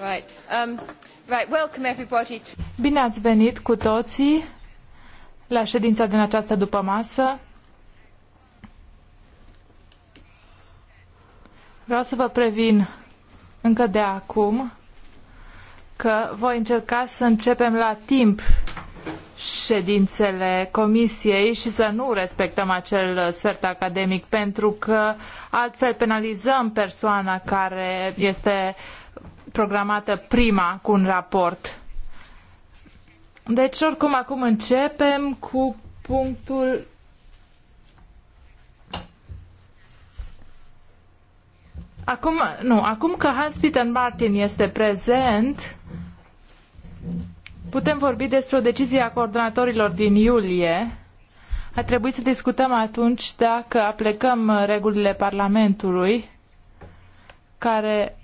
Right. Um, right. Welcome everybody to... Bine ați venit cu toții la ședința din această dupămasă. Vreau să vă previn încă de acum că voi încerca să începem la timp ședințele comisiei și să nu respectăm acel sfert academic, pentru că altfel penalizăm persoana care este uh, programată prima cu un raport. Deci, oricum, acum începem cu punctul Acum, nu, acum că Hans-Peter Martin este prezent, putem vorbi despre o decizie a coordonatorilor din iulie. A trebuit să discutăm atunci dacă aplicăm regulile Parlamentului, care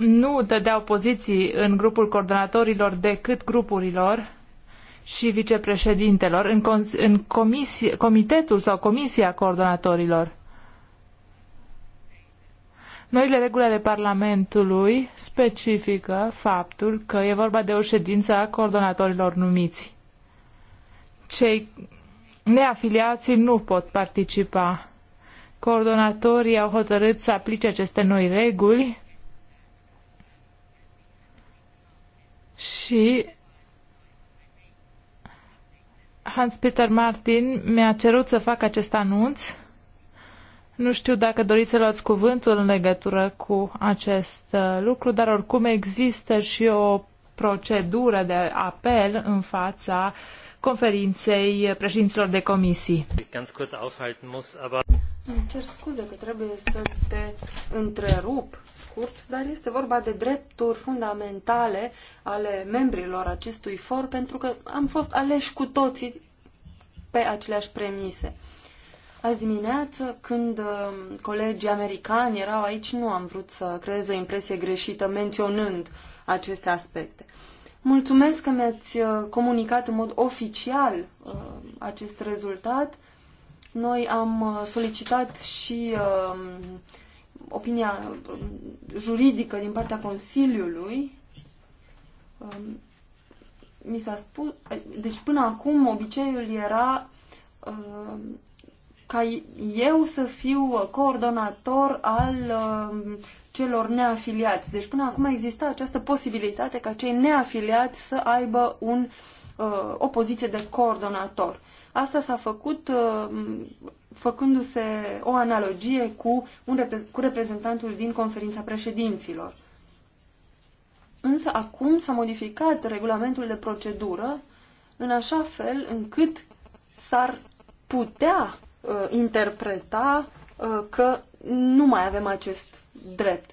nu dădeau poziții în grupul coordonatorilor decât grupurilor și vicepreședintelor, în, în comisie, comitetul sau comisia coordonatorilor. Noile reguli ale Parlamentului specifică faptul că e vorba de o ședință a coordonatorilor numiți. Cei neafiliații nu pot participa. Coordonatorii au hotărât să aplice aceste noi reguli și Hans-Peter Martin mi-a cerut să fac acest anunț. Nu știu dacă doriți să luați cuvântul în legătură cu acest uh, lucru, dar oricum există și o procedură de apel în fața conferinței președinților de comisii. Îmi cer scuze că trebuie să te întrerup, scurt, dar este vorba de drepturi fundamentale ale membrilor acestui for, pentru că am fost aleși cu toții pe aceleași premise. Azi dimineață, când uh, colegii americani erau aici, nu am vrut să creez o impresie greșită menționând aceste aspecte. Mulțumesc că mi-ați uh, comunicat în mod oficial uh, acest rezultat. Noi am solicitat și opinia um, juridică din partea Consiliului, um, mi s-a spus, deci până acum obiceiul era um, ca eu să fiu coordonator al celor neafiliați. Deci până acum exista această posibilitate ca cei neafiliați să aibă un, uh, o poziție de coordonator. Asta s-a făcut uh, făcându-se o analogie cu, un repre cu reprezentantul din conferința președinților. Însă acum s-a modificat regulamentul de procedură în așa fel încât s-ar putea uh, interpreta uh, că nu mai avem acest drept.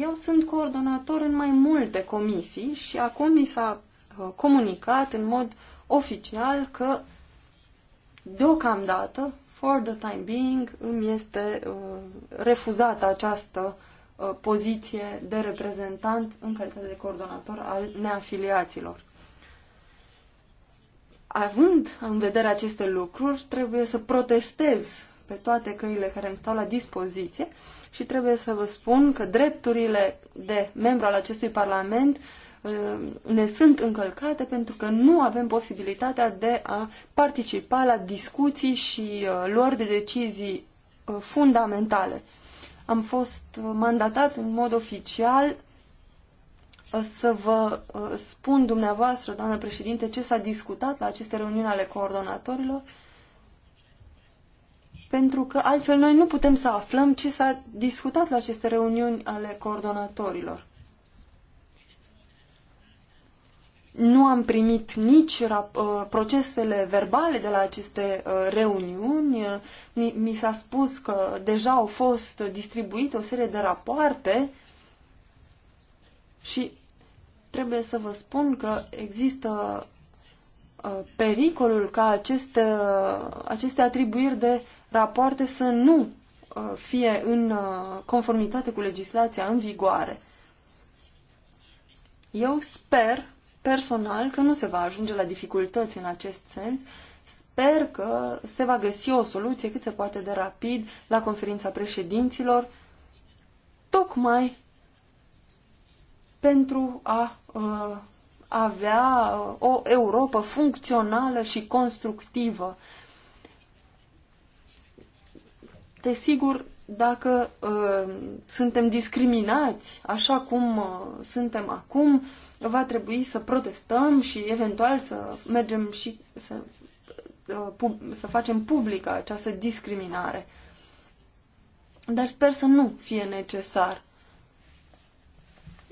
Eu sunt coordonator în mai multe comisii și acum mi s-a uh, comunicat în mod oficial că Deocamdată, for the time being, îmi este uh, refuzată această uh, poziție de reprezentant în calitate de coordonator al neafiliaților. Având în vedere aceste lucruri, trebuie să protestez pe toate căile care îmi stau la dispoziție și trebuie să vă spun că drepturile de membru al acestui parlament uh, Uh, ne sunt încălcate pentru că nu avem posibilitatea de a participa la discuții și uh, luări de decizii uh, fundamentale. Am fost mandatat în mod oficial să vă spun dumneavoastră, doamnă președinte, ce s-a discutat la aceste reuniuni ale coordonatorilor, pentru că altfel noi nu putem să aflăm ce s-a discutat la aceste reuniuni ale coordonatorilor. Nu am primit nici uh, procesele verbale de la aceste uh, reuniuni. Uh, mi s-a spus că deja au fost distribuite o serie de rapoarte și trebuie să vă spun că există pericolul ca aceste, aceste atribuiri de rapoarte să nu fie în conformitate cu legislația în vigoare. Eu sper personal că nu se va ajunge la dificultăți în acest sens. Sper că se va găsi o soluție cât se poate de rapid la conferința președinților, tocmai pentru a uh, avea o Europa funcțională și constructivă. Desigur, dacă uh, suntem discriminați așa cum uh, suntem acum, va trebui să protestăm și eventual să mergem și să, uh, să facem publică această discriminare. Dar sper să nu fie necesar.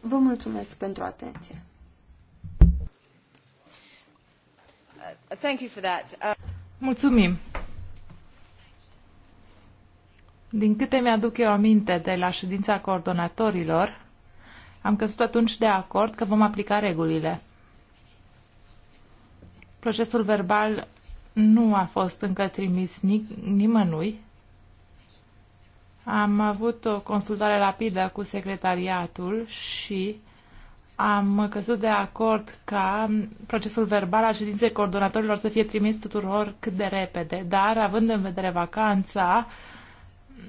Vă mulțumesc pentru atenție. Thank you for that. Uh... Mulțumim. Din câte mi-aduc eu aminte de la ședința coordonatorilor, am căzut atunci de acord că vom aplica regulile. Procesul verbal nu a fost încă trimis nimănui. Am avut o consultare rapidă cu secretariatul și am căzut de acord ca procesul verbal al ședinței coordonatorilor să fie trimis tuturor cât de repede, dar având în vedere vacanța,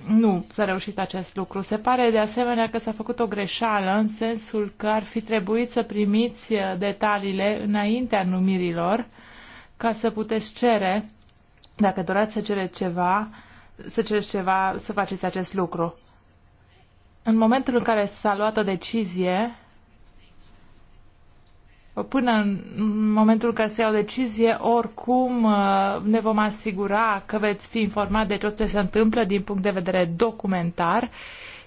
nu s-a reușit acest lucru. Se pare de asemenea că s-a făcut o greșeală în sensul că ar fi trebuit să primiți uh, detaliile înaintea numirilor ca să puteți cere, dacă doreați să cereți ceva, să cereți ceva, să faceți acest lucru. În momentul în care s-a luat o decizie, până în momentul în care se iau decizie, oricum uh, ne vom asigura că veți fi informat de tot ce se întâmplă din punct de vedere documentar,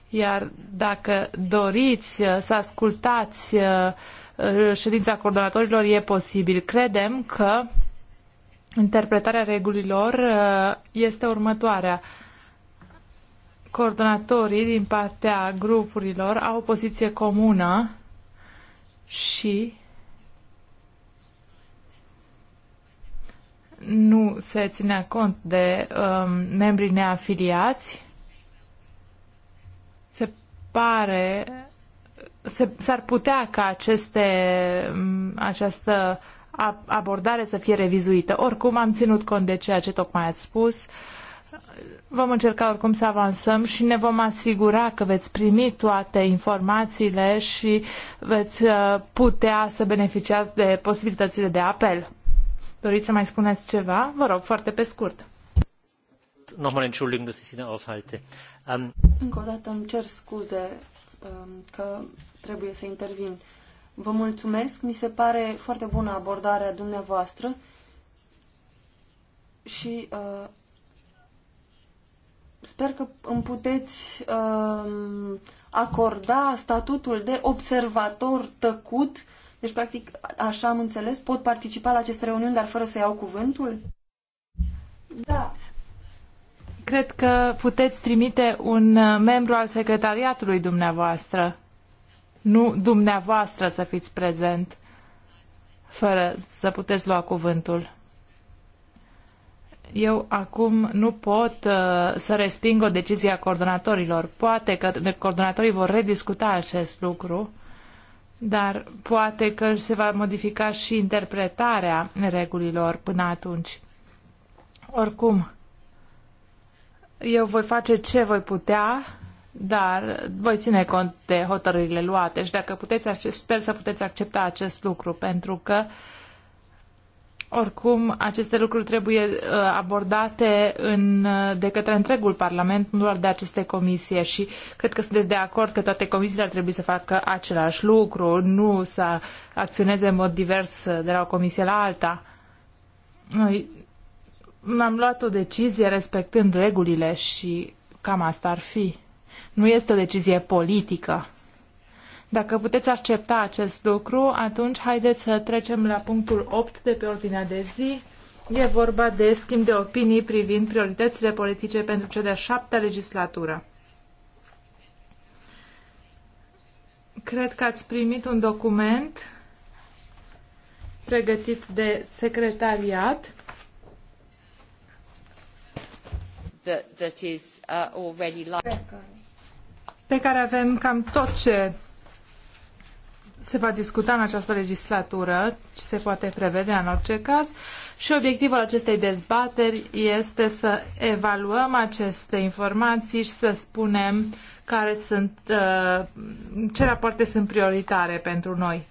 iar dacă doriți uh, să ascultați uh, ședința coordonatorilor, e posibil. Credem că interpretarea regulilor este următoarea coordonatorii din partea grupurilor au o poziție comună și nu se ținea cont de um, membrii neafiliați. Se pare, s-ar putea ca aceste, um, această abordare să fie revizuită. Oricum, am ținut cont de ceea ce tocmai ați spus. Vom încerca oricum să avansăm și ne vom asigura că veți primi toate informațiile și veți uh, putea să beneficiați de posibilitățile de apel. Doriți să mai spuneți ceva? Vă rog, foarte pe scurt. Nochmal Entschuldigung, dass ich Sie da aufhalte. Um... Încă o dată îmi cer scuze um, că trebuie să intervin. Vă mulțumesc, mi se pare foarte bună abordarea dumneavoastră și uh, sper că îmi puteți uh, acorda statutul de observator tăcut uh, deci, practic, așa am înțeles, pot participa la aceste reuniuni, dar fără să iau cuvântul? Da. Cred că puteți trimite un uh, membru al secretariatului dumneavoastră. Nu dumneavoastră să fiți prezent, fără să puteți lua cuvântul. Eu acum nu pot uh, să resping o decizie a coordonatorilor. Poate că coordonatorii vor rediscuta acest lucru dar poate că se va modifica și interpretarea regulilor până atunci. Oricum, eu voi face ce voi putea, dar voi ține cont de hotărârile luate și dacă puteți, sper să puteți accepta acest lucru, pentru că uh, oricum, aceste lucruri trebuie uh, abordate în, uh, de către întregul Parlament, nu doar de aceste comisie și cred că sunteți de acord că toate comisiile ar trebui să facă același lucru, nu să acționeze în mod divers uh, de la o comisie la alta. Noi am luat o decizie respectând regulile și cam asta ar fi. Nu este o decizie politică. Dacă puteți accepta acest lucru, atunci haideți să trecem la punctul 8 de pe ordinea de zi. E vorba de schimb de opinii privind prioritățile politice pentru cea de-a șaptea legislatură. Cred că ați primit un document pregătit de secretariat. That, that is, uh, already... pe care avem cam tot ce se va discuta în această legislatură, se poate prevede în orice caz, și obiectivul acestei dezbateri este să evaluăm aceste informații și să spunem care sunt, uh, ce rapoarte sunt prioritare pentru noi.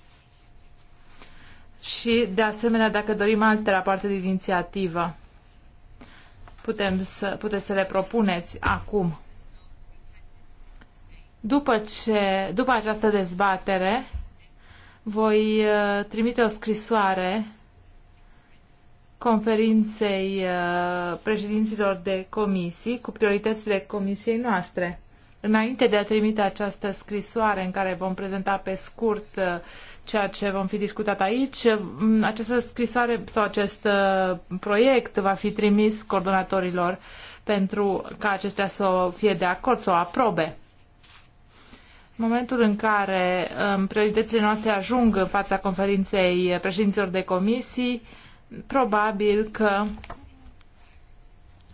Și, de asemenea, dacă dorim alte rapoarte de inițiativă, putem să, puteți să le propuneți acum. După, ce, după această dezbatere, voi uh, trimite o scrisoare conferinței uh, președinților de comisii cu prioritățile comisiei noastre. Înainte de a trimite această scrisoare în care vom prezenta pe scurt uh, ceea ce vom fi discutat aici, um, această scrisoare sau acest proiect va fi trimis coordonatorilor pentru ca acestea să fie de acord, să o aprobe momentul în care um, prioritățile noastre ajung în fața conferinței președinților de comisii, probabil că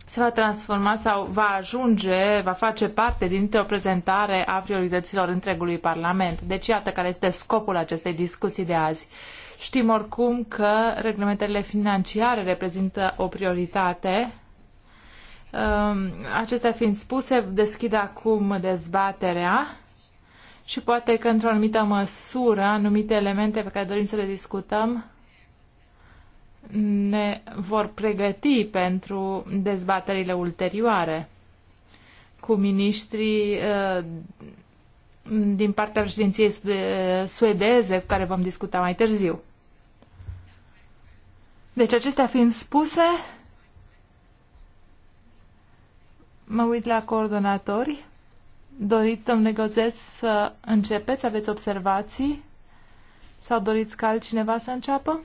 se va transforma sau va ajunge, va face parte dintre o prezentare a priorităților întregului Parlament. Deci iată care este scopul acestei discuții de azi. Știm oricum că reglementările financiare reprezintă o prioritate. Um, acestea fiind spuse, deschid acum dezbaterea și poate că într-o anumită măsură anumite elemente pe care dorim să le discutăm ne vor pregăti pentru dezbaterile ulterioare cu miniștrii uh, din partea președinției uh, suedeze cu care vom discuta mai târziu. Deci acestea fiind spuse, mă uit la coordonatori. Doriți, domnule Gozes, să începeți? Aveți observații? Sau doriți ca altcineva să înceapă?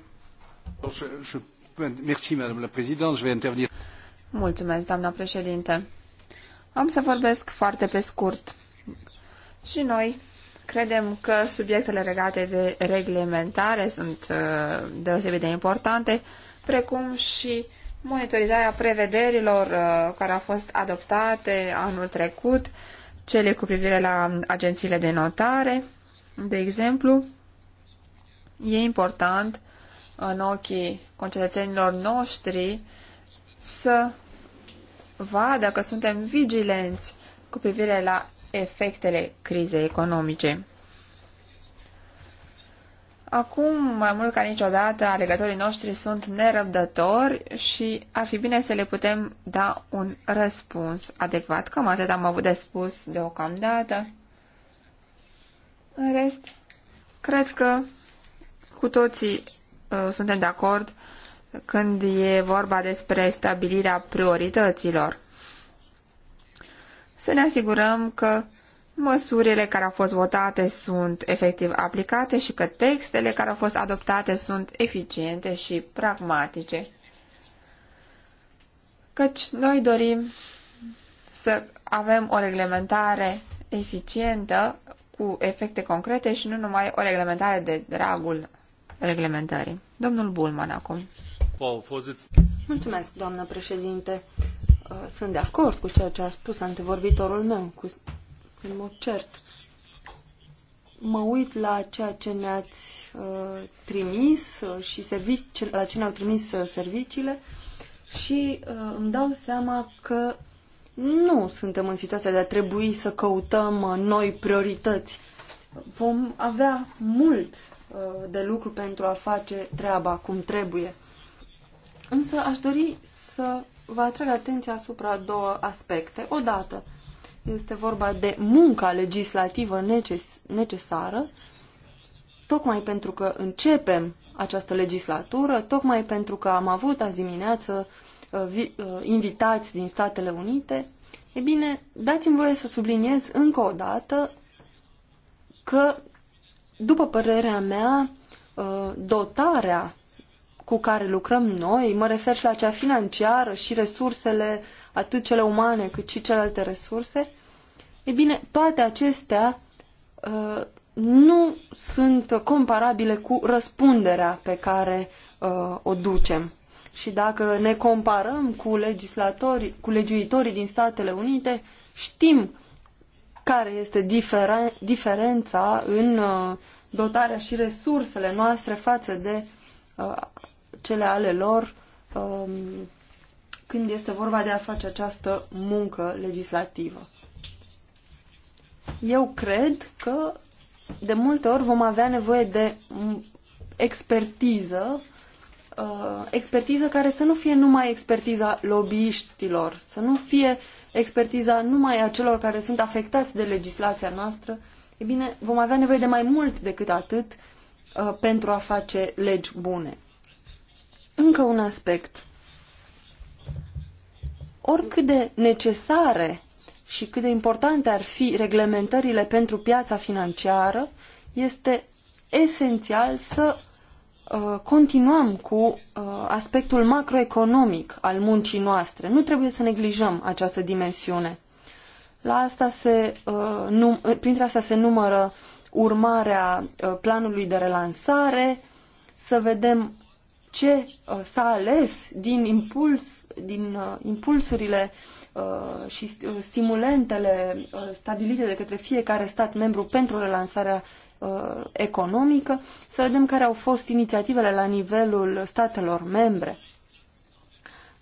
Mulțumesc, doamna președinte. Am să vorbesc foarte pe scurt. Și noi credem că subiectele legate de reglementare sunt uh, deosebit de importante, precum și monitorizarea prevederilor uh, care au fost adoptate anul trecut cele cu privire la agențiile de notare, de exemplu, e important în ochii concetățenilor noștri să vadă că suntem vigilenți cu privire la efectele crizei economice. Acum, mai mult ca niciodată, alegătorii noștri sunt nerăbdători și ar fi bine să le putem da un răspuns adecvat. Cam atât am avut de spus deocamdată. În rest, cred că cu toții uh, suntem de acord când e vorba despre stabilirea priorităților. Să ne asigurăm că măsurile care au fost votate sunt efectiv aplicate și că textele care au fost adoptate sunt eficiente și pragmatice. Căci noi dorim să avem o reglementare eficientă cu efecte concrete și nu numai o reglementare de dragul reglementării. Domnul Bulman acum. Mulțumesc, doamnă președinte. Sunt de acord cu ceea ce a spus antevorbitorul meu, cu în mod cert. Mă uit la ceea ce ne-ați uh, trimis uh, și servici, la ce ne-au trimis uh, serviciile și uh, îmi dau seama că nu suntem în situația de a trebui să căutăm uh, noi priorități. Vom avea mult uh, de lucru pentru a face treaba cum trebuie. Însă aș dori să vă atrag atenția asupra două aspecte. Odată, uh, este vorba de munca legislativă neces necesară, tocmai pentru că începem această legislatură, tocmai pentru că am avut azi dimineață uh, uh, invitați din Statele Unite. E bine, dați-mi voie să subliniez încă o dată că, după părerea mea, uh, dotarea cu care lucrăm noi, mă refer și la cea financiară și resursele, atât cele umane cât și celelalte resurse, E bine, toate acestea uh, nu sunt comparabile cu răspunderea pe care uh, o ducem. Și dacă ne comparăm cu legislatorii, cu legiuitorii din Statele Unite, știm care este diferen diferența în uh, dotarea și resursele noastre față de cele ale lor um, când este vorba de a face această muncă legislativă. Eu cred că de multe ori vom avea nevoie de expertiză, uh, expertiză care să nu fie numai expertiza lobbyiștilor, să nu fie expertiza numai a celor care sunt afectați de legislația noastră. E bine, vom avea nevoie de mai mult decât atât uh, pentru a face legi bune. Încă un aspect. Oricât de necesare și cât de importante ar fi reglementările pentru piața financiară, este esențial să uh, continuăm cu uh, aspectul macroeconomic al muncii noastre. Nu trebuie să neglijăm această dimensiune. La asta se, uh, num, uh, printre asta se numără urmarea uh, planului de relansare, să vedem ce uh, s-a ales din, impuls, din impulsurile uh, Uh, și uh, stimulentele uh, stabilite de către fiecare stat membru pentru relansarea economică, să vedem care au fost inițiativele la nivelul statelor membre.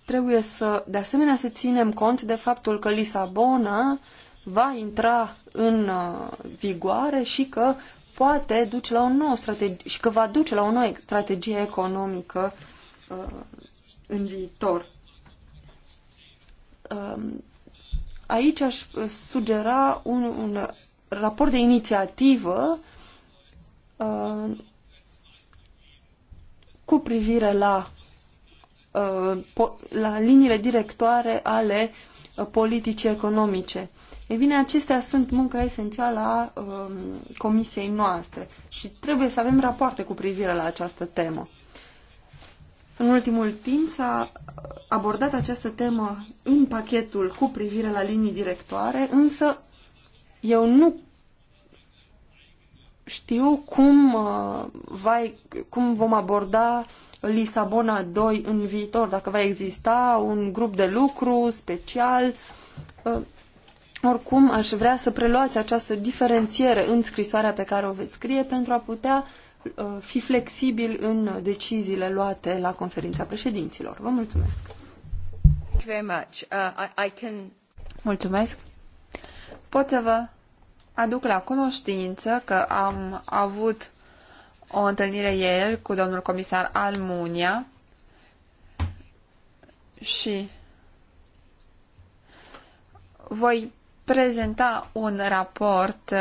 Trebuie să, de asemenea, să ținem cont de faptul că Lisabona va intra în vigoare și că poate duce la o nouă strategie și că va duce la o nouă strategie economică în viitor. Um, aici aș uh, sugera un, un raport de inițiativă uh, cu privire la, uh, la liniile directoare ale politicii economice. Ei bine, acestea sunt munca esențială a um, comisiei noastre și trebuie să avem rapoarte cu privire la această temă. În ultimul timp s-a abordat această temă în pachetul cu privire la linii directoare, însă eu nu știu cum, uh, vai, cum vom aborda Lisabona 2 în viitor, dacă va exista un grup de lucru special. Uh, oricum, aș vrea să preluați această diferențiere în scrisoarea pe care o veți scrie pentru a putea uh, Uh, fi flexibil în deciziile luate la conferința președinților. Vă mulțumesc! Uh, mulțumesc! Pot să vă aduc la cunoștință că am avut o întâlnire ieri cu domnul comisar Almunia și voi prezenta un raport uh,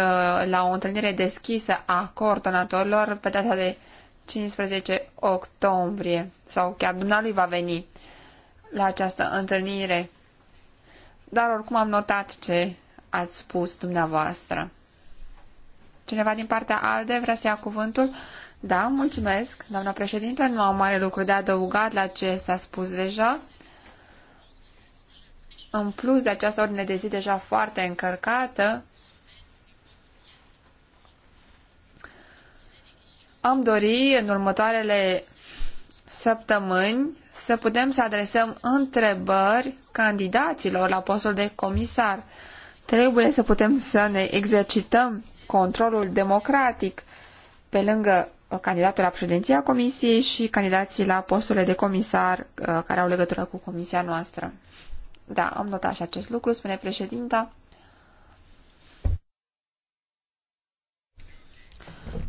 la o întâlnire deschisă a coordonatorilor pe data de 15 octombrie sau chiar dumnealui va veni la această întâlnire. Dar oricum am notat ce ați spus dumneavoastră. Cineva din partea ALDE vrea să ia cuvântul? Da, mulțumesc, doamna președinte, nu am mare lucru de adăugat la ce s-a spus deja în plus de această ordine de zi deja foarte încărcată, am dori în următoarele săptămâni să putem să adresăm întrebări candidaților la postul de comisar. Trebuie să putem să ne exercităm controlul democratic pe lângă uh, candidatul la președinția comisiei și candidații la posturile de comisar uh, care au legătură cu comisia noastră. Da, am notat și acest lucru, spune președinta.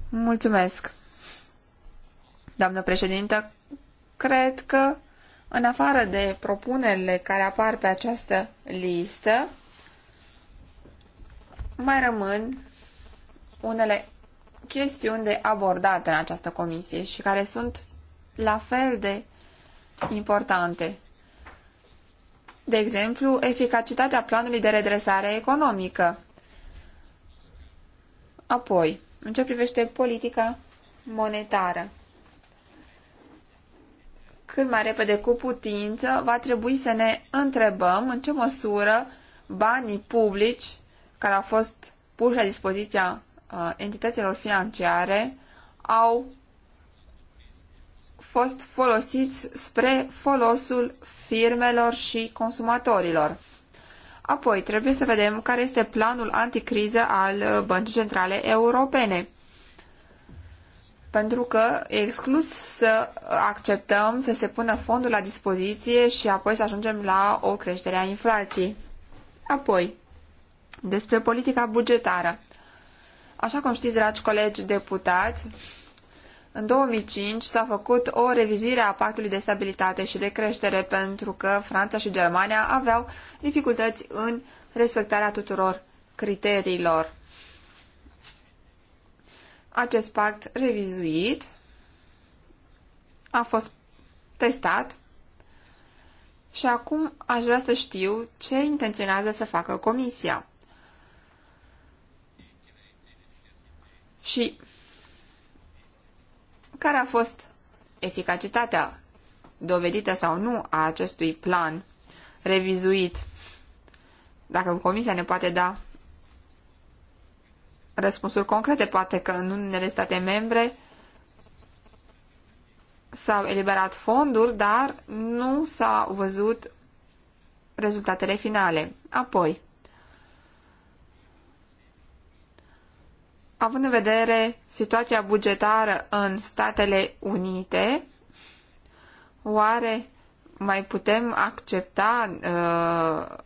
Mulțumesc. Doamnă președintă, cred că în afară de propunerile care apar pe această listă, mai rămân unele chestiuni de abordat în această comisie și care sunt la fel de importante de exemplu, eficacitatea planului de redresare economică. Apoi, în ce privește politica monetară, cât mai repede cu putință, va trebui să ne întrebăm în ce măsură banii publici care au fost puși la dispoziția uh, entităților financiare au fost folosiți spre folosul firmelor și consumatorilor. Apoi, trebuie să vedem care este planul anticriză al uh, Băncii Centrale Europene. Pentru că e exclus să acceptăm să se pună fondul la dispoziție și apoi să ajungem la o creștere a inflației. Apoi, despre politica bugetară. Așa cum știți, dragi colegi deputați, în 2005 s-a făcut o revizuire a pactului de stabilitate și de creștere pentru că Franța și Germania aveau dificultăți în respectarea tuturor criteriilor. Acest pact revizuit a fost testat și acum aș vrea să știu ce intenționează să facă Comisia. Și care a fost eficacitatea dovedită sau nu a acestui plan revizuit. Dacă Comisia ne poate da răspunsuri concrete, poate că în unele state membre s-au eliberat fonduri, dar nu s-au văzut rezultatele finale. Apoi, Având în vedere situația bugetară în Statele Unite, oare mai putem accepta uh,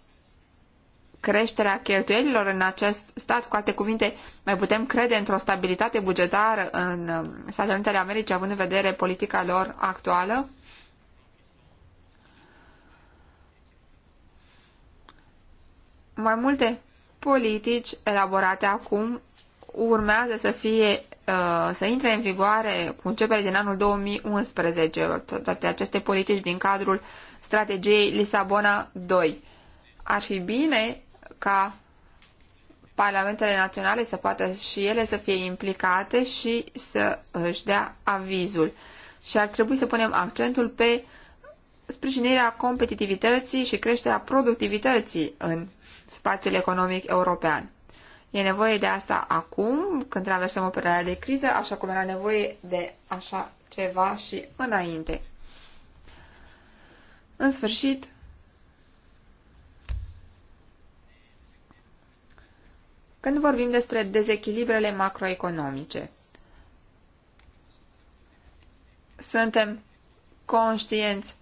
creșterea cheltuielilor în acest stat? Cu alte cuvinte, mai putem crede într-o stabilitate bugetară în uh, Statele Unite ale Americii, având în vedere politica lor actuală? Mai multe politici elaborate acum urmează să fie uh, să intre în vigoare cu începere din anul 2011 toate aceste politici din cadrul strategiei Lisabona 2. Ar fi bine ca parlamentele naționale să poată și ele să fie implicate și să își dea avizul. Și ar trebui să punem accentul pe sprijinirea competitivității și creșterea productivității în spațiul economic european. E nevoie de asta acum, când traversăm o perioadă de criză, așa cum era nevoie de așa ceva și înainte. În sfârșit, când vorbim despre dezechilibrele macroeconomice, suntem conștienți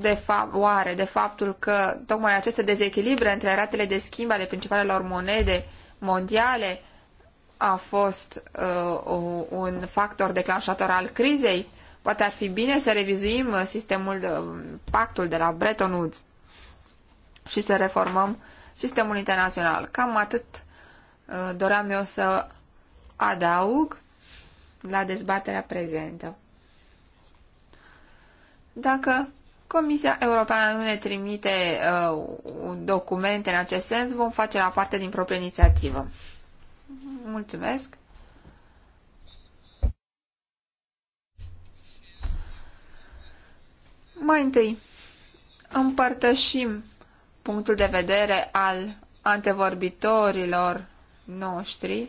de fapt, oare de faptul că tocmai aceste dezechilibre între ratele de schimb ale principalelor monede mondiale a fost uh, un factor declanșator al crizei? Poate ar fi bine să revizuim sistemul, de, pactul de la Bretton Woods și să reformăm sistemul internațional. Cam atât uh, doream eu să adaug la dezbaterea prezentă. Dacă Comisia Europeană nu ne trimite uh, documente în acest sens, vom face la parte din proprie inițiativă. Mulțumesc! Mai întâi, împărtășim punctul de vedere al antevorbitorilor noștri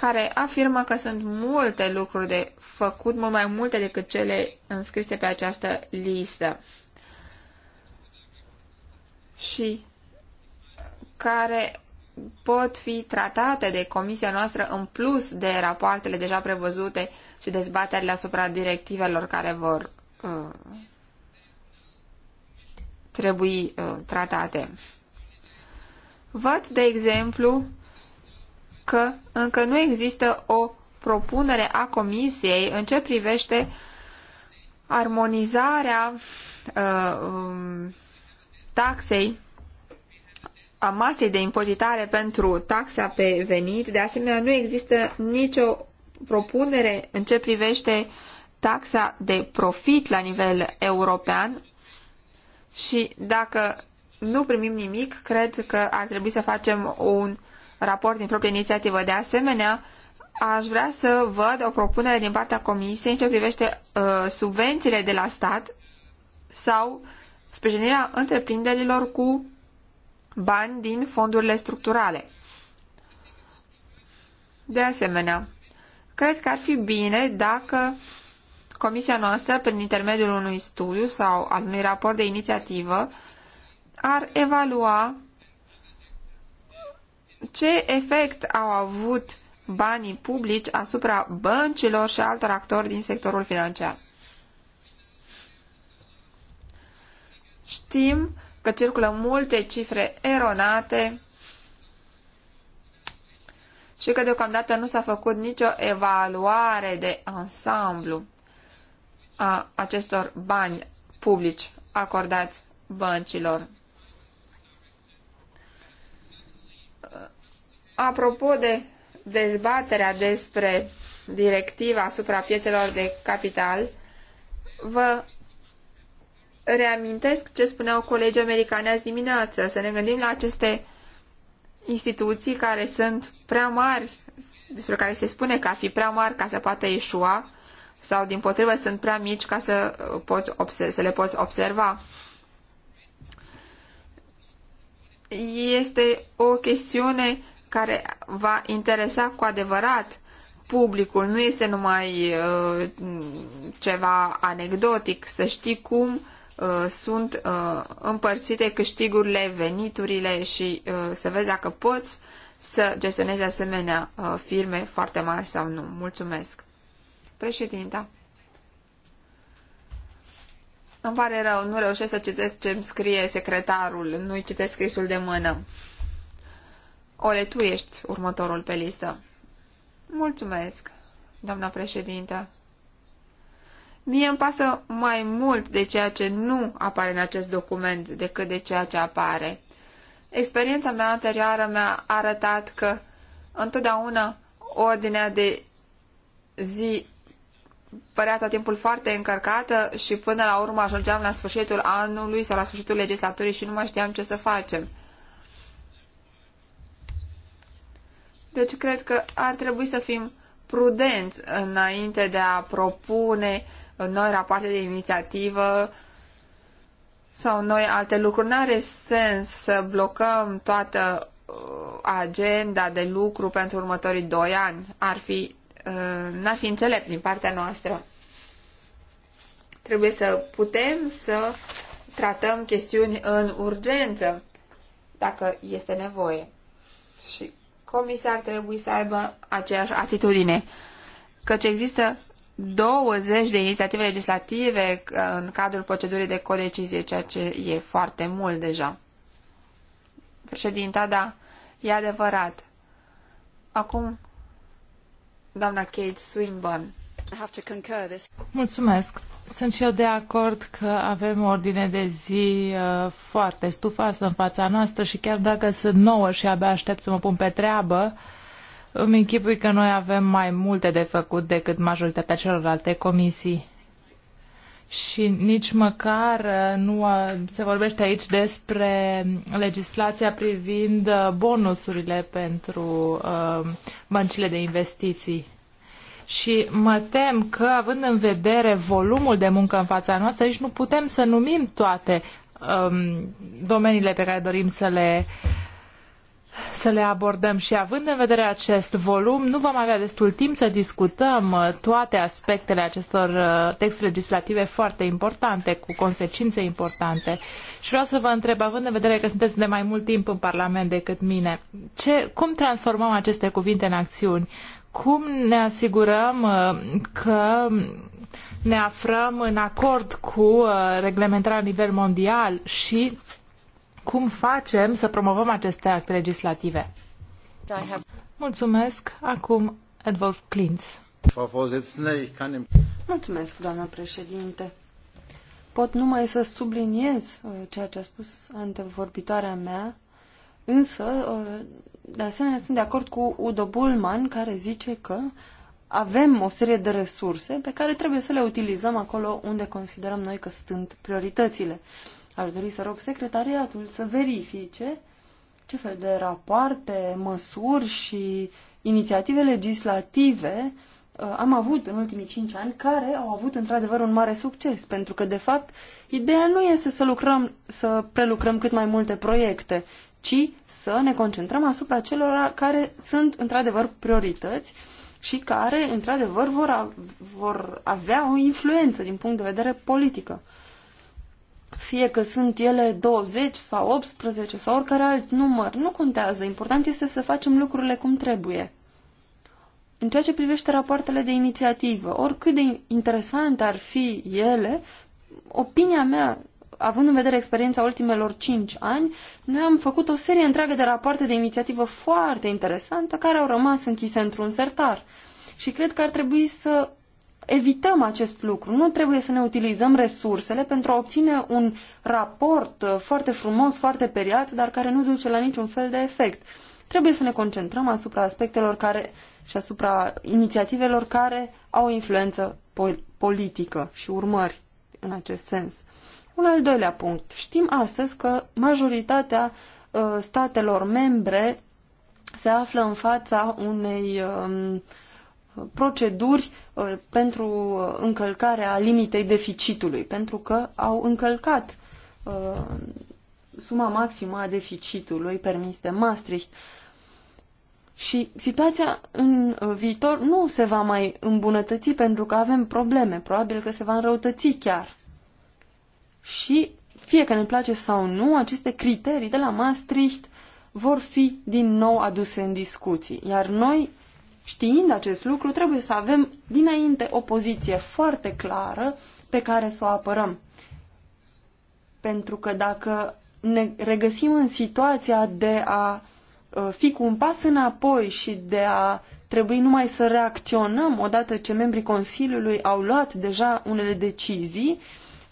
care afirmă că sunt multe lucruri de făcut, mult mai multe decât cele înscrise pe această listă. Și care pot fi tratate de comisia noastră în plus de rapoartele deja prevăzute și dezbaterile asupra directivelor care vor uh, trebui uh, tratate. Văd, de exemplu, că încă nu există o propunere a Comisiei în ce privește armonizarea uh, um, taxei a masei de impozitare pentru taxa pe venit. De asemenea, nu există nicio propunere în ce privește taxa de profit la nivel european și dacă nu primim nimic, cred că ar trebui să facem un raport din proprie inițiativă. De asemenea, aș vrea să văd o propunere din partea Comisiei în ce privește uh, subvențiile de la stat sau sprijinirea întreprinderilor cu bani din fondurile structurale. De asemenea, cred că ar fi bine dacă Comisia noastră, prin intermediul unui studiu sau al unui raport de inițiativă, ar evalua ce efect au avut banii publici asupra băncilor și altor actori din sectorul financiar. Știm că circulă multe cifre eronate și că deocamdată nu s-a făcut nicio evaluare de ansamblu a acestor bani publici acordați băncilor. Apropo de dezbaterea despre directiva asupra piețelor de capital, vă reamintesc ce spuneau colegii americani azi dimineață, să ne gândim la aceste instituții care sunt prea mari, despre care se spune că ar fi prea mari ca să poată ieșua, sau din potrivă sunt prea mici ca să, poți să le poți observa. Este o chestiune care va interesa cu adevărat publicul. Nu este numai uh, ceva anecdotic, să știi cum uh, sunt uh, împărțite câștigurile, veniturile și uh, să vezi dacă poți să gestionezi asemenea uh, firme foarte mari sau nu. Mulțumesc. Președinta. Îmi pare rău, nu reușesc să citesc ce îmi scrie secretarul, nu-i citesc scrisul de mână. Ole, tu ești următorul pe listă. Mulțumesc, doamna președintă. Mie îmi pasă mai mult de ceea ce nu apare în acest document decât de ceea ce apare. Experiența mea anterioară mi-a arătat că întotdeauna ordinea de zi părea tot timpul foarte încărcată și până la urmă ajungeam la sfârșitul anului sau la sfârșitul legislaturii și nu mai știam ce să facem. Deci cred că ar trebui să fim prudenți înainte de a propune noi rapoarte de inițiativă sau noi alte lucruri. N-are sens să blocăm toată uh, agenda de lucru pentru următorii doi ani. Ar fi, uh, n-ar fi înțelept din partea noastră. Trebuie să putem să tratăm chestiuni în urgență, dacă este nevoie. Și Comisia ar trebui să aibă aceeași atitudine, căci există 20 de inițiative legislative uh, în cadrul procedurii de codecizie, ceea ce e foarte mult deja. Președinta, da, e adevărat. Acum, doamna Kate Swinburne. Mulțumesc. Sunt și eu de acord că avem o ordine de zi uh, foarte stufoasă în fața noastră și chiar dacă sunt nouă și abia aștept să mă pun pe treabă, îmi închipui că noi avem mai multe de făcut decât majoritatea celorlalte comisii. Și nici măcar uh, nu uh, se vorbește aici despre legislația privind bonusurile pentru băncile de investiții și mă tem că, având în vedere volumul de muncă în fața noastră, nici nu putem să numim toate um, domeniile pe care dorim să le să le abordăm și având în vedere acest volum, nu vom avea destul timp să discutăm uh, toate aspectele acestor uh, texte legislative foarte importante, cu consecințe importante. Și vreau să vă întreb, având în vedere că sunteți de mai mult timp în Parlament decât mine, ce, cum transformăm aceste cuvinte în acțiuni? Cum ne asigurăm uh, că ne aflăm în acord cu uh, reglementarea la nivel mondial și cum facem să promovăm aceste acte legislative? Da, Mulțumesc. Acum Adolf Klintz. Mulțumesc, doamna președinte. Pot numai să subliniez uh, ceea ce a spus antevorbitoarea mea, însă de asemenea, sunt de acord cu Udo Bullman, care zice că avem o serie de resurse pe care trebuie să le utilizăm acolo unde considerăm noi că sunt prioritățile. Aș dori să rog secretariatul să verifice ce fel de rapoarte, măsuri și inițiative legislative uh, am avut în ultimii cinci ani care au avut într-adevăr un mare succes, pentru că de fapt ideea nu este să lucrăm, să prelucrăm cât mai multe proiecte, ci să ne concentrăm asupra celor care sunt într-adevăr priorități și care într-adevăr vor, vor avea o influență din punct de vedere politică. Fie că sunt ele 20 sau 18 sau oricare alt număr, nu contează. Important este să facem lucrurile cum trebuie. În ceea ce privește rapoartele de inițiativă, oricât de interesante ar fi ele, opinia mea având în vedere experiența ultimelor cinci ani, noi am făcut o serie întreagă de rapoarte de inițiativă foarte interesantă care au rămas închise într-un sertar. Și cred că ar trebui să evităm acest lucru. Nu trebuie să ne utilizăm resursele pentru a obține un raport uh, foarte frumos, foarte periat, dar care nu duce la niciun fel de efect. Trebuie să ne concentrăm asupra aspectelor care și asupra inițiativelor care au o influență politică și urmări în acest sens. Un al doilea punct. Știm astăzi că majoritatea uh, statelor membre se află în fața unei um, proceduri uh, pentru încălcarea limitei deficitului, pentru că au încălcat uh, suma maximă a deficitului permis de Maastricht. Și situația în viitor nu se va mai îmbunătăți pentru că avem probleme, probabil că se va înrăutăți chiar și, fie că ne place sau nu, aceste criterii de la Maastricht vor fi din nou aduse în discuții. Iar noi, știind acest lucru, trebuie să avem dinainte o poziție foarte clară pe care să o apărăm. Pentru că dacă ne regăsim în situația de a uh, fi cu un pas înapoi și de a trebui numai să reacționăm odată ce membrii Consiliului au luat deja unele decizii, uh,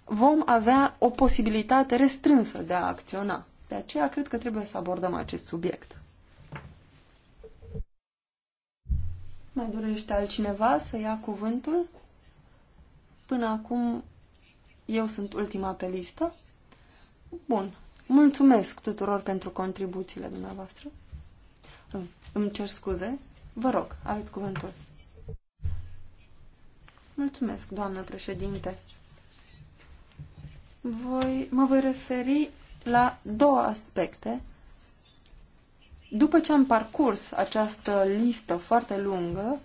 vom avea o posibilitate restrânsă de a acționa. De aceea cred că trebuie să abordăm acest subiect. Mai dorește altcineva să ia cuvântul? Până acum eu sunt ultima pe listă. Bun. Mulțumesc tuturor pentru contribuțiile dumneavoastră. Îmi cer scuze. Vă rog, aveți cuvântul. Mulțumesc, doamnă președinte voi, mă voi referi la două aspecte. După ce am parcurs această listă foarte lungă,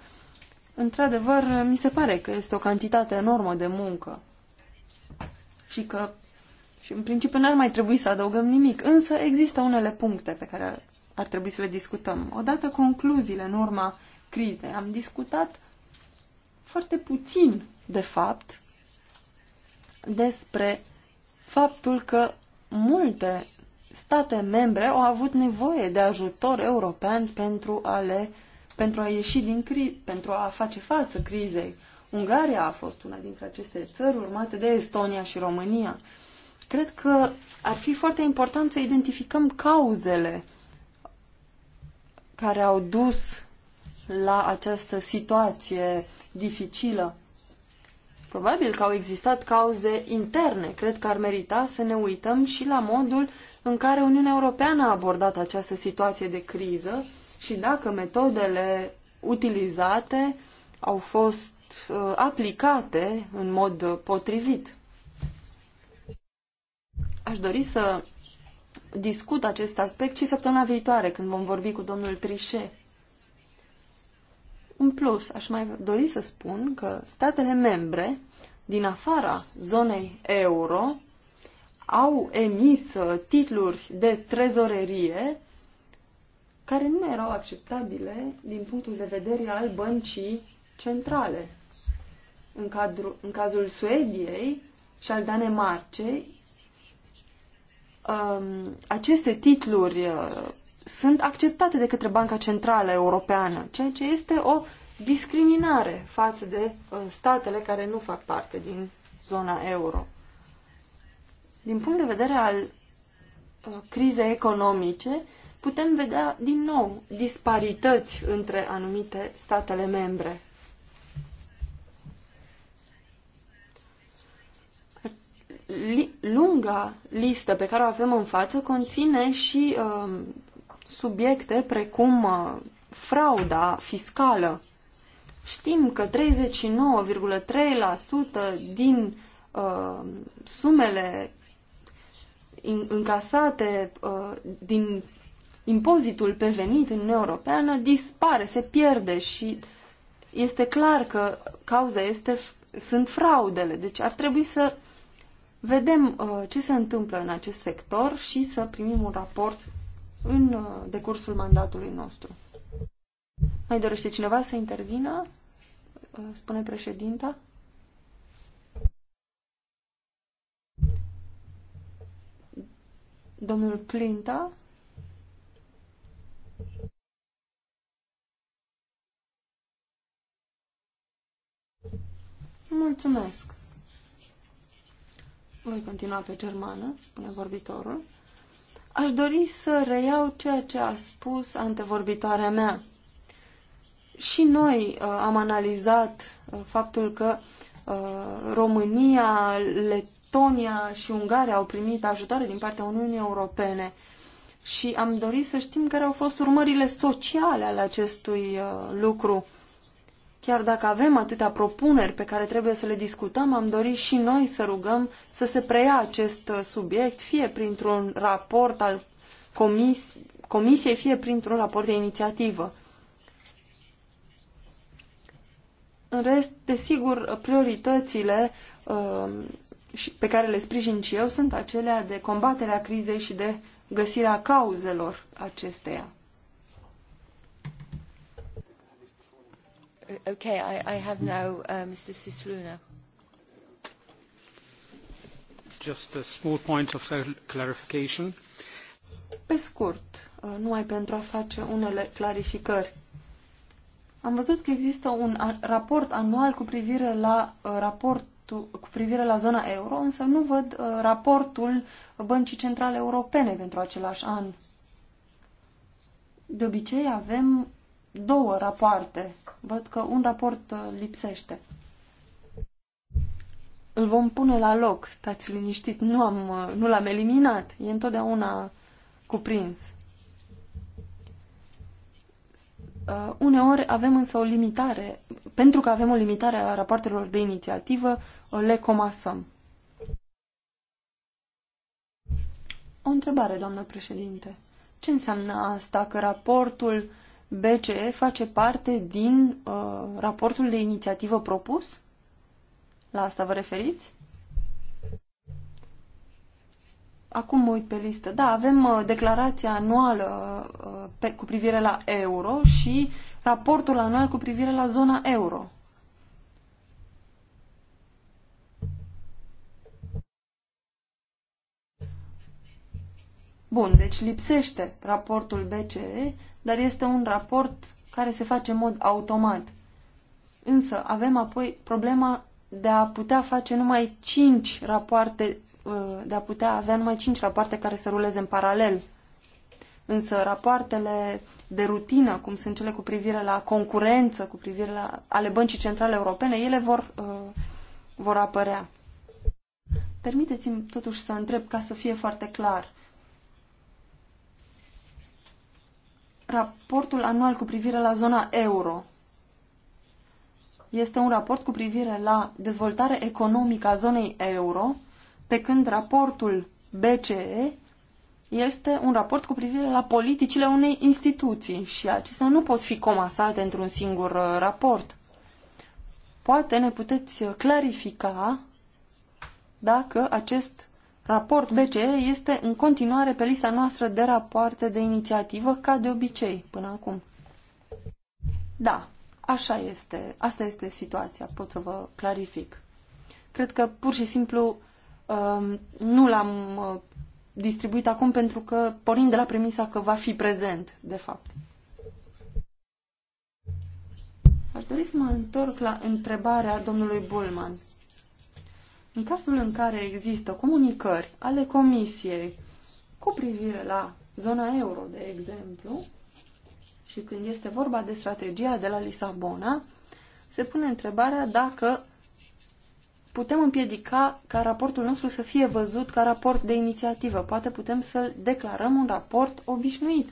într-adevăr, mi se pare că este o cantitate enormă de muncă și că și în principiu n-ar mai trebui să adăugăm nimic, însă există unele puncte pe care ar, trebui să le discutăm. Odată concluziile în urma crizei. Am discutat foarte puțin, de fapt, despre faptul că multe state membre au avut nevoie de ajutor european pentru a, le, pentru a ieși din criză, pentru a face față crizei. Ungaria a fost una dintre aceste țări, urmate de Estonia și România. Cred că ar fi foarte important să identificăm cauzele care au dus la această situație dificilă. Probabil că au existat cauze interne. Cred că ar merita să ne uităm și la modul în care Uniunea Europeană a abordat această situație de criză și dacă metodele utilizate au fost uh, aplicate în mod potrivit. Aș dori să discut acest aspect și săptămâna viitoare, când vom vorbi cu domnul Trichet în plus, aș mai dori să spun că statele membre din afara zonei euro au emis uh, titluri de trezorerie care nu erau acceptabile din punctul de vedere al băncii centrale. În, cadru, în cazul Suediei și al Danemarcei, um, aceste titluri uh, sunt acceptate de către Banca Centrală Europeană, ceea ce este o discriminare față de uh, statele care nu fac parte din zona euro. Din punct de vedere al uh, crizei economice, putem vedea din nou disparități între anumite statele membre. Li lunga listă pe care o avem în față conține și uh, subiecte precum uh, frauda fiscală. Știm că 39,3% din uh, sumele încasate uh, din impozitul pe venit în Uniunea Europeană dispare, se pierde și este clar că cauza este, sunt fraudele. Deci ar trebui să vedem uh, ce se întâmplă în acest sector și să primim un raport în uh, decursul mandatului nostru. Mai dorește cineva să intervină? Uh, spune președinta. Domnul Plinta. Mulțumesc. Voi continua pe germană, spune vorbitorul. Aș dori să reiau ceea ce a spus antevorbitoarea mea. Și noi uh, am analizat uh, faptul că uh, România, Letonia și Ungaria au primit ajutoare din partea Uniunii Europene și am dorit să știm care au fost urmările sociale ale acestui uh, lucru. Uh, Chiar dacă avem atâtea propuneri pe care trebuie să le discutăm, am dorit și noi să rugăm să se preia acest uh, subiect, fie printr-un raport al comis Comisiei, fie printr-un raport de inițiativă. În rest, desigur, prioritățile uh, pe care le sprijin și eu sunt acelea de combaterea crizei și de găsirea cauzelor acesteia. I, Pe scurt, uh, numai pentru a face unele clarificări. Am văzut că există un raport anual cu privire la uh, raport cu privire la zona euro, însă nu văd uh, raportul Băncii Centrale Europene pentru același an. De obicei avem două rapoarte Văd că un raport uh, lipsește. Îl vom pune la loc, stați liniștit, nu, am, uh, nu l-am eliminat, e întotdeauna cuprins. Uh, uneori avem însă o limitare, pentru că avem o limitare a rapoartelor de inițiativă, uh, le comasăm. O întrebare, doamnă președinte. Ce înseamnă asta că raportul BCE face parte din uh, raportul de inițiativă propus? La asta vă referiți? Acum mă uit pe listă. Da, avem uh, declarația anuală uh, pe, cu privire la euro și raportul anual cu privire la zona euro. Bun, deci lipsește raportul BCE dar este un raport care se face în mod automat. Însă avem apoi problema de a putea face numai 5 rapoarte, uh, de a putea avea numai 5 rapoarte care să ruleze în paralel. Însă rapoartele de rutină, cum sunt cele cu privire la concurență, cu privire la ale băncii centrale europene, ele vor, uh, vor apărea. Permiteți-mi totuși să întreb ca să fie foarte clar. raportul anual cu privire la zona euro. Este un raport cu privire la dezvoltare economică a zonei euro, pe când raportul BCE este un raport cu privire la politicile unei instituții și acestea nu pot fi comasate într-un singur uh, raport. Poate ne puteți uh, clarifica dacă acest raport BCE este în continuare pe lista noastră de rapoarte de inițiativă, ca de obicei, până acum. Da, așa este. Asta este situația, pot să vă clarific. Cred că pur și simplu um, nu l-am uh, distribuit acum pentru că pornim de la premisa că va fi prezent, de fapt. Aș dori să mă întorc la întrebarea domnului Bullman. În cazul în care există comunicări ale Comisiei cu privire la zona euro, de exemplu, și când este vorba de strategia de la Lisabona, se pune întrebarea dacă putem împiedica ca raportul nostru să fie văzut ca raport de inițiativă. Poate putem să declarăm un raport obișnuit,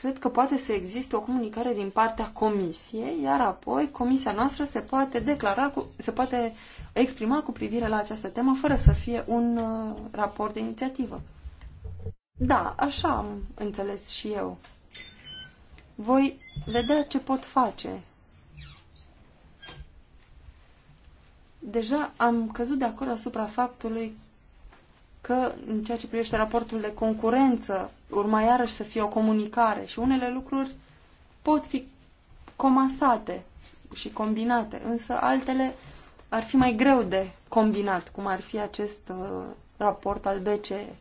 cred că poate să existe o comunicare din partea comisiei, iar apoi comisia noastră se poate declara, cu, se poate exprima cu privire la această temă fără să fie un uh, raport de inițiativă. Da, așa am înțeles și eu. Voi vedea ce pot face. Deja am căzut de acord asupra faptului că în ceea ce privește raportul de concurență urma iarăși să fie o comunicare și unele lucruri pot fi comasate și combinate, însă altele ar fi mai greu de combinat, cum ar fi acest uh, raport al BCE.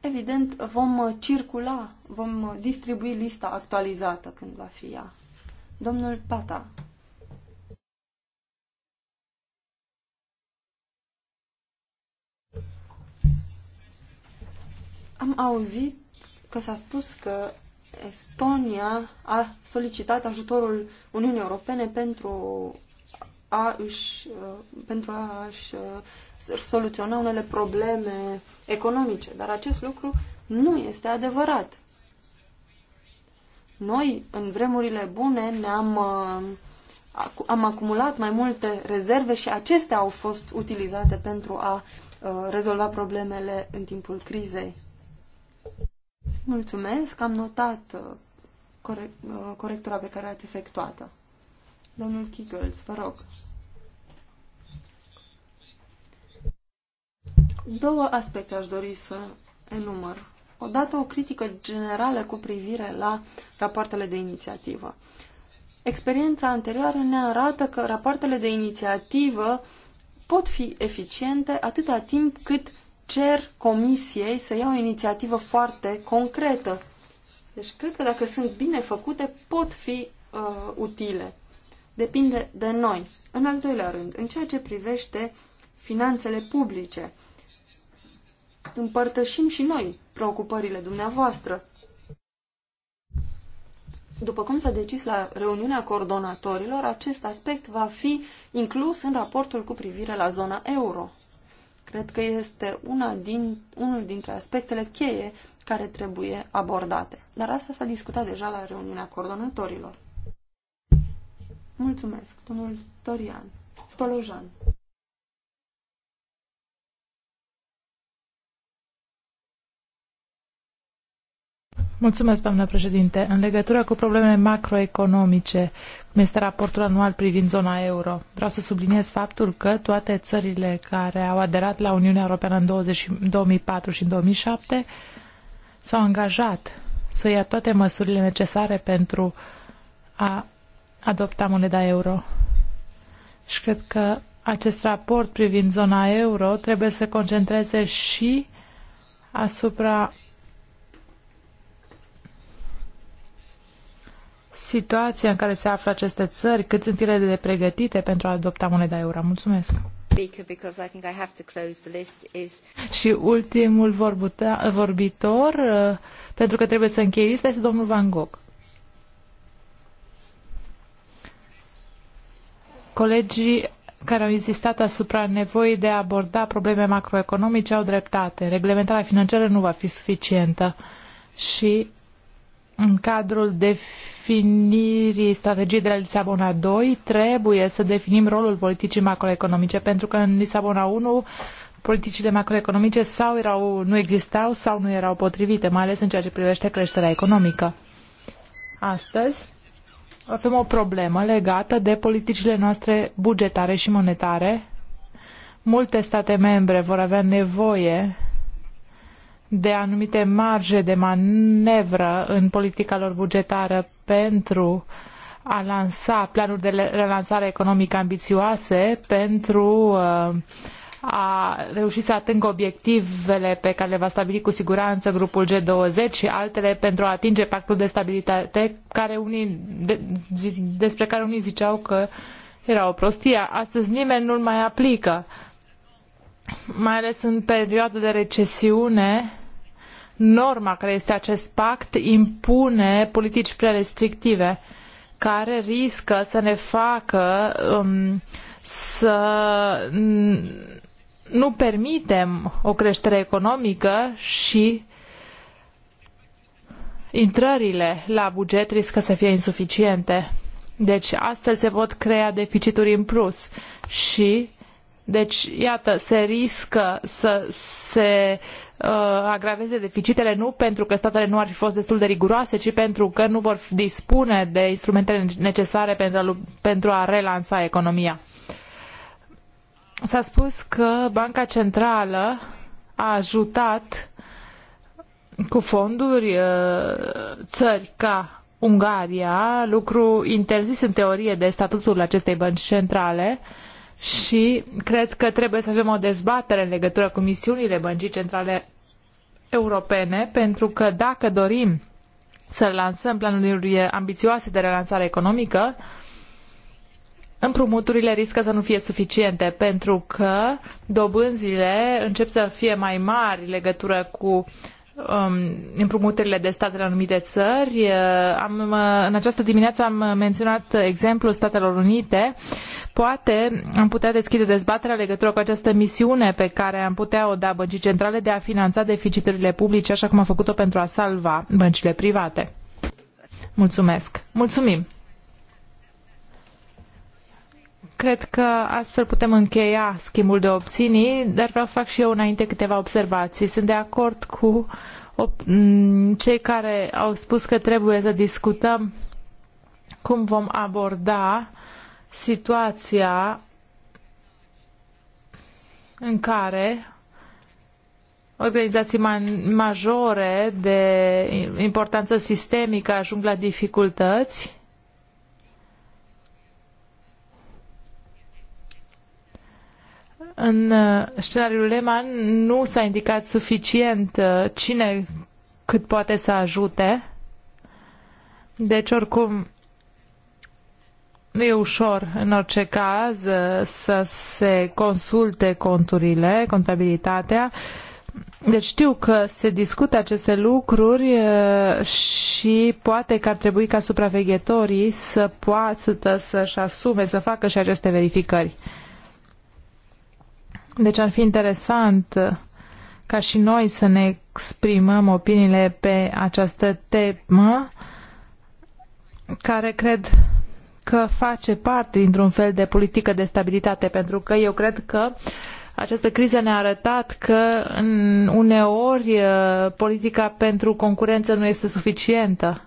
Evident, vom uh, circula, vom uh, distribui lista actualizată când va fi ea. Domnul Pata. Am auzit că s-a spus că Estonia a solicitat ajutorul Uniunii Europene pentru a își, uh, pentru a își uh, soluționa unele probleme economice. Dar acest lucru nu este adevărat. Noi, în vremurile bune, ne-am uh, am acumulat mai multe rezerve și acestea au fost utilizate pentru a rezolva problemele în timpul crizei. Mulțumesc, am notat uh, uh, corectura pe care ați efectuată. Domnul Kigels, vă rog. Două aspecte aș dori să enumăr. Odată o critică generală cu privire la rapoartele de inițiativă. Experiența anterioară ne arată că rapoartele de inițiativă pot fi eficiente atâta timp cât cer comisiei să ia o inițiativă foarte concretă. Deci cred că dacă sunt bine făcute, pot fi uh, utile. Depinde de noi. În al doilea rând, în ceea ce privește finanțele publice, împărtășim și noi preocupările dumneavoastră. După cum s-a decis la reuniunea coordonatorilor, acest aspect va fi inclus în raportul cu privire la zona euro. Cred că este una din, unul dintre aspectele cheie care trebuie abordate. Dar asta s-a discutat deja la reuniunea coordonatorilor. Mulțumesc, domnul Torian. Stolojan. Mulțumesc, doamnă președinte. În legătură cu problemele macroeconomice, cum este raportul anual privind zona euro, vreau să subliniez faptul că toate țările care au aderat la Uniunea Europeană în 20, 2004 și în 2007 s-au angajat să ia toate măsurile necesare pentru a adopta moneda euro. Și cred că acest raport privind zona euro trebuie să se concentreze și asupra situația în care se află aceste țări, cât sunt ele de pregătite pentru a adopta moneda euro. Mulțumesc! Și ultimul vorbuta, vorbitor, uh, pentru că trebuie să închei lista, este domnul Van Gogh. Colegii care au insistat asupra nevoii de a aborda probleme macroeconomice au dreptate. Reglementarea financiară nu va fi suficientă și în cadrul definirii strategiei de la Lisabona 2 trebuie să definim rolul politicii macroeconomice, pentru că în Lisabona 1 politicile macroeconomice sau erau, nu existau sau nu erau potrivite, mai ales în ceea ce privește creșterea economică. Astăzi avem o problemă legată de politicile noastre bugetare și monetare. Multe state membre vor avea nevoie de anumite marje de manevră în politica lor bugetară pentru a lansa planuri de relansare economică ambițioase, pentru uh, a reuși să atingă obiectivele pe care le va stabili cu siguranță grupul G20 și altele pentru a atinge pactul de stabilitate care unii, de, despre care unii ziceau că era o prostie. Astăzi nimeni nu-l mai aplică mai ales în perioada de recesiune, norma care este acest pact impune politici prea restrictive care riscă să ne facă um, să nu permitem o creștere economică și intrările la buget riscă să fie insuficiente. Deci astfel se pot crea deficituri în plus și deci, iată, se riscă să se Uh, agraveze deficitele nu pentru că statele nu ar fi fost destul de riguroase, ci pentru că nu vor dispune de instrumentele necesare pentru a, pentru a relansa economia. S-a spus că Banca Centrală a ajutat cu fonduri uh, țări ca Ungaria, lucru interzis în teorie de statutul acestei bănci centrale, uh, și cred că trebuie să avem o dezbatere în legătură cu misiunile băncii centrale europene, pentru că dacă dorim să lansăm planuri ambițioase de relansare economică, împrumuturile riscă să nu fie suficiente pentru că dobânzile încep să fie mai mari legătură cu Um, împrumuturile de stat la anumite țări. Uh, am, uh, în această dimineață am menționat exemplul Statelor Unite. Poate am putea deschide dezbaterea legătură cu această misiune pe care am putea o da băncii centrale de a finanța deficiturile publice, așa cum a făcut-o pentru a salva băncile private. Mulțumesc. Mulțumim. Cred că astfel putem încheia schimbul de opinii, dar vreau să fac și eu înainte câteva observații. Sunt de acord cu mm, cei care au spus că trebuie să discutăm cum vom aborda situația în care organizații majore de importanță sistemică ajung la dificultăți În uh, scenariul Lehman nu s-a indicat suficient uh, cine cât poate să ajute. Deci, oricum, nu e ușor, în orice caz, uh, să se consulte conturile, contabilitatea. Deci știu că se discută aceste lucruri și poate că ar trebui ca supraveghetorii să poată să-și asume, să facă și aceste verificări. Deci ar fi interesant uh, ca și noi să ne exprimăm opiniile pe această temă care cred că face parte dintr-un fel de politică de stabilitate, pentru că eu cred că această criză ne-a arătat că uneori uh, politica pentru concurență nu este suficientă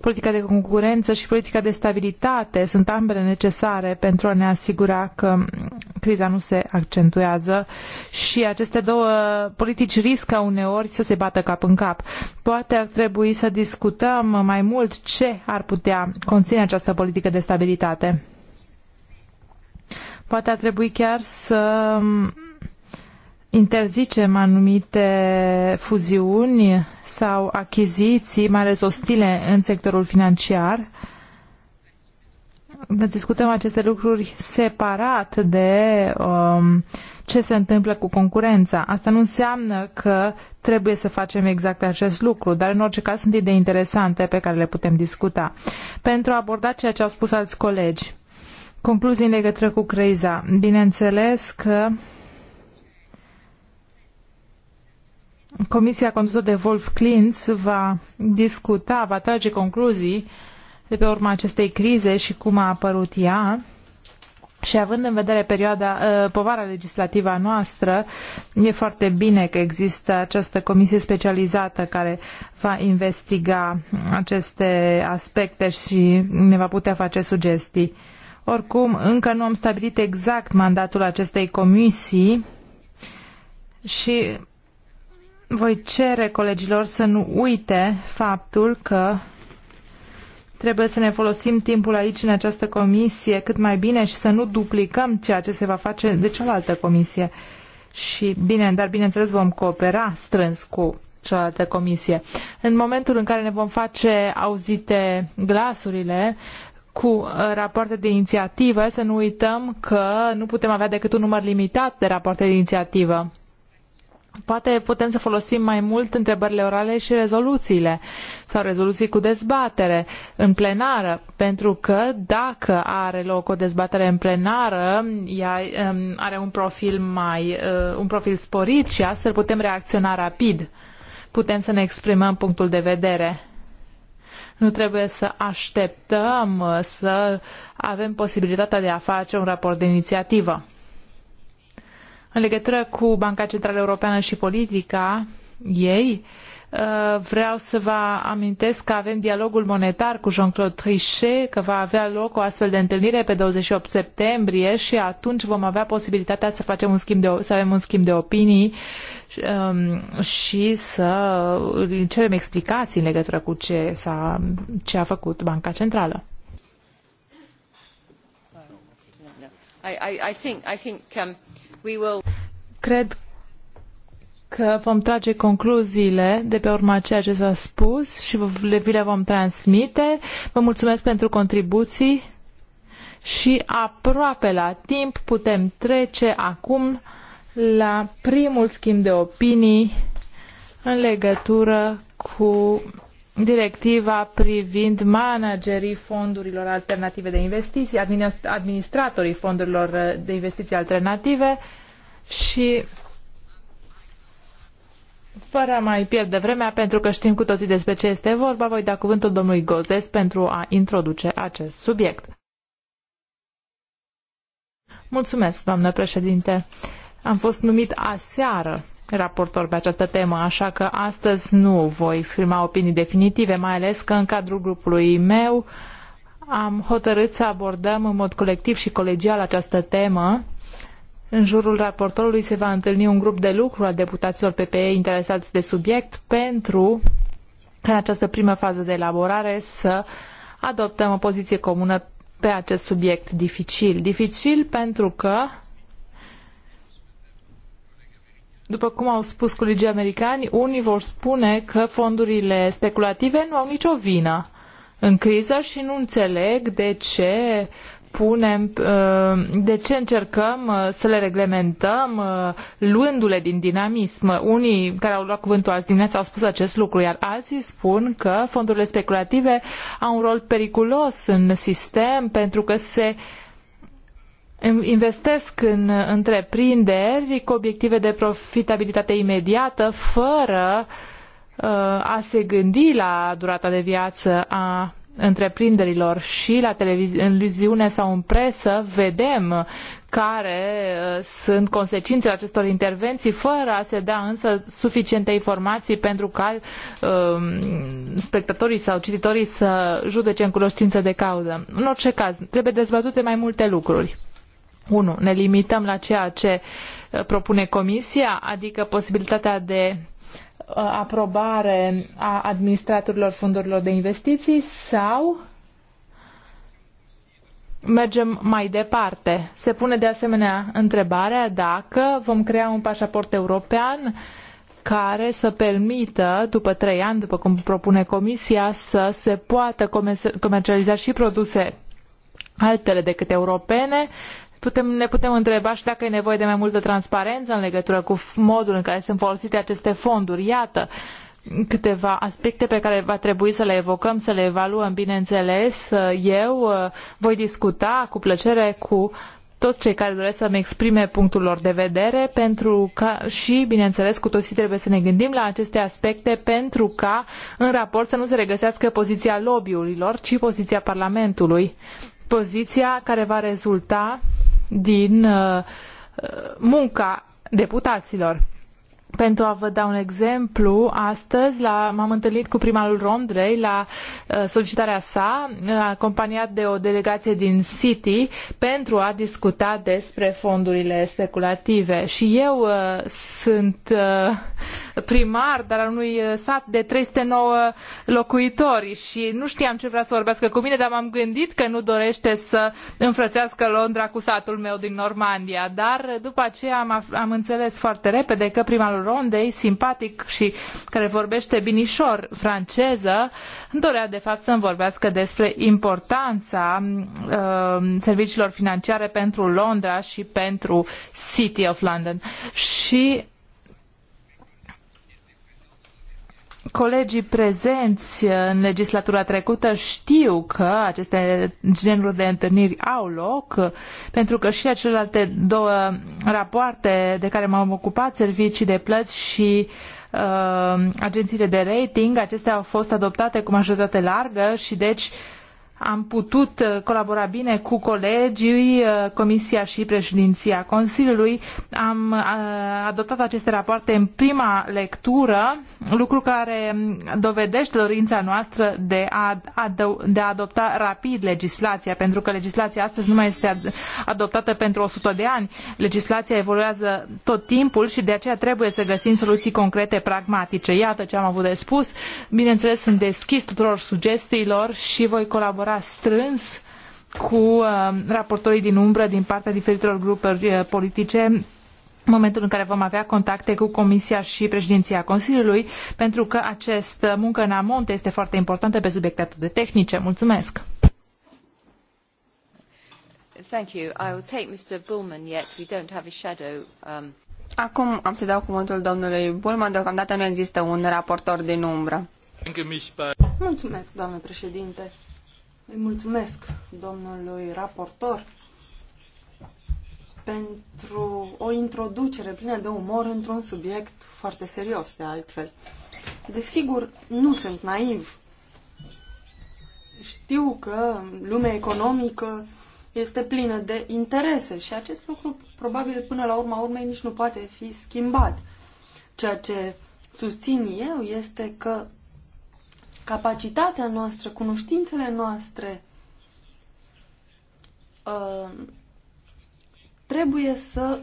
politica de concurență și politica de stabilitate sunt ambele necesare pentru a ne asigura că criza nu se accentuează și aceste două politici riscă uneori să se bată cap în cap. Poate ar trebui să discutăm mai mult ce ar putea conține această politică de stabilitate. Poate ar trebui chiar să interzicem anumite fuziuni sau achiziții, mai ales ostile în sectorul financiar. Discutăm aceste lucruri separat de um, ce se întâmplă cu concurența. Asta nu înseamnă că trebuie să facem exact acest lucru, dar în orice caz sunt idei interesante pe care le putem discuta. Pentru a aborda ceea ce au spus alți colegi, concluzii în legătură cu creiza, bineînțeles că uh, Comisia condusă de Wolf Klintz va discuta, va trage concluzii de pe urma acestei crize și cum a apărut ea. Și având în vedere perioada, ă, povara legislativă a noastră, e foarte bine că există această comisie specializată care va investiga aceste aspecte și ne va putea face sugestii. Oricum, încă nu am stabilit exact mandatul acestei comisii și voi cere colegilor să nu uite faptul că trebuie să ne folosim timpul aici în această comisie cât mai bine și să nu duplicăm ceea ce se va face de cealaltă comisie. Și bine, dar bineînțeles vom coopera strâns cu cealaltă comisie. În momentul în care ne vom face auzite glasurile, cu uh, rapoarte de inițiativă, să nu uităm că nu putem avea decât un număr limitat de rapoarte de inițiativă. Poate putem să folosim mai mult întrebările orale și rezoluțiile sau rezoluții cu dezbatere în plenară, pentru că dacă are loc o dezbatere în plenară, ea um, are un profil mai uh, un profil sporit și astfel putem reacționa rapid. Putem să ne exprimăm punctul de vedere. Nu trebuie să așteptăm uh, să avem posibilitatea de a face un raport de inițiativă. În legătură cu Banca Centrală Europeană și politica ei, uh, vreau să vă amintesc că avem dialogul monetar cu Jean-Claude Trichet, că va avea loc o astfel de întâlnire pe 28 septembrie și atunci vom avea posibilitatea să, facem un schimb de, să avem un schimb de opinii um, și, să cerem explicații în legătură cu ce, a ce a făcut Banca Centrală. I, I, I think, I think, um... Cred că vom trage concluziile de pe urma ceea ce s-a spus și vi le vom transmite. Vă mulțumesc pentru contribuții și aproape la timp putem trece acum la primul schimb de opinii în legătură cu directiva privind managerii fondurilor alternative de investiții, administratorii fondurilor de investiții alternative și fără a mai pierde vremea, pentru că știm cu toții despre ce este vorba, voi da cuvântul domnului Gozes pentru a introduce acest subiect. Mulțumesc, doamnă președinte. Am fost numit aseară raportor pe această temă, așa că astăzi nu voi exprima opinii definitive, mai ales că în cadrul grupului meu am hotărât să abordăm în mod colectiv și colegial această temă. În jurul raportorului se va întâlni un grup de lucru al deputaților PPE interesați de subiect pentru ca în această primă fază de elaborare să adoptăm o poziție comună pe acest subiect dificil. Dificil pentru că după cum au spus colegii americani, unii vor spune că fondurile speculative nu au nicio vină în criză și nu înțeleg de ce punem, uh, de ce încercăm uh, să le reglementăm uh, luându-le din dinamism. Unii care au luat cuvântul azi dimineața au spus acest lucru, iar alții spun că fondurile speculative au un rol periculos în sistem pentru că se uh, investesc în întreprinderi cu obiective de profitabilitate imediată, fără uh, a se gândi la durata de viață a întreprinderilor și la televiziune sau în presă vedem care uh, sunt consecințele acestor intervenții fără a se da însă suficiente informații pentru ca um, spectatorii sau cititorii să judece în cunoștință de cauză. În orice caz, trebuie dezbătute mai multe lucruri. 1. Ne limităm la ceea ce uh, propune Comisia, adică posibilitatea de uh, aprobare a administratorilor fondurilor de investiții sau mergem mai departe. Se pune de asemenea întrebarea dacă vom crea un pașaport european care să permită, după trei ani, după cum propune Comisia, să se poată comercializa și produse altele decât europene Putem, ne putem întreba și dacă e nevoie de mai multă transparență în legătură cu modul în care sunt folosite aceste fonduri. Iată câteva aspecte pe care va trebui să le evocăm, să le evaluăm, bineînțeles. Eu uh, voi discuta cu plăcere cu toți cei care doresc să-mi exprime punctul lor de vedere pentru că și, bineînțeles, cu toții trebuie să ne gândim la aceste aspecte pentru ca în raport să nu se regăsească poziția lobby-urilor, ci poziția Parlamentului. Poziția care va rezulta din uh, uh, munca deputaților. Pentru a vă da un exemplu, astăzi m-am întâlnit cu primarul Rondrei la uh, solicitarea sa, uh, acompaniat de o delegație din City, pentru a discuta despre fondurile speculative. Și eu uh, sunt uh, primar, dar al unui uh, sat de 309 locuitori și nu știam ce vrea să vorbească cu mine, dar m-am gândit că nu dorește să înfrățească Londra cu satul meu din Normandia. Dar uh, după aceea am, am înțeles foarte repede că primarul primarul Rondei, simpatic și care vorbește binișor franceză, dorea de fapt să-mi vorbească despre importanța uh, serviciilor financiare pentru Londra și pentru City of London. Și colegii prezenți în legislatura trecută știu că aceste genuri de întâlniri au loc, pentru că și celelalte două rapoarte de care m-am ocupat, servicii de plăți și uh, agențiile de rating, acestea au fost adoptate cu majoritate largă și deci uh, am putut uh, colabora bine cu colegii, uh, Comisia și președinția Consiliului. Am uh, adoptat aceste rapoarte în prima lectură, lucru care dovedește dorința noastră de a, de a adopta rapid legislația, pentru că legislația astăzi nu mai este adoptată pentru 100 de ani. Legislația evoluează tot timpul și de aceea trebuie să găsim soluții concrete, pragmatice. Iată ce am avut de spus. Bineînțeles, sunt deschis tuturor sugestiilor și voi colabora coopera strâns cu uh, raportorii din umbră din partea diferitelor grupuri uh, politice în momentul în care vom avea contacte cu Comisia și președinția Consiliului, pentru că această muncă în amont este foarte importantă pe subiecte atât de tehnice. Mulțumesc! Thank you. I will take Mr. Bullman yet. We don't have a shadow. Um... Acum am să dau cuvântul domnului Bullman. Deocamdată nu există un raportor din umbră. Mulțumesc, doamnă președinte. Îi mulțumesc domnului raportor pentru o introducere plină de umor într-un subiect foarte serios, de altfel. Desigur, nu sunt naiv. Știu că lumea economică este plină de interese și acest lucru probabil până la urma urmei nici nu poate fi schimbat. Ceea ce susțin eu este că capacitatea noastră, cunoștințele noastre uh, trebuie să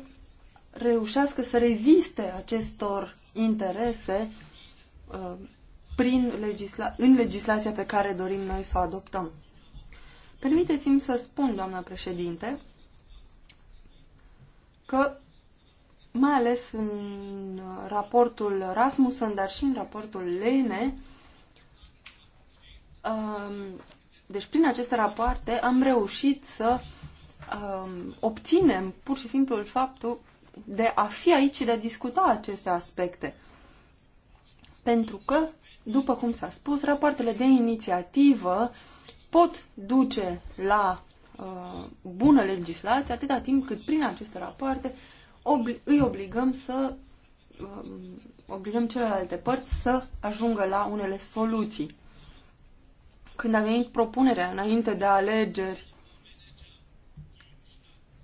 reușească să reziste acestor interese uh, prin legisla în legislația pe care dorim noi să o adoptăm. Permiteți-mi să spun, doamna președinte, că mai ales în raportul Rasmussen, dar și în raportul Lene, uh, Um, deci prin aceste rapoarte am reușit să um, obținem pur și simplu faptul de a fi aici și de a discuta aceste aspecte. Pentru că, după cum s-a spus, rapoartele de inițiativă pot duce la uh, bună legislație atâta timp cât prin aceste rapoarte obli- îi obligăm să uh, obligăm celelalte părți să ajungă la unele soluții când a venit propunerea înainte de alegeri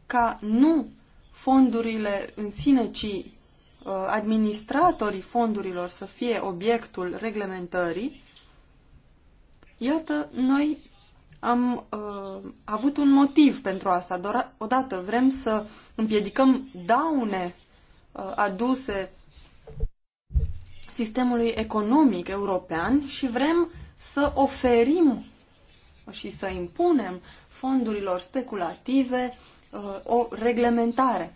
ca nu fondurile în sine, ci uh, administratorii fondurilor să fie obiectul reglementării, iată, noi am uh, avut un motiv pentru asta. Doar odată vrem să împiedicăm daune uh, aduse sistemului economic european și vrem să oferim și să impunem fondurilor speculative uh, o reglementare.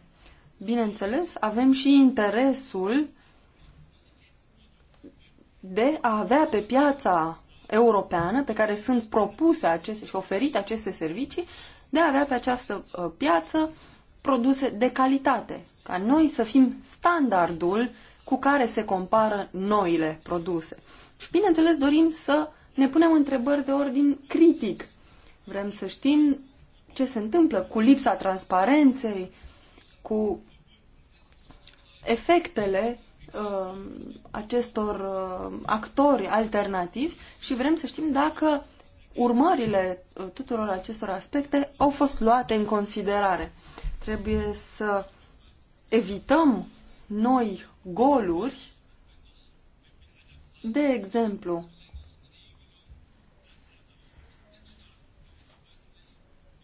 Bineînțeles, avem și interesul de a avea pe piața europeană pe care sunt propuse aceste și oferite aceste servicii, de a avea pe această uh, piață produse de calitate, ca noi să fim standardul cu care se compară noile produse. Și bineînțeles dorim să ne punem întrebări de ordin critic. Vrem să știm ce se întâmplă cu lipsa transparenței, cu efectele uh, acestor uh, actori alternativi și vrem să știm dacă urmările uh, tuturor acestor aspecte au fost luate în considerare. Trebuie să evităm noi goluri, de exemplu,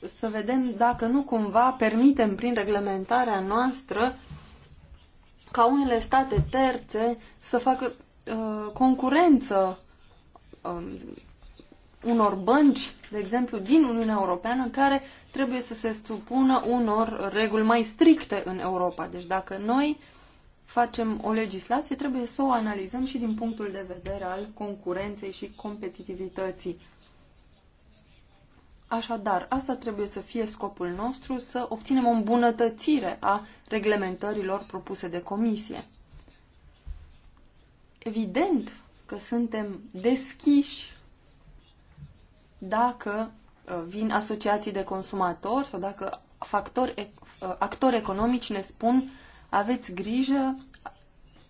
să vedem dacă nu cumva permitem prin reglementarea noastră ca unele state terțe să facă uh, concurență uh, unor bănci, de exemplu, din Uniunea Europeană, care trebuie să se supună unor reguli mai stricte în Europa. Deci dacă noi facem o legislație, trebuie să o analizăm și din punctul de vedere al concurenței și competitivității. Așadar, asta trebuie să fie scopul nostru, să obținem o îmbunătățire a reglementărilor propuse de comisie. Evident că suntem deschiși dacă uh, vin asociații de consumatori sau dacă factori, uh, actori economici ne spun aveți grijă,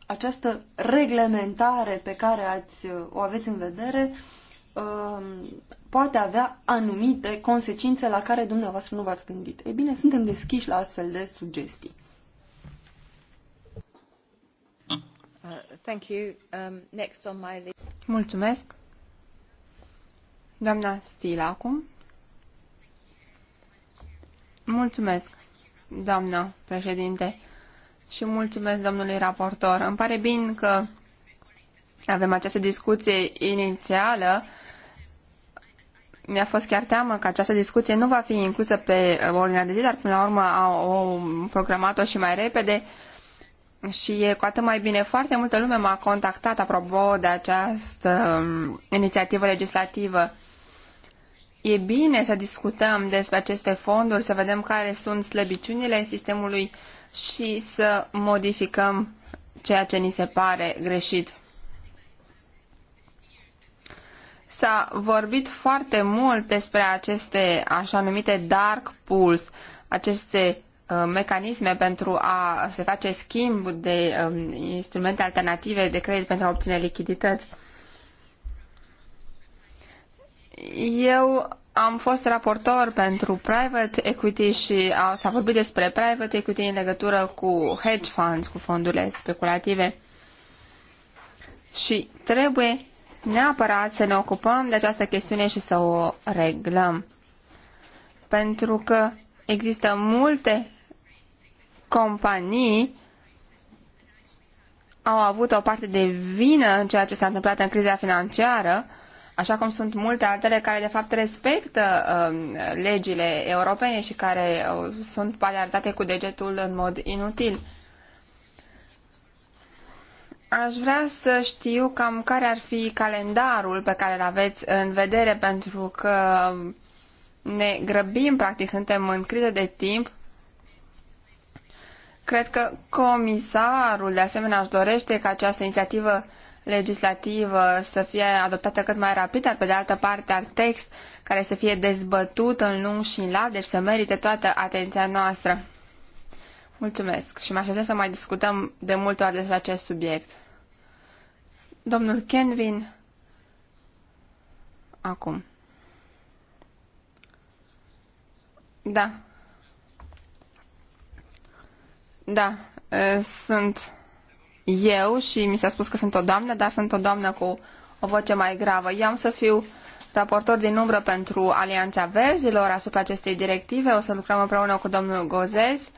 această reglementare pe care ați, uh, o aveți în vedere Um, poate avea anumite consecințe la care dumneavoastră nu v-ați gândit. Ei bine, suntem deschiși la astfel de sugestii. Uh, thank you. Um, next on my list. Mulțumesc. Doamna Stila acum. Mulțumesc, doamna președinte, și mulțumesc domnului raportor. Îmi pare bine că avem această discuție inițială mi-a fost chiar teamă că această discuție nu va fi inclusă pe ordinea de zi, dar până la urmă au programat-o și mai repede. Și e cu atât mai bine. Foarte multă lume m-a contactat apropo de această um, inițiativă legislativă. E bine să discutăm despre aceste fonduri, să vedem care sunt slăbiciunile sistemului și să modificăm ceea ce ni se pare greșit. S-a vorbit foarte mult despre aceste așa numite dark pools, aceste uh, mecanisme pentru a se face schimb de um, instrumente alternative de credit pentru a obține lichidități. Eu am fost raportor pentru private equity și uh, s-a vorbit despre private equity în legătură cu hedge funds, cu fondurile speculative. Și trebuie neapărat să ne ocupăm de această chestiune și să o reglăm. Pentru că există multe companii au avut o parte de vină în ceea ce s-a întâmplat în criza financiară, așa cum sunt multe altele care de fapt respectă uh, legile europene și care uh, sunt poate arătate cu degetul în mod inutil. Aș vrea să știu cam care ar fi calendarul pe care îl aveți în vedere, pentru că ne grăbim, practic, suntem în criză de timp. Cred că comisarul, de asemenea, își dorește ca această inițiativă legislativă să fie adoptată cât mai rapid, dar pe de altă parte ar text care să fie dezbătut în lung și în lat, deci să merite toată atenția noastră. Mulțumesc și mă aștept să mai discutăm de multe ori despre acest subiect. Domnul Kenvin, acum. Da. Da, sunt eu și mi s-a spus că sunt o doamnă, dar sunt o doamnă cu o voce mai gravă. Eu am să fiu raportor din umbră pentru Alianța Verzilor asupra acestei directive. O să lucrăm împreună cu domnul Gozez.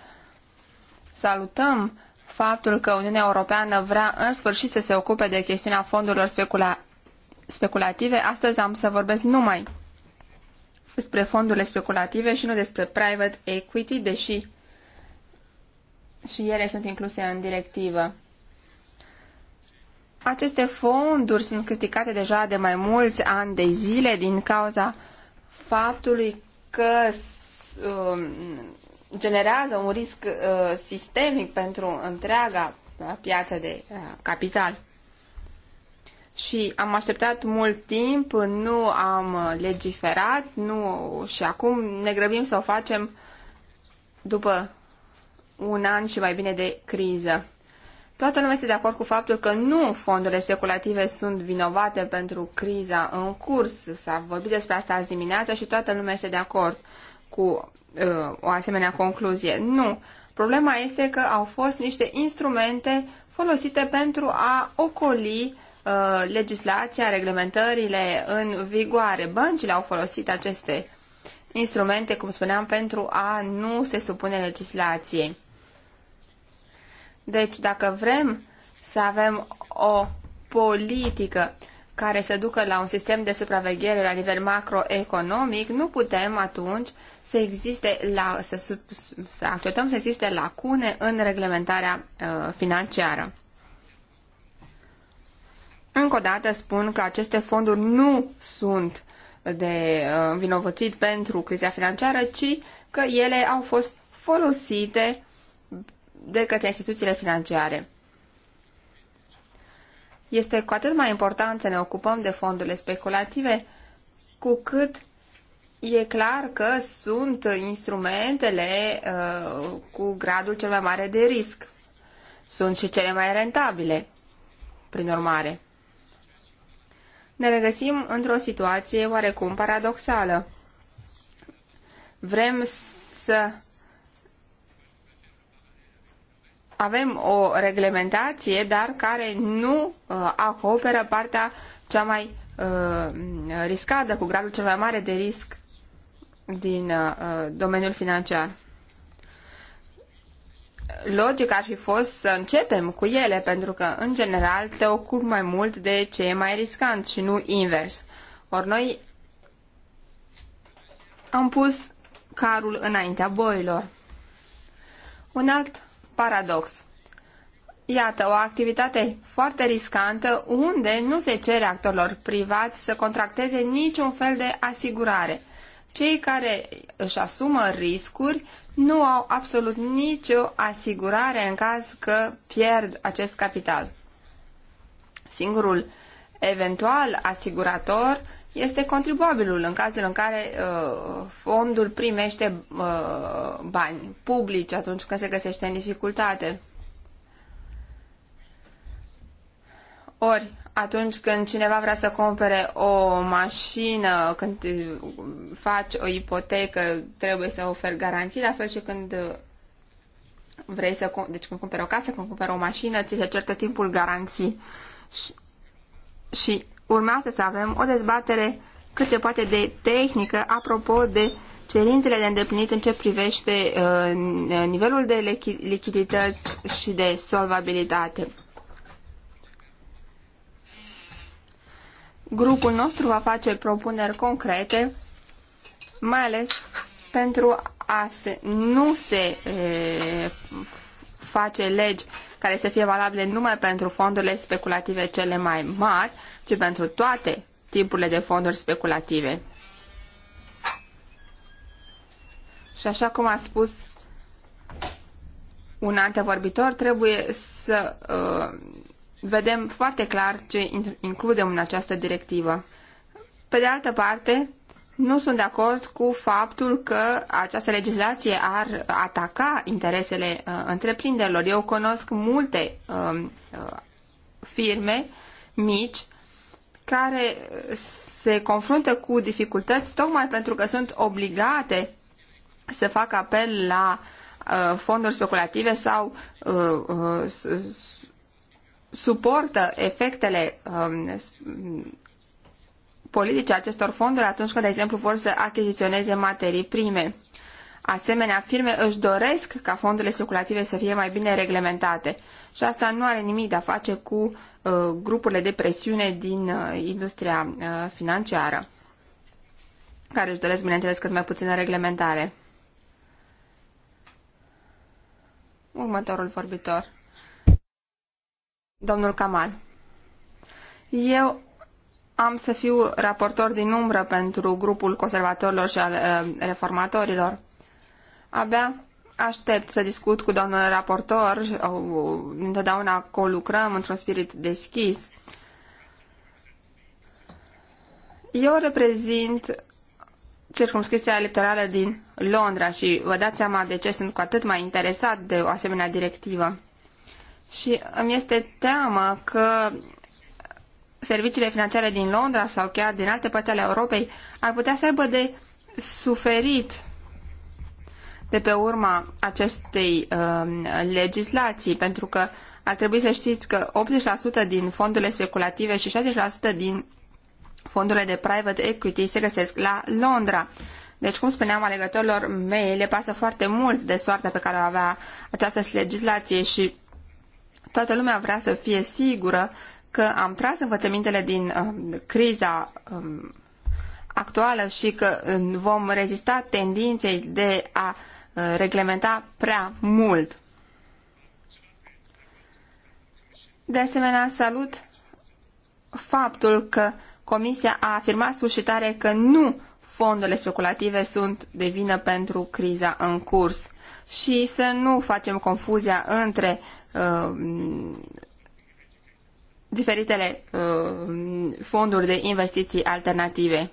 Salutăm faptul că Uniunea Europeană vrea în sfârșit să se ocupe de chestiunea fondurilor specula speculative, astăzi am să vorbesc numai despre fondurile speculative și nu despre private equity, deși și ele sunt incluse în directivă. Aceste fonduri sunt criticate deja de mai mulți ani de zile din cauza faptului că um, generează un risc uh, sistemic pentru întreaga uh, piață de uh, capital. Și am așteptat mult timp, nu am uh, legiferat, nu și acum ne grăbim să o facem după un an și mai bine de criză. Toată lumea este de acord cu faptul că nu fondurile speculative sunt vinovate pentru criza în curs. S-a vorbit despre asta azi dimineața și toată lumea este de acord cu Uh, o asemenea concluzie. Nu. Problema este că au fost niște instrumente folosite pentru a ocoli uh, legislația, reglementările în vigoare. Băncile au folosit aceste instrumente, cum spuneam, pentru a nu se supune legislației. Deci, dacă vrem să avem o politică care să ducă la un sistem de supraveghere la nivel macroeconomic, nu putem atunci să existe la, să, sub, să acceptăm să existe lacune în reglementarea uh, financiară. Încă o dată spun că aceste fonduri nu sunt de uh, vinovățit pentru criza financiară, ci că ele au fost folosite de către instituțiile financiare este cu atât mai important să ne ocupăm de fondurile speculative, cu cât e clar că sunt instrumentele uh, cu gradul cel mai mare de risc. Sunt și cele mai rentabile, prin urmare. Ne regăsim într-o situație oarecum paradoxală. Vrem să avem o reglementație, dar care nu uh, acoperă partea cea mai uh, riscată, cu gradul cel mai mare de risc din uh, domeniul financiar. Logic ar fi fost să începem cu ele, pentru că, în general, te ocupi mai mult de ce e mai riscant și nu invers. Ori noi am pus carul înaintea boilor. Un alt paradox. Iată, o activitate foarte riscantă unde nu se cere actorilor privați să contracteze niciun fel de asigurare. Cei care își asumă riscuri nu au absolut nicio asigurare în caz că pierd acest capital. Singurul eventual asigurator este contribuabilul în cazul în care uh, fondul primește uh, bani publici atunci când se găsește în dificultate. Ori, atunci când cineva vrea să cumpere o mașină, când uh, faci o ipotecă, trebuie să oferi garanții, la fel și când uh, vrei să, deci când cumperi o casă, când cumperi o mașină, ți se certă timpul garanții. Și, și urmează să avem o dezbatere cât se poate de tehnică apropo de cerințele de îndeplinit în ce privește uh, nivelul de lichidități și de solvabilitate. Grupul nostru va face propuneri concrete, mai ales pentru a se, nu se uh, face legi care să fie valabile numai pentru fondurile speculative cele mai mari, ci pentru toate tipurile de fonduri speculative. Și așa cum a spus un antevorbitor, trebuie să uh, vedem foarte clar ce includem în această directivă. Pe de altă parte, nu sunt de acord cu faptul că această legislație ar ataca interesele uh, întreprinderilor. Eu cunosc multe um, uh, firme mici care se confruntă cu dificultăți tocmai pentru că sunt obligate să facă apel la uh, fonduri speculative sau uh, uh, suportă efectele um, politice acestor fonduri atunci când, de exemplu, vor să achiziționeze materii prime. Asemenea, firme își doresc ca fondurile circulative să fie mai bine reglementate și asta nu are nimic de a face cu uh, grupurile de presiune din uh, industria uh, financiară, care își doresc, bineînțeles, cât mai puțină reglementare. Următorul vorbitor. Domnul Kamal. Eu am să fiu raportor din umbră pentru grupul conservatorilor și al uh, reformatorilor. Abia aștept să discut cu doamna raportor, uh, întotdeauna colucrăm într-un spirit deschis. Eu reprezint circumscripția electorală din Londra și vă dați seama de ce sunt cu atât mai interesat de o asemenea directivă. Și îmi este teamă că serviciile financiare din Londra sau chiar din alte părți ale Europei ar putea să aibă de suferit de pe urma acestei uh, legislații, pentru că ar trebui să știți că 80% din fondurile speculative și 60% din fondurile de private equity se găsesc la Londra. Deci, cum spuneam, alegătorilor mei le pasă foarte mult de soarta pe care o avea această legislație și toată lumea vrea să fie sigură că am tras învățămintele din uh, criza um, actuală și că um, vom rezista tendinței de a uh, reglementa prea mult. De asemenea, salut faptul că Comisia a afirmat sușitare că nu fondurile speculative sunt de vină pentru criza în curs și să nu facem confuzia între uh, diferitele uh, fonduri de investiții alternative.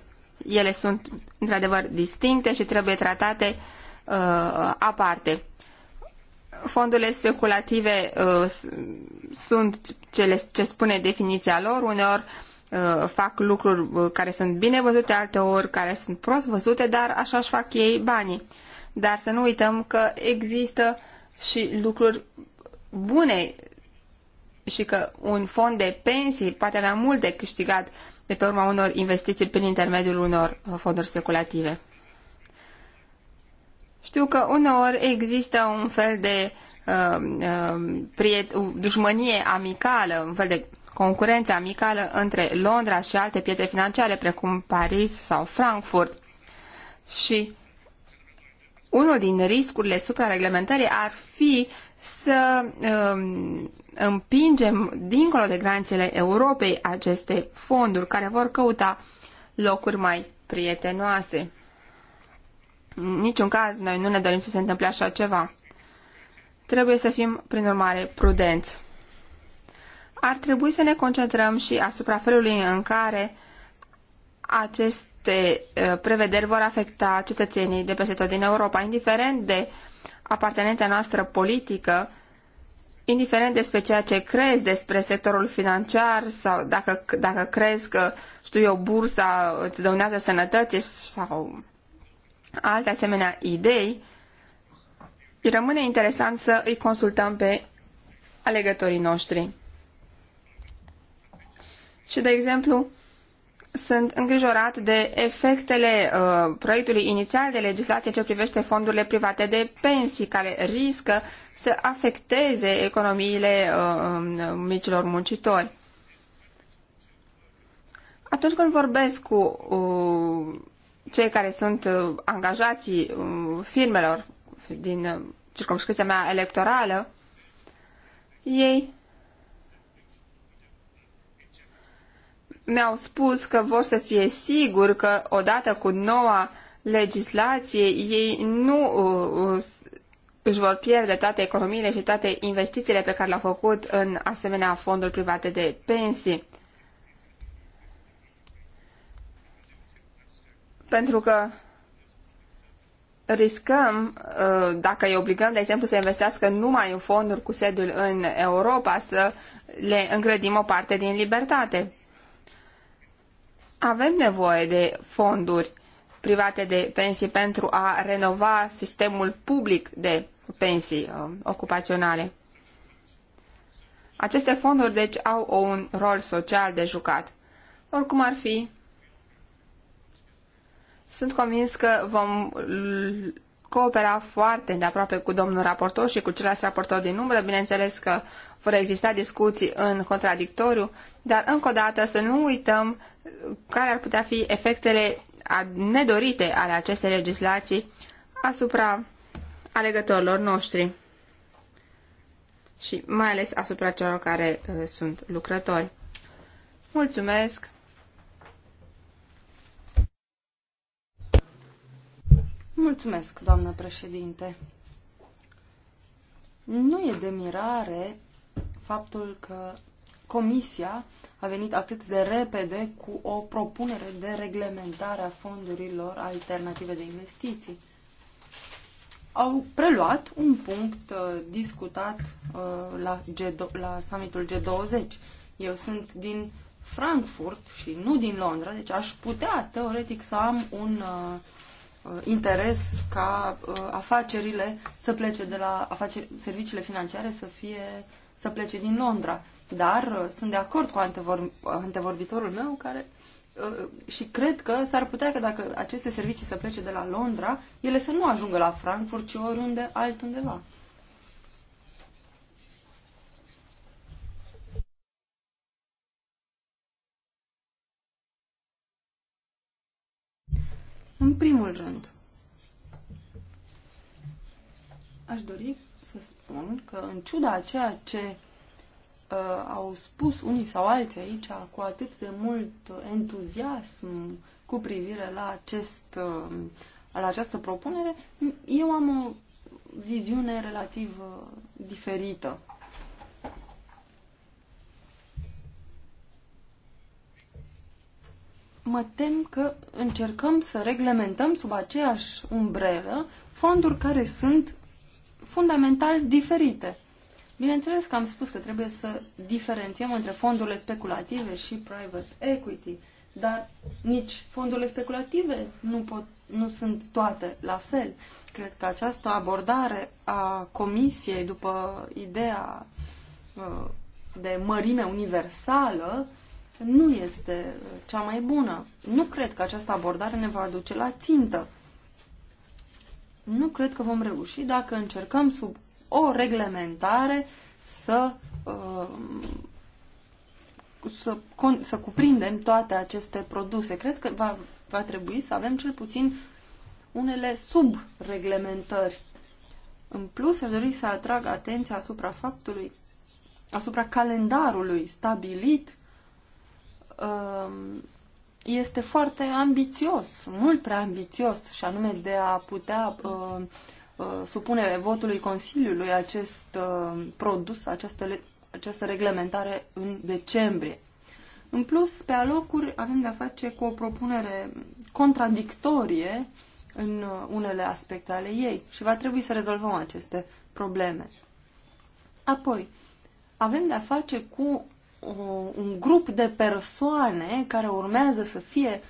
Ele sunt într-adevăr distincte și trebuie tratate uh, aparte. Fondurile speculative uh, sunt cele ce spune definiția lor, uneori uh, fac lucruri uh, care sunt bine văzute, alteori care sunt prost văzute, dar așa își fac ei banii. Dar să nu uităm că există și lucruri bune și că un fond de pensii poate avea mult de câștigat de pe urma unor investiții prin intermediul unor uh, fonduri speculative. Știu că uneori există un fel de uh, uh dușmănie amicală, un fel de concurență amicală între Londra și alte piețe financiare, precum Paris sau Frankfurt. Și unul din riscurile suprareglementării ar fi să um, împingem dincolo de granițele Europei aceste fonduri care vor căuta locuri mai prietenoase. În niciun caz noi nu ne dorim să se întâmple așa ceva. Trebuie să fim, prin urmare, prudenți. Ar trebui să ne concentrăm și asupra felului în care acest aceste uh, prevederi vor afecta cetățenii de peste tot din Europa, indiferent de apartenența noastră politică, indiferent despre ceea ce crezi despre sectorul financiar sau dacă, dacă crezi că, știu eu, bursa îți dăunează sănătății sau alte asemenea idei, rămâne interesant să îi consultăm pe alegătorii noștri. Și, de exemplu, sunt îngrijorat de efectele uh, proiectului inițial de legislație ce privește fondurile private de pensii, care riscă să afecteze economiile uh, um, micilor muncitori. Atunci când vorbesc cu uh, cei care sunt uh, angajații uh, firmelor din uh, circumscripția mea electorală, ei mi-au spus că vor să fie siguri că odată cu noua legislație ei nu uh, uh, își vor pierde toate economiile și toate investițiile pe care le-au făcut în asemenea fonduri private de pensii. Pentru că riscăm, uh, dacă îi obligăm, de exemplu, să investească numai în fonduri cu sediul în Europa, să le îngrădim o parte din libertate avem nevoie de fonduri private de pensii pentru a renova sistemul public de pensii uh, ocupaționale. Aceste fonduri, deci, au un rol social de jucat. Oricum ar fi, sunt convins că vom coopera foarte de aproape cu domnul raportor și cu celălalt raportor din umbră. Bineînțeles că vor exista discuții în contradictoriu, dar, încă o dată, să nu uităm care ar putea fi efectele nedorite ale acestei legislații asupra alegătorilor noștri și mai ales asupra celor care uh, sunt lucrători. Mulțumesc! Mulțumesc, doamnă președinte! Nu e de mirare faptul că Comisia a venit atât de repede cu o propunere de reglementare a fondurilor alternative de investiții. Au preluat un punct uh, discutat uh, la, G2, la summitul G20. Eu sunt din Frankfurt și nu din Londra, deci aș putea teoretic să am un uh, uh interes ca uh, afacerile să plece de la afaceri, serviciile financiare să fie să plece din Londra. Dar uh, sunt de acord cu antevor, antevorbitorul meu care uh, și cred că s-ar putea că dacă aceste servicii să plece de la Londra, ele să nu ajungă la Frankfurt, ci oriunde altundeva. În primul rând, aș dori să spun că, în ciuda a ceea ce uh, au spus unii sau alții aici cu atât de mult entuziasm cu privire la, acest, uh, la această propunere, eu am o viziune relativ uh, diferită. Mă tem că încercăm să reglementăm sub aceeași umbrelă fonduri care sunt fundamental diferite. Bineînțeles că am spus că trebuie să diferențiem între fondurile speculative și private equity, dar nici fondurile speculative nu, pot, nu sunt toate la fel. Cred că această abordare a comisiei după ideea uh, de mărime universală nu este cea mai bună. Nu cred că această abordare ne va aduce la țintă nu cred că vom reuși dacă încercăm sub o reglementare să, uh, să, să cuprindem toate aceste produse. Cred că va, va trebui să avem cel puțin unele subreglementări. În plus, aș dori să atrag atenția asupra faptului, asupra calendarului stabilit uh, este foarte ambițios, mult prea ambițios, și anume de a putea uh, uh, supune votului Consiliului acest uh, produs, această, această reglementare în decembrie. În plus, pe alocuri avem de-a face cu o propunere contradictorie în uh, unele aspecte ale ei și va trebui să rezolvăm aceste probleme. Apoi, avem de-a face cu Uh, un grup de persoane care urmează să fie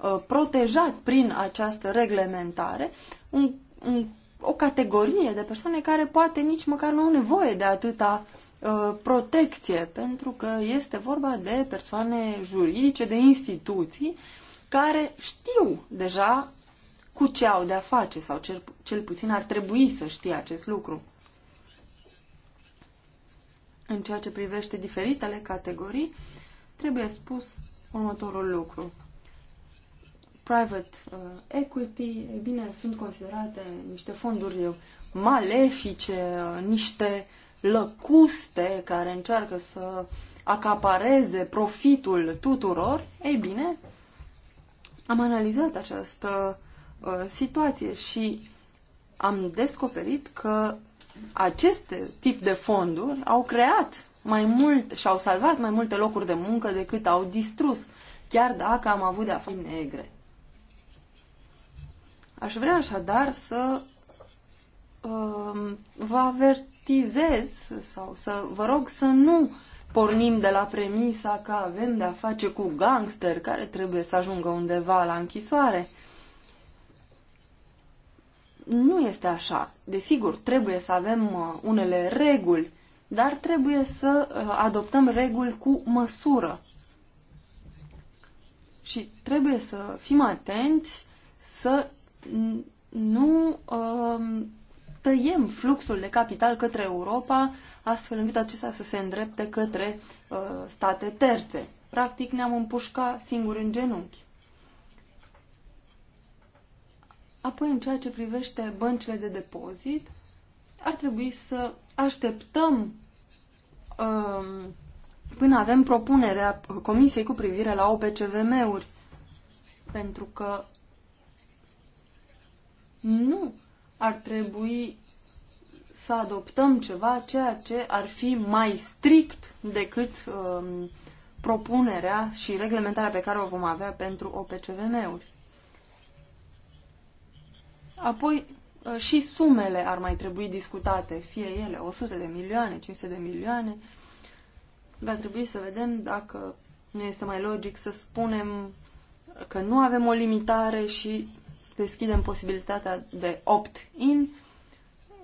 uh, protejat prin această reglementare, un, un, o categorie de persoane care poate nici măcar nu au nevoie de atâta uh, protecție, pentru că este vorba de persoane juridice, de instituții, care știu deja cu ce au de-a face sau cel, cel puțin ar trebui să știe acest lucru. În ceea ce privește diferitele categorii, trebuie spus următorul lucru. Private uh, equity, e bine, sunt considerate niște fonduri malefice, uh, niște lăcuste care încearcă să acapareze profitul tuturor. Ei bine, am analizat această uh, situație și am descoperit că acest tip de fonduri au creat mai mult și au salvat mai multe locuri de muncă decât au distrus, chiar dacă am avut de-a fi negre. Aș vrea așadar să uh, vă avertizez sau să vă rog să nu pornim de la premisa că avem de-a face cu gangster care trebuie să ajungă undeva la închisoare. Nu este așa. Desigur, trebuie să avem uh, unele reguli, dar trebuie să uh, adoptăm reguli cu măsură. Și trebuie să fim atenți să nu um, tăiem fluxul de capital către Europa, astfel încât acesta să se îndrepte către uh, state terțe. Practic ne-am împușcat singuri în genunchi. Apoi, în ceea ce privește băncile de depozit, ar trebui să așteptăm um, până avem propunerea Comisiei cu privire la OPCVM-uri, pentru că nu ar trebui să adoptăm ceva ceea ce ar fi mai strict decât um, propunerea și reglementarea pe care o vom avea pentru OPCVM-uri. Apoi uh, și sumele ar mai trebui discutate, fie ele 100 de milioane, 500 de milioane. Va trebui să vedem dacă nu este mai logic să spunem că nu avem o limitare și deschidem posibilitatea de opt-in.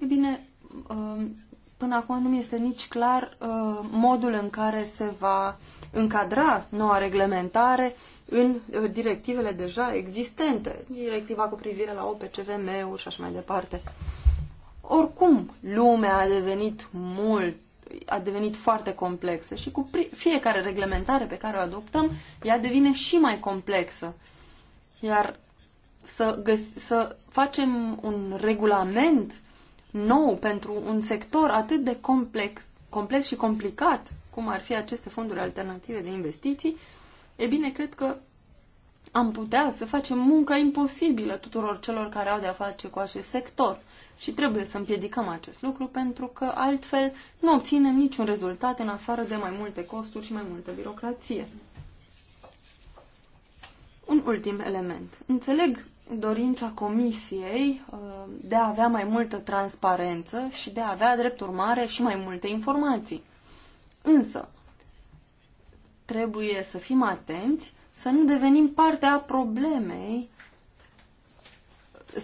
E bine, uh, până acum nu mi este nici clar uh, modul în care se va încadra noua reglementare în uh, directivele deja existente, directiva cu privire la OPCVM-uri și așa mai departe. Oricum, lumea a devenit mult a devenit foarte complexă și cu fiecare reglementare pe care o adoptăm, ea devine și mai complexă. Iar să, găs- să facem un regulament nou pentru un sector atât de complex complex și complicat, cum ar fi aceste fonduri alternative de investiții, e bine, cred că am putea să facem munca imposibilă tuturor celor care au de-a face cu acest sector. Și trebuie să împiedicăm acest lucru pentru că altfel nu obținem niciun rezultat în afară de mai multe costuri și mai multă birocrație. Un ultim element. Înțeleg dorința Comisiei uh, de a avea mai multă transparență și de a avea, drept urmare, și mai multe informații. Însă, trebuie să fim atenți să nu devenim parte a problemei,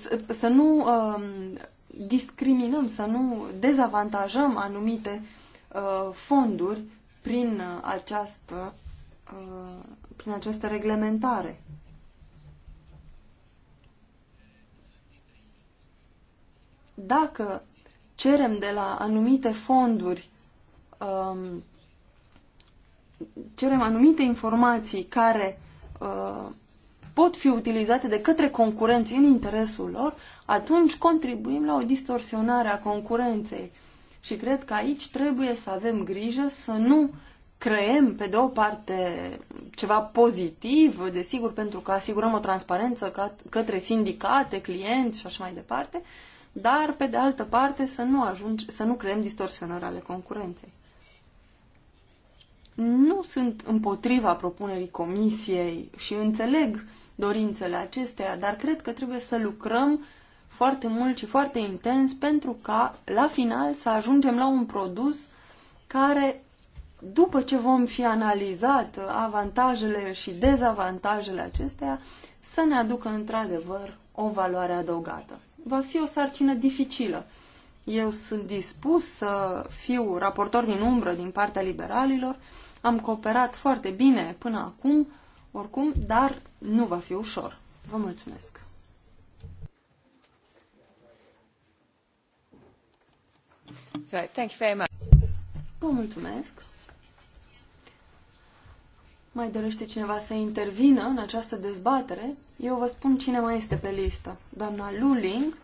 să, să nu uh, discriminăm, să nu dezavantajăm anumite uh, fonduri prin această, uh, prin această reglementare. Dacă cerem de la anumite fonduri, um, cerem anumite informații care uh, pot fi utilizate de către concurenți în interesul lor, atunci contribuim la o distorsionare a concurenței. Și cred că aici trebuie să avem grijă să nu creăm, pe de o parte, ceva pozitiv, desigur, pentru că asigurăm o transparență către sindicate, clienți și așa mai departe, dar, pe de altă parte, să nu, ajunge, să nu creăm distorsionări ale concurenței. Nu sunt împotriva propunerii comisiei și înțeleg dorințele acesteia, dar cred că trebuie să lucrăm foarte mult și foarte intens pentru ca, la final, să ajungem la un produs care, după ce vom fi analizat avantajele și dezavantajele acesteia, să ne aducă într-adevăr o valoare adăugată va fi o sarcină dificilă. Eu sunt dispus să fiu raportor din umbră din partea liberalilor. Am cooperat foarte bine până acum, oricum, dar nu va fi ușor. Vă mulțumesc! Vă mulțumesc! Mai dorește cineva să intervină în această dezbatere? Eu vă spun cine mai este pe listă. Doamna Luling,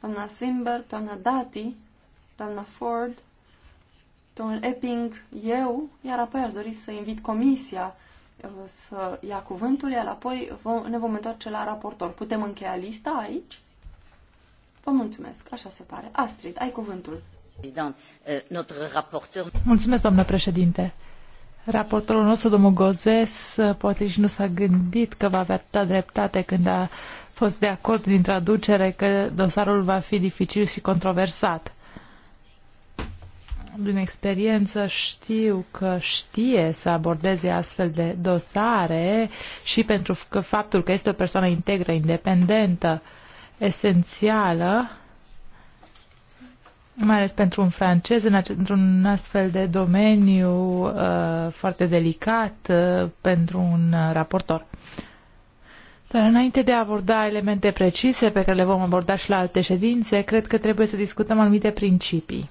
doamna Swimber, doamna Dati, doamna Ford, domnul Epping, eu, iar apoi aș dori să invit comisia uh, să ia cuvântul, iar apoi ne vom întoarce la raportor. Putem încheia lista aici? Vă mulțumesc, așa se pare. Astrid, ai cuvântul. Uh, mulțumesc, doamnă președinte. Raportorul nostru, domnul Gozes, poate și nu s-a gândit că va avea atâta dreptate când a fost de acord din traducere că dosarul va fi dificil și controversat. Din experiență știu că știe să abordeze astfel de dosare și pentru că faptul că este o persoană integră, independentă, esențială, mai ales pentru un francez, în într-un astfel de domeniu uh, foarte delicat uh, pentru un uh, raportor. Dar înainte de a aborda elemente precise pe care le vom aborda și la alte ședințe, cred că trebuie să discutăm anumite principii.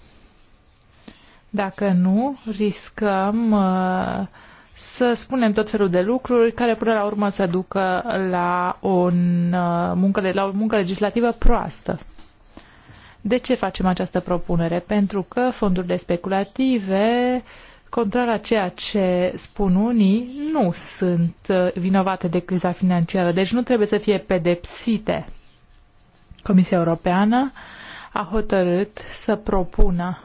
Dacă nu, riscăm uh, să spunem tot felul de lucruri care până la urmă să ducă la, un, uh, muncă, la o muncă legislativă proastă. De ce facem această propunere? Pentru că fondurile speculative, contrar a ceea ce spun unii, nu sunt uh, vinovate de criza financiară, deci nu trebuie să fie pedepsite. Comisia Europeană a hotărât să propună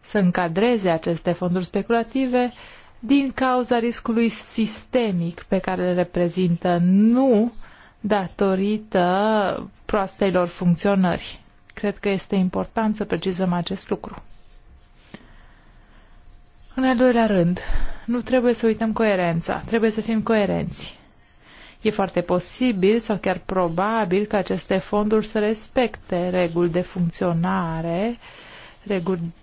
să încadreze aceste fonduri speculative din cauza riscului sistemic pe care le reprezintă, nu datorită proastelor funcționări. Cred că este important să precizăm acest lucru. În al doilea rând, nu trebuie să uităm coerența, trebuie să fim coerenți. E foarte posibil sau chiar probabil că aceste fonduri să respecte reguli de funcționare, reguli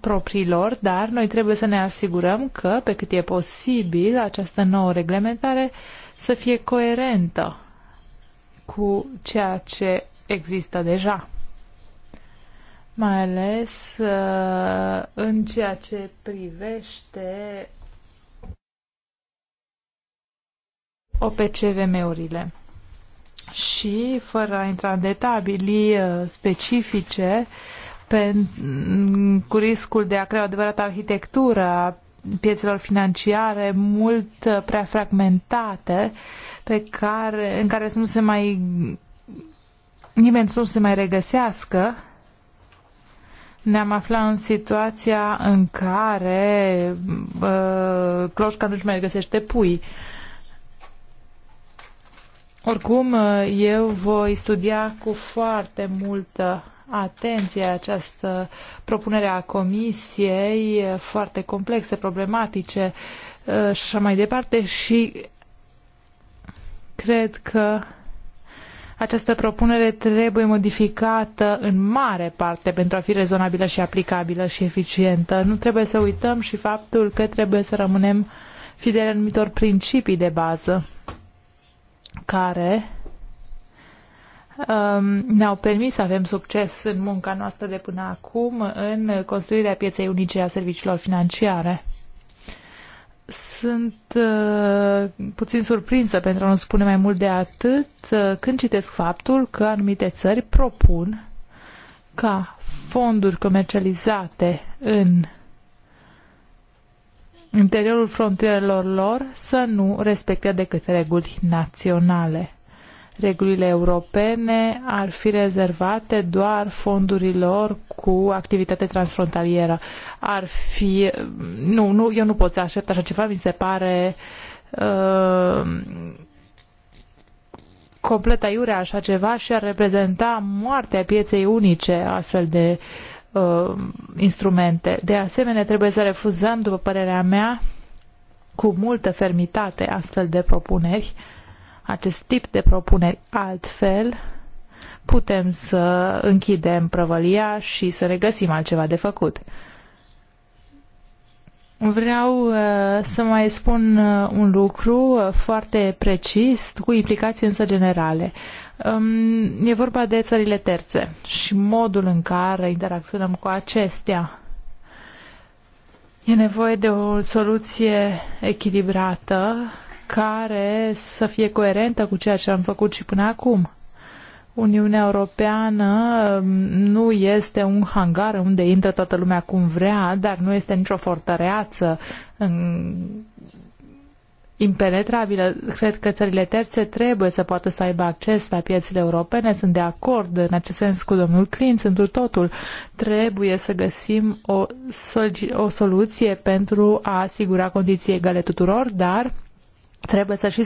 propriilor, dar noi trebuie să ne asigurăm că, pe cât e posibil, această nouă reglementare să fie coerentă cu ceea ce există deja mai ales uh, în ceea ce privește OPCVM-urile. Și, fără a intra în detalii uh, specifice, pe, mm, cu riscul de a crea o adevărată arhitectură a piețelor financiare mult uh, prea fragmentate, pe care, în care să nu se mai nimeni să nu se mai regăsească, ne-am aflat în situația în care uh, cloșca nu-și mai găsește pui. Oricum, eu voi studia cu foarte multă atenție această propunere a comisiei, foarte complexe, problematice uh, și așa mai departe și cred că această propunere trebuie modificată în mare parte pentru a fi rezonabilă și aplicabilă și eficientă. Nu trebuie să uităm și faptul că trebuie să rămânem fidele anumitor principii de bază care um, ne-au permis să avem succes în munca noastră de până acum în construirea pieței unice a serviciilor financiare. Sunt uh, puțin surprinsă, pentru a nu spune mai mult de atât, uh, când citesc faptul că anumite țări propun ca fonduri comercializate în interiorul frontierelor lor să nu respecte decât reguli naționale regulile europene ar fi rezervate doar fondurilor cu activitate transfrontalieră. Ar fi... Nu, nu eu nu pot să aștept așa ceva, mi se pare uh, complet aiurea așa ceva și ar reprezenta moartea pieței unice astfel de uh, instrumente. De asemenea, trebuie să refuzăm, după părerea mea, cu multă fermitate astfel de propuneri uh, acest tip de propuneri altfel, putem să închidem prăvălia și să regăsim altceva de făcut. Vreau uh, să mai spun uh, un lucru uh, foarte precis, cu implicații însă generale. Um, e vorba de țările terțe și modul în care interacționăm cu acestea. E nevoie de o soluție echilibrată care să fie coerentă cu ceea ce am făcut și până acum. Uniunea Europeană um, nu este un hangar unde intră toată lumea cum vrea, dar nu este nicio fortăreață în... impenetrabilă. Cred că țările terțe trebuie să poată să aibă acces la piețele europene. Sunt de acord în acest sens cu domnul Clint, sunt totul. Trebuie să găsim o, o soluție pentru a asigura condiții egale tuturor, dar Trebuie să și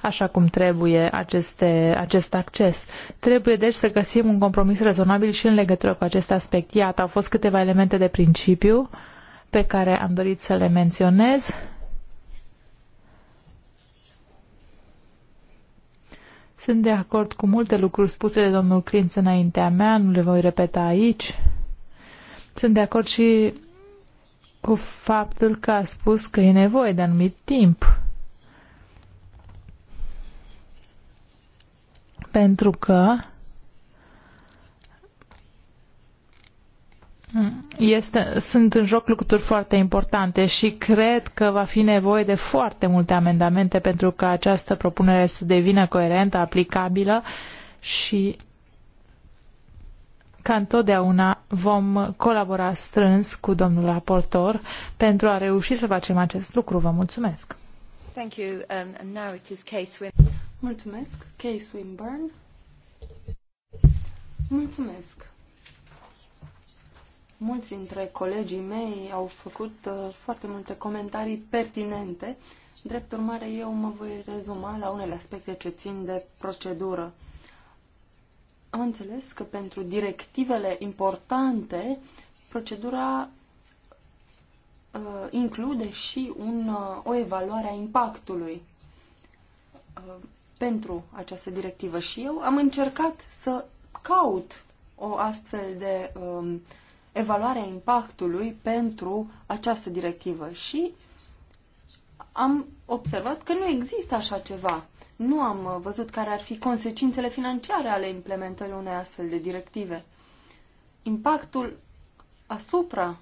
așa cum trebuie aceste, acest acces. Trebuie deci să găsim un compromis rezonabil și în legătură cu acest aspect. Iată, au fost câteva elemente de principiu pe care am dorit să le menționez. Sunt de acord cu multe lucruri spuse de domnul Clint înaintea mea, nu le voi repeta aici. Sunt de acord și cu faptul că a spus că e nevoie de anumit timp pentru că este, sunt în joc lucruri foarte importante și cred că va fi nevoie de foarte multe amendamente pentru ca această propunere să devină coerentă, aplicabilă și ca întotdeauna vom colabora strâns cu domnul raportor pentru a reuși să facem acest lucru. Vă mulțumesc! Thank you. Um, and now it is case Mulțumesc, Kay Swinburne. Mulțumesc. Mulți dintre colegii mei au făcut uh, foarte multe comentarii pertinente. Drept urmare, eu mă voi rezuma la unele aspecte ce țin de procedură. Am înțeles că pentru directivele importante, procedura uh, include și un, uh, o evaluare a impactului. Uh, pentru această directivă și eu am încercat să caut o astfel de um, evaluare a impactului pentru această directivă și am observat că nu există așa ceva. Nu am uh, văzut care ar fi consecințele financiare ale implementării unei astfel de directive. Impactul asupra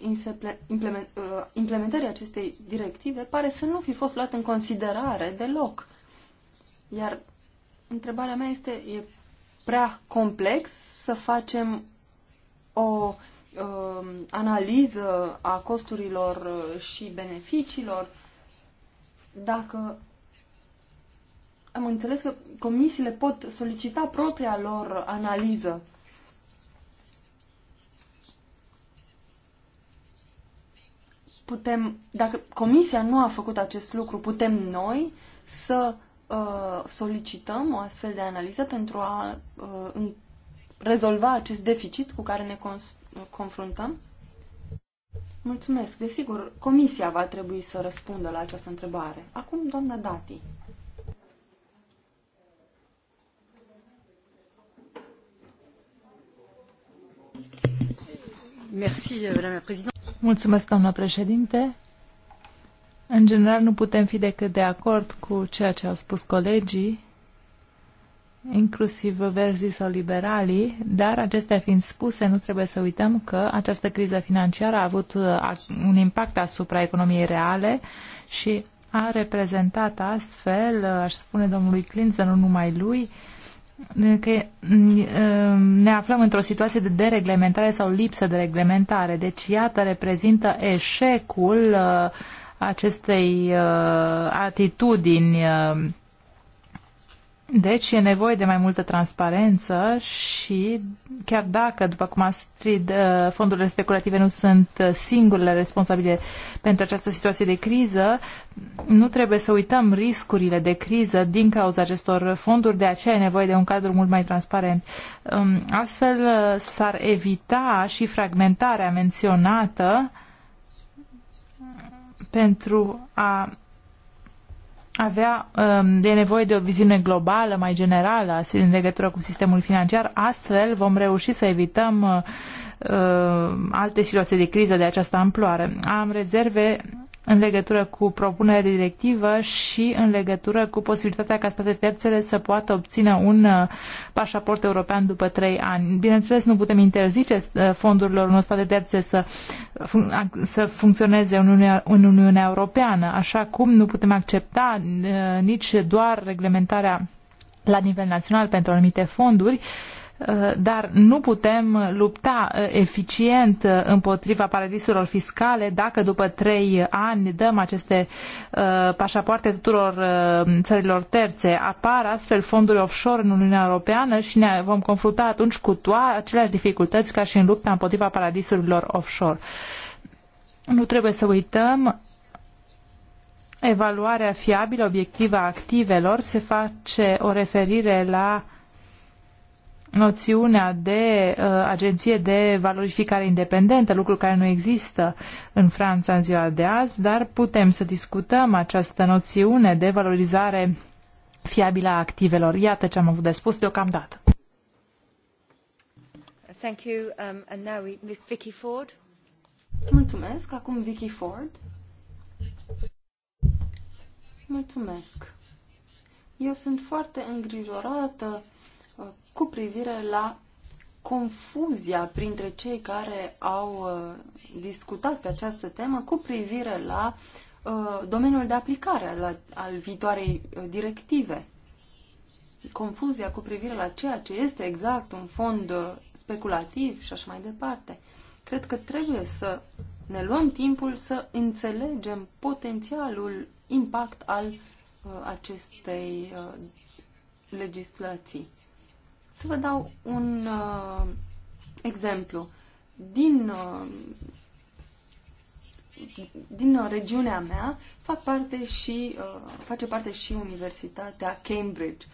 uh, uh, implementării acestei directive pare să nu fi fost luat în considerare deloc. Iar întrebarea mea este, e prea complex să facem o uh, analiză a costurilor uh, și beneficiilor? Dacă am înțeles că comisiile pot solicita propria lor analiză. Putem, dacă comisia nu a făcut acest lucru, putem noi să Uh, solicităm o astfel de analiză pentru a uh, rezolva acest deficit cu care ne confruntăm? Mulțumesc. Desigur, comisia va trebui să răspundă la această întrebare. Acum, doamna Dati. Euh, Mulțumesc, doamna președinte. În general nu putem fi decât de acord cu ceea ce au spus colegii, inclusiv verzii sau liberalii, dar acestea fiind spuse, nu trebuie să uităm că această criză financiară a avut uh, un impact asupra economiei reale și a reprezentat astfel, uh, aș spune domnului Clinton, nu numai lui, că uh, ne aflăm într-o situație de dereglementare sau lipsă de reglementare. Deci, iată, reprezintă eșecul uh, acestei uh, atitudini. Uh, deci e nevoie de mai multă transparență și chiar dacă, după cum a strid, uh, fondurile speculative nu sunt uh, singurele responsabile pentru această situație de criză, nu trebuie să uităm riscurile de criză din cauza acestor fonduri, de aceea e nevoie de un cadru mult mai transparent. Um, astfel s-ar evita și fragmentarea menționată pentru a avea, de um, nevoie de o viziune globală, mai generală, în legătură cu sistemul financiar. Astfel vom reuși să evităm uh, uh, alte situații de criză de această amploare. Am rezerve în legătură cu propunerea de directivă și în legătură cu posibilitatea ca state terțele să poată obține un uh, pașaport european după trei ani. Bineînțeles, nu putem interzice uh, fondurilor unor state terțe să, să funcționeze în Uniunea, în Uniunea Europeană, așa cum nu putem accepta uh, nici doar reglementarea la nivel național pentru anumite fonduri, uh, Eh, dar nu putem lupta eh, eficient eh, împotriva paradisurilor fiscale dacă după trei ani dăm aceste pașapoarte tuturor țărilor terțe. Apar astfel fonduri offshore în Uniunea Europeană și ne vom confrunta atunci cu toate aceleași dificultăți ca și în lupta împotriva paradisurilor offshore. Nu trebuie să uităm evaluarea fiabilă obiectivă a activelor se face o referire la noțiunea de uh, agenție de valorificare independentă, lucru care nu există în Franța în ziua de azi, dar putem să discutăm această noțiune de valorizare fiabilă a activelor. Iată ce am avut de spus deocamdată. Thank you. Um, and now we, Vicky Ford. Mulțumesc. Acum Vicky Ford. Mulțumesc. Eu sunt foarte îngrijorată cu privire la confuzia printre cei care au uh, discutat pe această temă cu privire la uh, domeniul de aplicare la, al viitoarei uh, directive. Confuzia cu privire la ceea ce este exact un fond speculativ și așa mai departe. Cred că trebuie să ne luăm timpul să înțelegem potențialul impact al acestei legislații. Să vă dau un uh, exemplu. Din, uh, din regiunea mea fac parte și, uh, face parte și Universitatea Cambridge.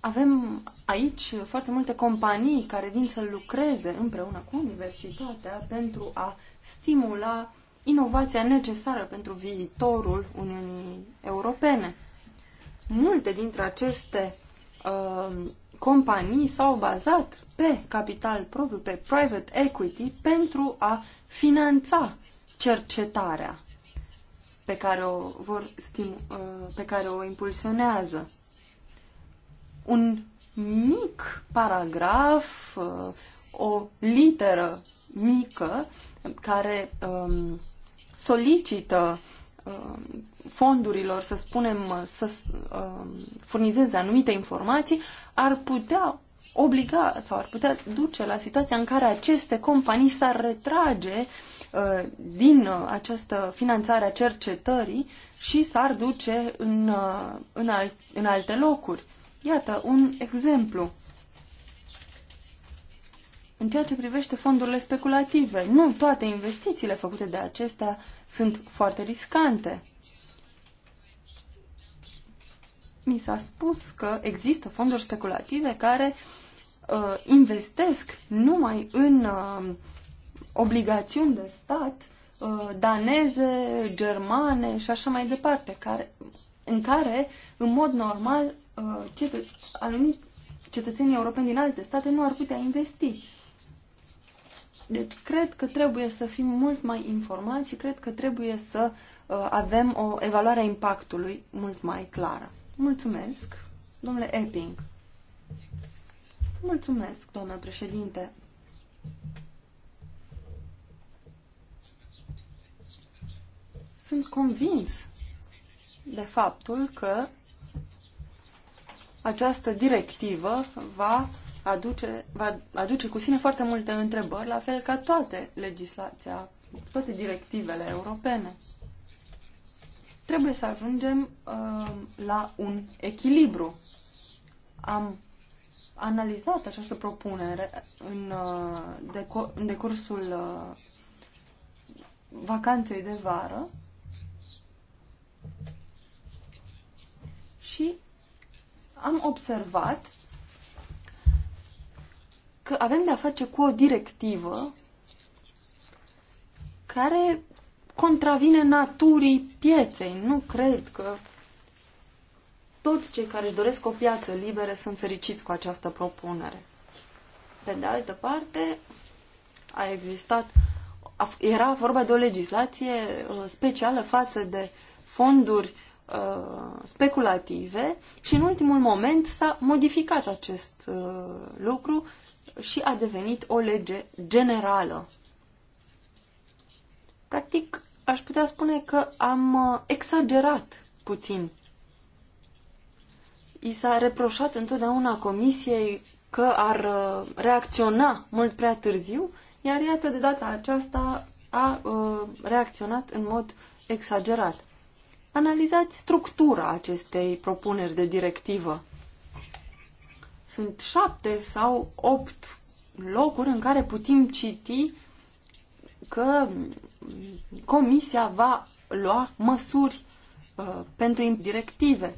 Avem aici foarte multe companii care vin să lucreze împreună cu universitatea pentru a stimula inovația necesară pentru viitorul Uniunii Europene. Multe dintre aceste uh, companii s-au bazat pe capital propriu, pe private equity, pentru a finanța cercetarea pe care o, vor stim, uh, pe care o impulsionează. Un mic paragraf, uh, o literă mică care um, solicită Uh, fondurilor, să spunem, să uh, furnizeze anumite informații, ar putea obliga sau ar putea duce la situația în care aceste companii s-ar retrage uh, din această finanțare a cercetării și s-ar duce în, în, alt, în alte locuri. Iată un exemplu în ceea ce privește fondurile speculative. Nu toate investițiile făcute de acestea sunt foarte riscante. Mi s-a spus că există fonduri speculative care uh, investesc numai în uh, obligațiuni de stat uh, daneze, germane și așa mai departe, care, în care, în mod normal, uh, cetă, anumit, cetățenii europeni din alte state nu ar putea investi deci cred că trebuie să fim mult mai informați și cred că trebuie să uh, avem o evaluare a impactului mult mai clară. Mulțumesc, domnule Epping. Mulțumesc, doamna președinte. Sunt convins de faptul că această directivă va aduce, va aduce cu sine foarte multe întrebări, la fel ca toate legislația, toate directivele europene. Trebuie să ajungem uh, la un echilibru. Am analizat această propunere în, uh, deco- în decursul uh, vacanței de vară și am observat că avem de-a face cu o directivă care contravine naturii pieței. Nu cred că toți cei care își doresc o piață liberă sunt fericiți cu această propunere. Pe de altă parte, a existat, era vorba de o legislație uh, specială față de fonduri uh, speculative și în ultimul moment s-a modificat acest uh, lucru și a devenit o lege generală. Practic, aș putea spune că am uh, exagerat puțin. I s-a reproșat întotdeauna comisiei că ar uh, reacționa mult prea târziu, iar iată de data aceasta a uh, reacționat în mod exagerat. Analizați structura acestei propuneri de directivă. Sunt șapte sau opt locuri în care putem citi că Comisia va lua măsuri uh, pentru directive.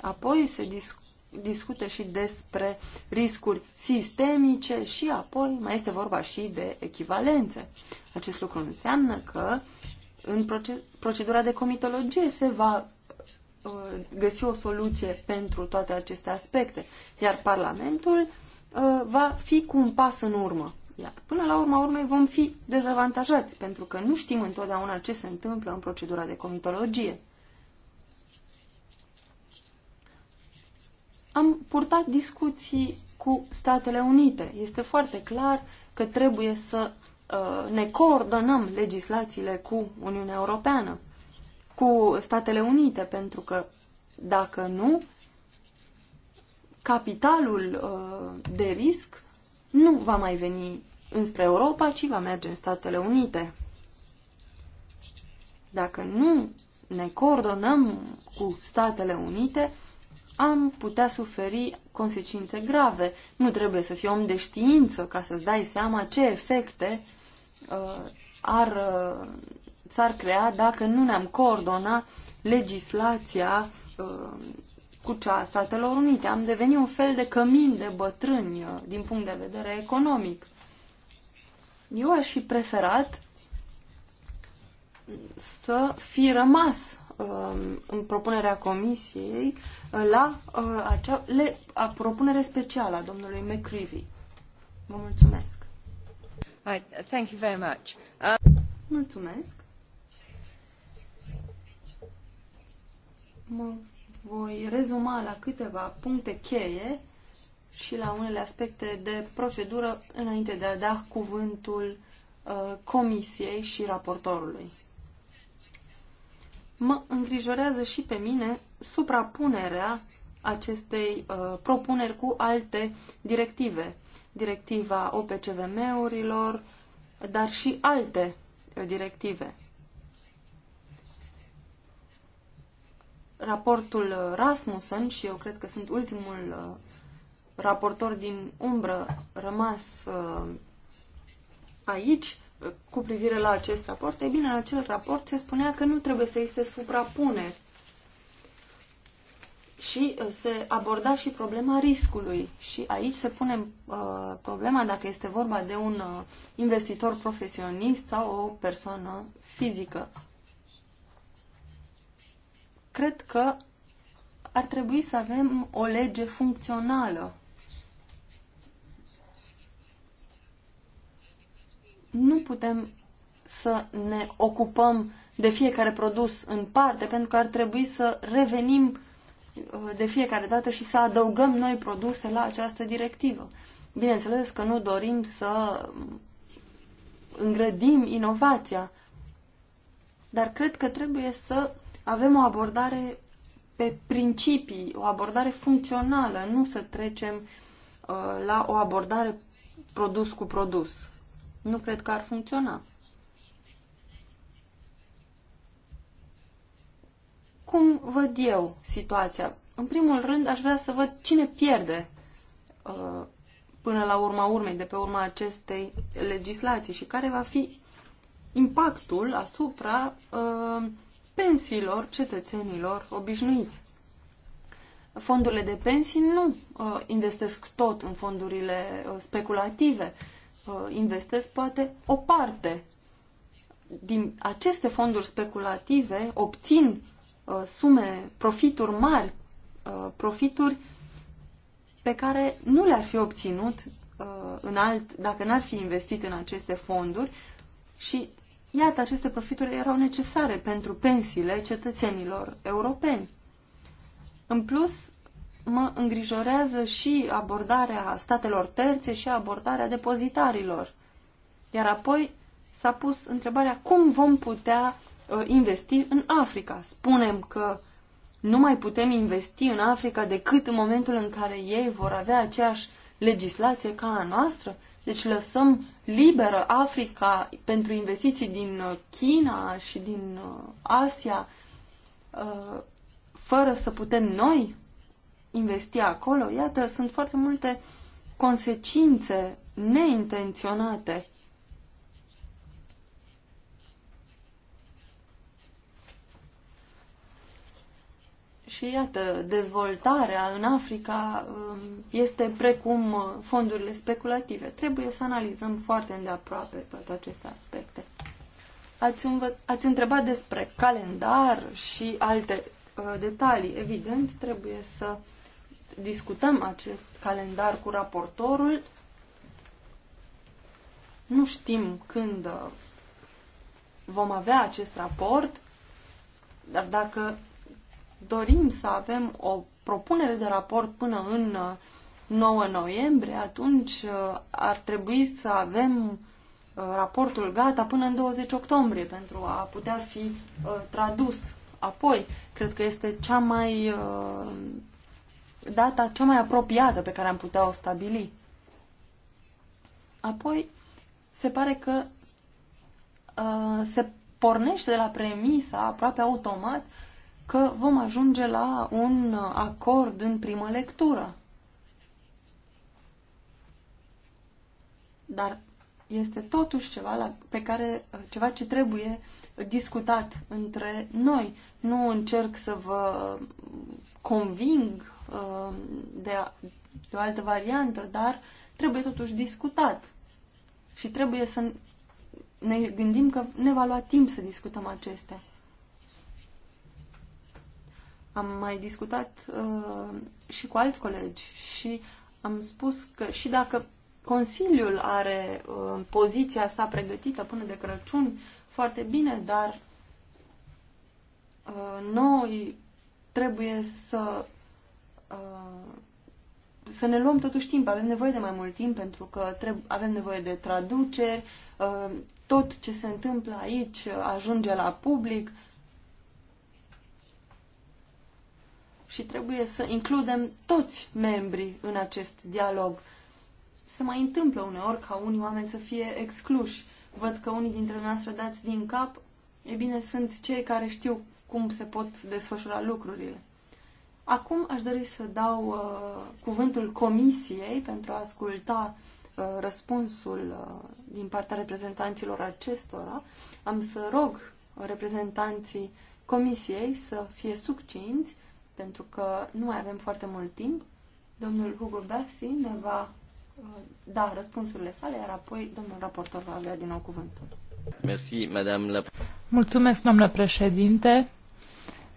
Apoi se discută discută și despre riscuri sistemice și apoi mai este vorba și de echivalențe. Acest lucru înseamnă că în procedura de comitologie se va Uh, găsi o soluție pentru toate aceste aspecte, iar Parlamentul uh, va fi cu un pas în urmă. Iar până la urma urmei vom fi dezavantajați, pentru că nu știm întotdeauna ce se întâmplă în procedura de comitologie. Am purtat discuții cu Statele Unite. Este foarte clar că trebuie să uh, ne coordonăm legislațiile cu Uniunea Europeană cu Statele Unite, pentru că dacă nu, capitalul uh, de risc nu va mai veni înspre Europa, ci va merge în Statele Unite. Dacă nu ne coordonăm cu Statele Unite, am putea suferi consecințe grave. Nu trebuie să fii om de știință ca să-ți dai seama ce efecte uh, ar uh, s-ar crea dacă nu ne-am coordona legislația uh, cu cea a Statelor Unite. Am devenit un fel de cămin de bătrâni uh, din punct de vedere economic. Eu aș fi preferat să fi rămas um, în propunerea comisiei uh, la acea le, a propunere specială a domnului McCreevy. Vă mulțumesc. Right, thank you very much. Uh... Mulțumesc. Mă voi rezuma la câteva puncte cheie și la unele aspecte de procedură înainte de a da cuvântul uh, comisiei și raportorului. Mă îngrijorează și pe mine suprapunerea acestei uh, propuneri cu alte directive. Directiva OPCVM-urilor, dar și alte uh, directive. raportul uh, Rasmussen și eu cred că sunt ultimul uh, raportor din umbră rămas uh, aici cu privire la acest raport, e bine, în acel raport se spunea că nu trebuie să îi se suprapune și se aborda și problema riscului. Și aici se pune uh, problema dacă este vorba de un uh, investitor profesionist sau o persoană fizică cred că ar trebui să avem o lege funcțională. Nu putem să ne ocupăm de fiecare produs în parte, pentru că ar trebui să revenim uh, de fiecare dată și să adăugăm noi produse la această directivă. Bineînțeles că nu dorim să îngrădim inovația, dar cred că trebuie să avem o abordare pe principii, o abordare funcțională, nu să trecem uh, la o abordare produs cu produs. Nu cred că ar funcționa. Cum văd eu situația? În primul rând, aș vrea să văd cine pierde uh, până la urma urmei, de pe urma acestei legislații și care va fi impactul asupra uh, pensiilor cetățenilor obișnuiți. Fondurile de pensii nu uh, investesc tot în fondurile uh, speculative, uh, investesc poate o parte. Din aceste fonduri speculative obțin uh, sume, profituri mari, uh, profituri pe care nu le-ar fi obținut uh, în alt, dacă n-ar fi investit în aceste fonduri și Iată, aceste profituri erau necesare pentru pensiile cetățenilor europeni. În plus, mă îngrijorează și abordarea statelor terțe și abordarea depozitarilor. Iar apoi s-a pus întrebarea cum vom putea uh, investi în Africa. Spunem că nu mai putem investi în Africa decât în momentul în care ei vor avea aceeași legislație ca a noastră? Deci lăsăm liberă Africa pentru investiții din uh, China și din uh, Asia, uh, fără să putem noi investi acolo. Iată, sunt foarte multe consecințe neintenționate Și iată, dezvoltarea în Africa um, este precum uh, fondurile speculative. Trebuie să analizăm foarte îndeaproape toate aceste aspecte. Ați, ați întrebat despre calendar și alte uh, detalii. Evident, trebuie să discutăm acest calendar cu raportorul. Nu știm când uh, vom avea acest raport, dar dacă dorim să avem o propunere de raport până în 9 uh, noiembrie, atunci uh, ar trebui să avem uh, raportul gata până în 20 octombrie pentru a putea fi tradus. Apoi, cred că este cea mai data cea mai apropiată pe care am putea o stabili. Apoi, se pare că uh, se pornește de la premisa aproape automat că vom ajunge la un acord în primă lectură. Dar este totuși ceva, la, pe care, ceva ce trebuie discutat între noi. Nu încerc să vă conving uh, de, a, de o altă variantă, dar trebuie totuși discutat. Și trebuie să ne gândim că ne va lua timp să discutăm acestea. Am mai discutat uh, și cu alți colegi și am spus că și dacă Consiliul are uh, poziția sa pregătită până de Crăciun, foarte bine, dar uh, noi trebuie să uh, să ne luăm totuși timp. Avem nevoie de mai mult timp pentru că avem nevoie de traduceri, uh, tot ce se întâmplă aici ajunge la public și trebuie să includem toți membrii în acest dialog. Se mai întâmplă uneori ca unii oameni să fie excluși. Văd că unii dintre noastre dați din cap, e bine, sunt cei care știu cum se pot desfășura lucrurile. Acum aș dori să dau uh, cuvântul comisiei pentru a asculta uh, răspunsul uh, din partea reprezentanților acestora. Am să rog reprezentanții comisiei să fie succinți pentru că nu mai avem foarte mult timp. Domnul Hugo Bassi ne va uh, da răspunsurile sale, iar apoi domnul raportor va avea din nou cuvântul. Merci, madame la... Mulțumesc, domnule președinte.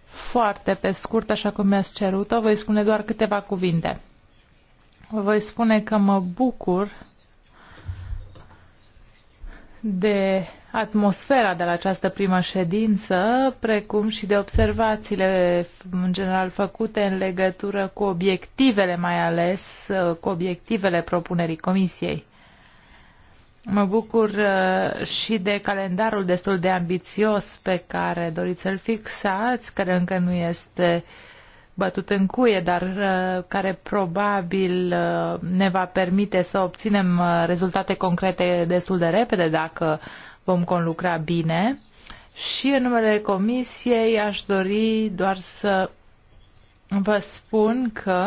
Foarte pe scurt, așa cum mi-ați cerut-o, voi spune doar câteva cuvinte. Voi spune că mă bucur de atmosfera de la această primă ședință, precum și de observațiile în general făcute în legătură cu obiectivele, mai ales uh, cu obiectivele propunerii Comisiei. Mă bucur uh, și de calendarul destul de ambițios pe care doriți să-l fixați, care încă nu este bătut în cuie, dar uh, care probabil ne va permite să obținem rezultate concrete destul de repede dacă vom conlucra bine și în numele Comisiei aș dori doar să vă spun că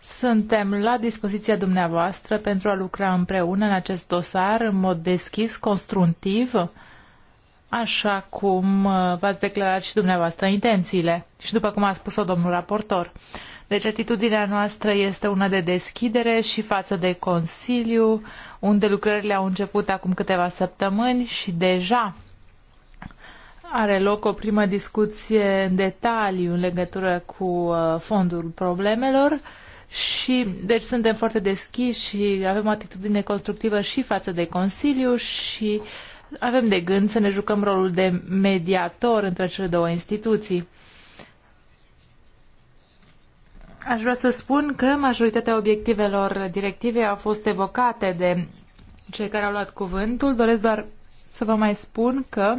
suntem la dispoziția dumneavoastră pentru a lucra împreună în acest dosar în mod deschis, constructiv, așa cum uh, v-ați declarat și dumneavoastră intențiile și după cum a spus-o domnul raportor. Deci atitudinea noastră este una de deschidere și față de Consiliu, unde lucrările au început acum câteva săptămâni și deja are loc o primă discuție în detaliu în legătură cu uh, fondul problemelor și deci suntem foarte deschiși și avem o atitudine constructivă și față de Consiliu și avem de gând să ne jucăm rolul de mediator între cele două instituții. Aș vrea să spun că majoritatea obiectivelor directivei au fost evocate de cei care au luat cuvântul. Doresc doar să vă mai spun că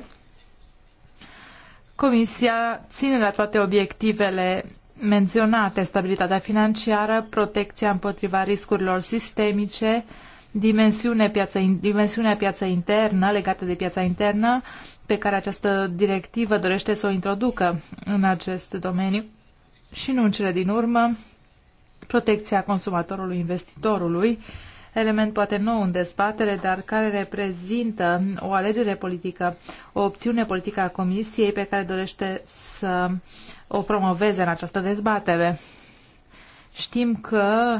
Comisia ține la toate obiectivele menționate, stabilitatea financiară, protecția împotriva riscurilor sistemice, dimensiune piața, dimensiunea piața internă, legată de piața internă, pe care această directivă dorește să o introducă în acest domeniu și nu în cele din urmă, protecția consumatorului investitorului, element poate nou în dezbatere, dar care reprezintă o alegere politică, o opțiune politică a Comisiei pe care dorește să o promoveze în această dezbatere. Știm că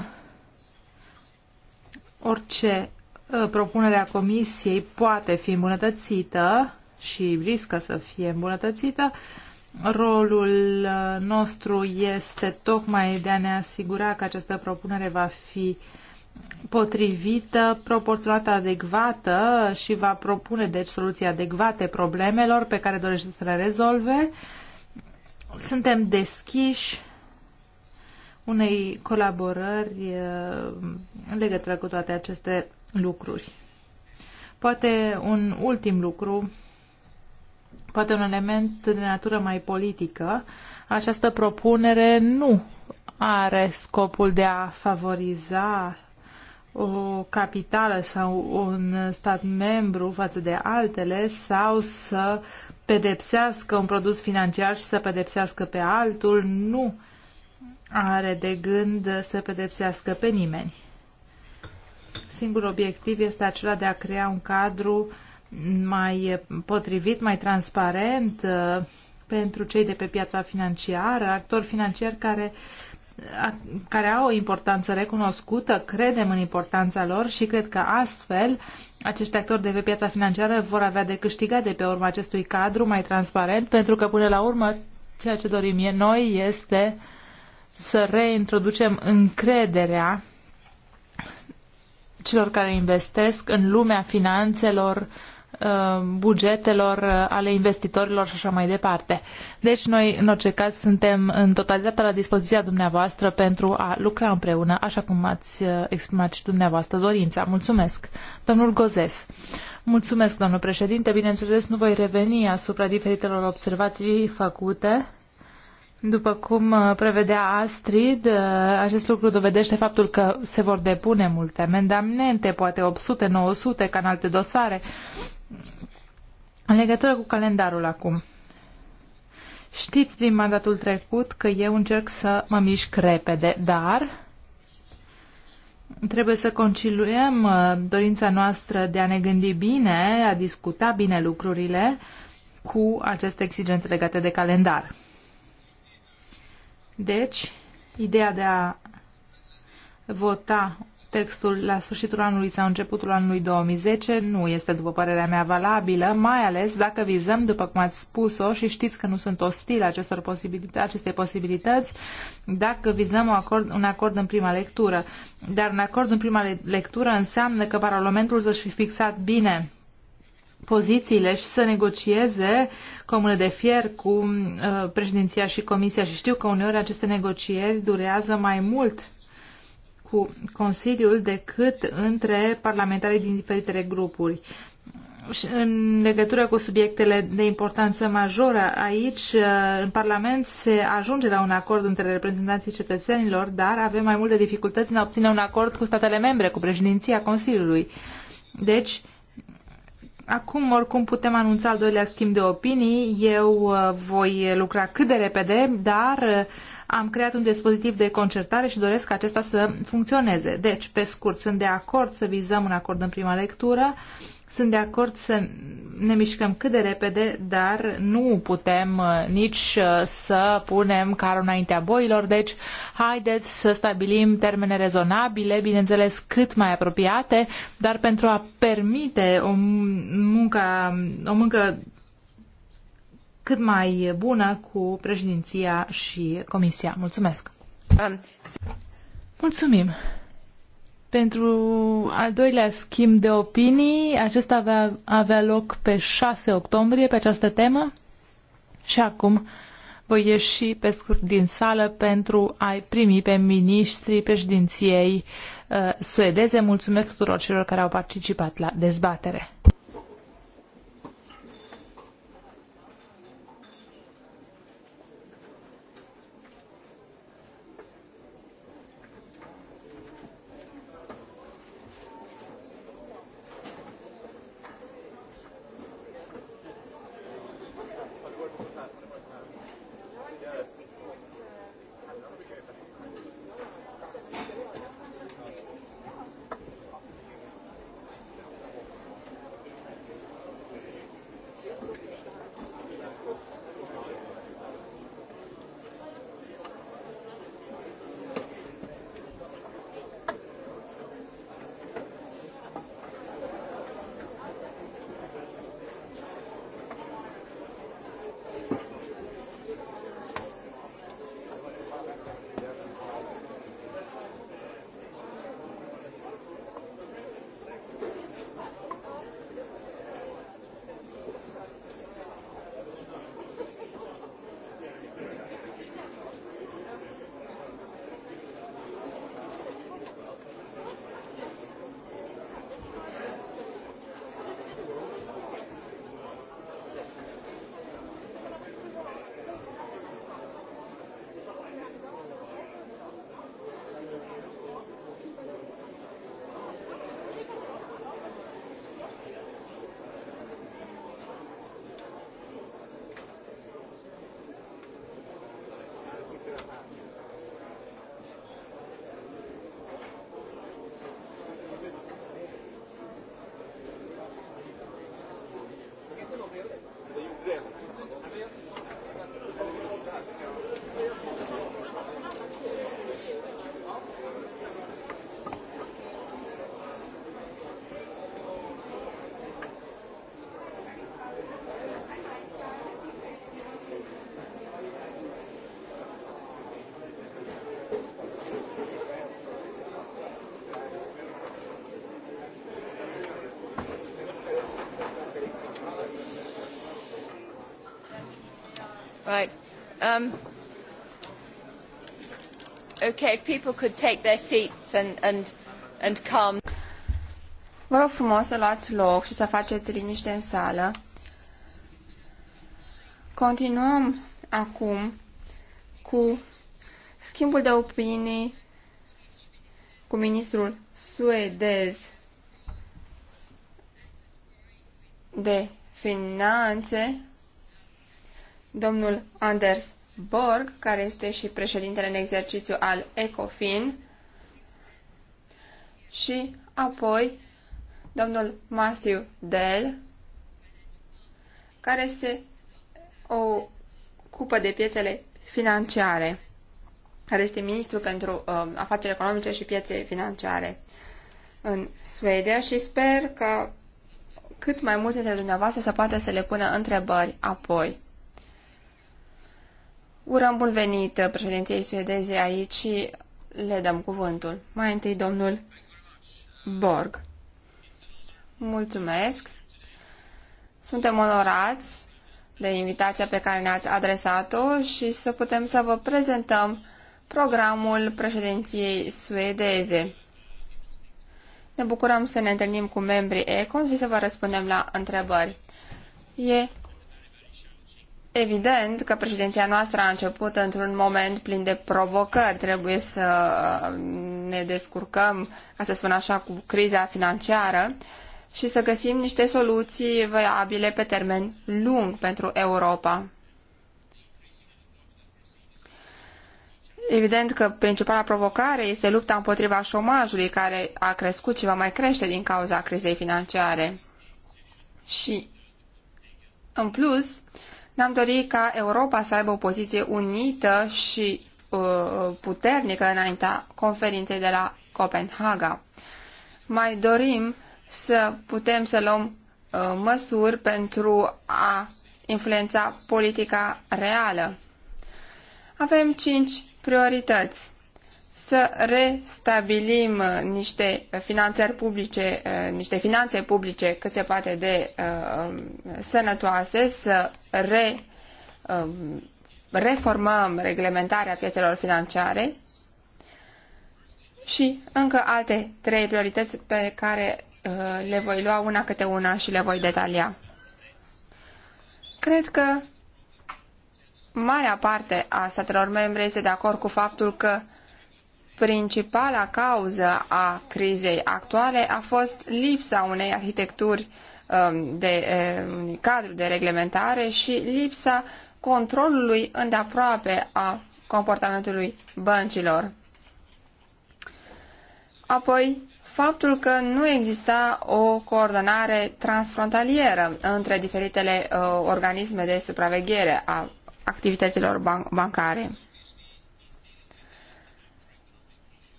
orice ă, propunere a Comisiei poate fi îmbunătățită și riscă să fie îmbunătățită, Rolul uh, nostru este tocmai de a ne asigura că această propunere va fi potrivită, proporționată, adecvată și va propune deci soluții adecvate problemelor pe care dorește să le rezolve. Suntem deschiși unei colaborări uh, în legătură cu toate aceste lucruri. Poate un ultim lucru poate un element de natură mai politică, această propunere nu are scopul de a favoriza o capitală sau un stat membru față de altele sau să pedepsească un produs financiar și să pedepsească pe altul, nu are de gând să pedepsească pe nimeni. Singurul obiectiv este acela de a crea un cadru uh, mai potrivit, mai transparent uh, pentru cei de pe piața financiară, actori financiari care, care au o importanță recunoscută, credem în importanța lor și cred că astfel acești actori de pe piața financiară vor avea de câștigat de pe urma acestui cadru mai transparent, pentru că până la urmă ceea ce dorim e noi este să reintroducem încrederea celor care investesc în lumea finanțelor uh, Uh, bugetelor, uh, ale investitorilor și așa mai departe. Deci noi, în orice caz, suntem în totalitate la dispoziția dumneavoastră pentru a lucra împreună, așa cum ați uh, exprimat și dumneavoastră dorința. Mulțumesc. Domnul Gozes. Mulțumesc, domnul președinte. Bineînțeles, nu voi reveni asupra diferitelor observații făcute. După cum prevedea Astrid, acest lucru dovedește faptul că se vor depune multe amendamente, poate 800, 900, ca în alte dosare. În legătură cu calendarul acum. Știți din mandatul trecut că eu încerc să mă mișc repede, dar trebuie să conciliem uh, dorința noastră de a ne gândi bine, a discuta bine lucrurile cu aceste exigențe legate de calendar. Deci, ideea de a vota textul la sfârșitul anului sau începutul anului 2010 nu este, după părerea mea, valabilă, mai ales dacă vizăm, după cum ați spus-o și știți că nu sunt ostil acestor posibilități, aceste posibilități, dacă vizăm un acord, un acord în prima lectură. Dar un acord în prima lectură înseamnă că Parlamentul să-și fi fixat bine pozițiile și să negocieze comune de fier cu uh, președinția și comisia și știu că uneori aceste negocieri durează mai mult cu Consiliul decât între parlamentarii din diferitele grupuri. În legătură cu subiectele de importanță majoră aici, uh, în Parlament se ajunge la un acord între reprezentanții cetățenilor, dar avem mai multe dificultăți în a obține un acord cu statele membre, cu președinția Consiliului. Deci, Acum, oricum, putem anunța al doilea schimb de opinii. Eu uh, voi lucra cât de repede, dar uh, am creat un dispozitiv de concertare și doresc ca acesta să funcționeze. Deci, pe scurt, sunt de acord să vizăm un acord în prima lectură, sunt de acord să ne mișcăm cât de repede, dar nu putem uh, nici uh, să punem carul înaintea boilor, deci haideți să stabilim termene rezonabile, bineînțeles cât mai apropiate, dar pentru a permite o muncă, o muncă cât mai bună cu președinția și comisia. Mulțumesc! Mulțumim! Pentru al doilea schimb de opinii, acesta avea, avea loc pe 6 octombrie pe această temă și acum voi ieși pe scurt din sală pentru a-i primi pe ministrii președinției uh, suedeze. Mulțumesc tuturor celor care au participat la dezbatere. Um, okay, if people could take their seats and, and, and calm. Vă rog frumos să luați loc și să faceți liniște în sală. Continuăm acum cu schimbul de opinii cu ministrul suedez de finanțe Domnul Anders Borg, care este și președintele în exercițiu al ECOFIN, și apoi domnul Matthew Dell, care se ocupă de piețele financiare, care este ministru pentru uh, afaceri economice și piețe financiare în Suedia și sper că cât mai mulți dintre dumneavoastră să poată să le pună întrebări apoi. Urăm bun venit președinției suedeze aici și le dăm cuvântul. Mai întâi domnul Borg. Mulțumesc. Suntem onorați de invitația pe care ne-ați adresat-o și să putem să vă prezentăm programul președinției suedeze. Ne bucurăm să ne întâlnim cu membrii ECON și să vă răspundem la întrebări. E Evident că președinția noastră a început într-un moment plin de provocări. Trebuie să uh, ne descurcăm, ca să spun așa, cu criza financiară și să găsim niște soluții viabile pe termen lung pentru Europa. Evident că principala provocare este lupta împotriva șomajului, care a crescut și va mai crește din cauza crizei financiare. Și, în plus, ne-am dorit ca Europa să aibă o poziție unită și uh, puternică înaintea conferinței de la Copenhaga. Mai dorim să putem să luăm uh, măsuri pentru a influența politica reală. Avem cinci priorități să restabilim uh, niște finanțări publice, uh, niște finanțe publice cât se poate de uh, um, sănătoase, să re, uh, reformăm reglementarea piețelor financiare și încă alte trei priorități pe care uh, le voi lua una câte una și le voi detalia. Cred că marea parte a statelor membre este de acord cu faptul că Principala cauză a crizei actuale a fost lipsa unei arhitecturi um, de um, unui cadru de reglementare și lipsa controlului îndeaproape a comportamentului băncilor. Apoi, faptul că nu exista o coordonare transfrontalieră între diferitele uh, organisme de supraveghere a activităților ban bancare.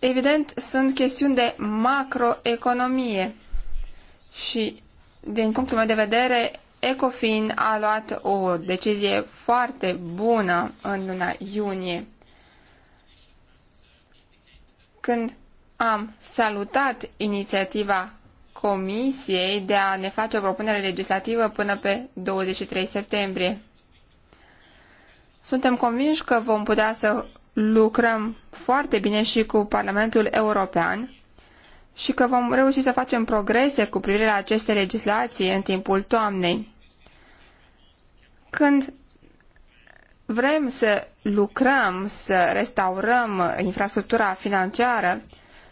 Evident, sunt chestiuni de macroeconomie și, din punctul meu de vedere, Ecofin a luat o decizie foarte bună în luna iunie. Când am salutat inițiativa Comisiei de a ne face o propunere legislativă până pe 23 septembrie. Suntem convinși că vom putea să lucrăm foarte bine și cu Parlamentul European și că vom reuși să facem progrese cu privire la aceste legislații în timpul toamnei. Când vrem să lucrăm, să restaurăm infrastructura financiară,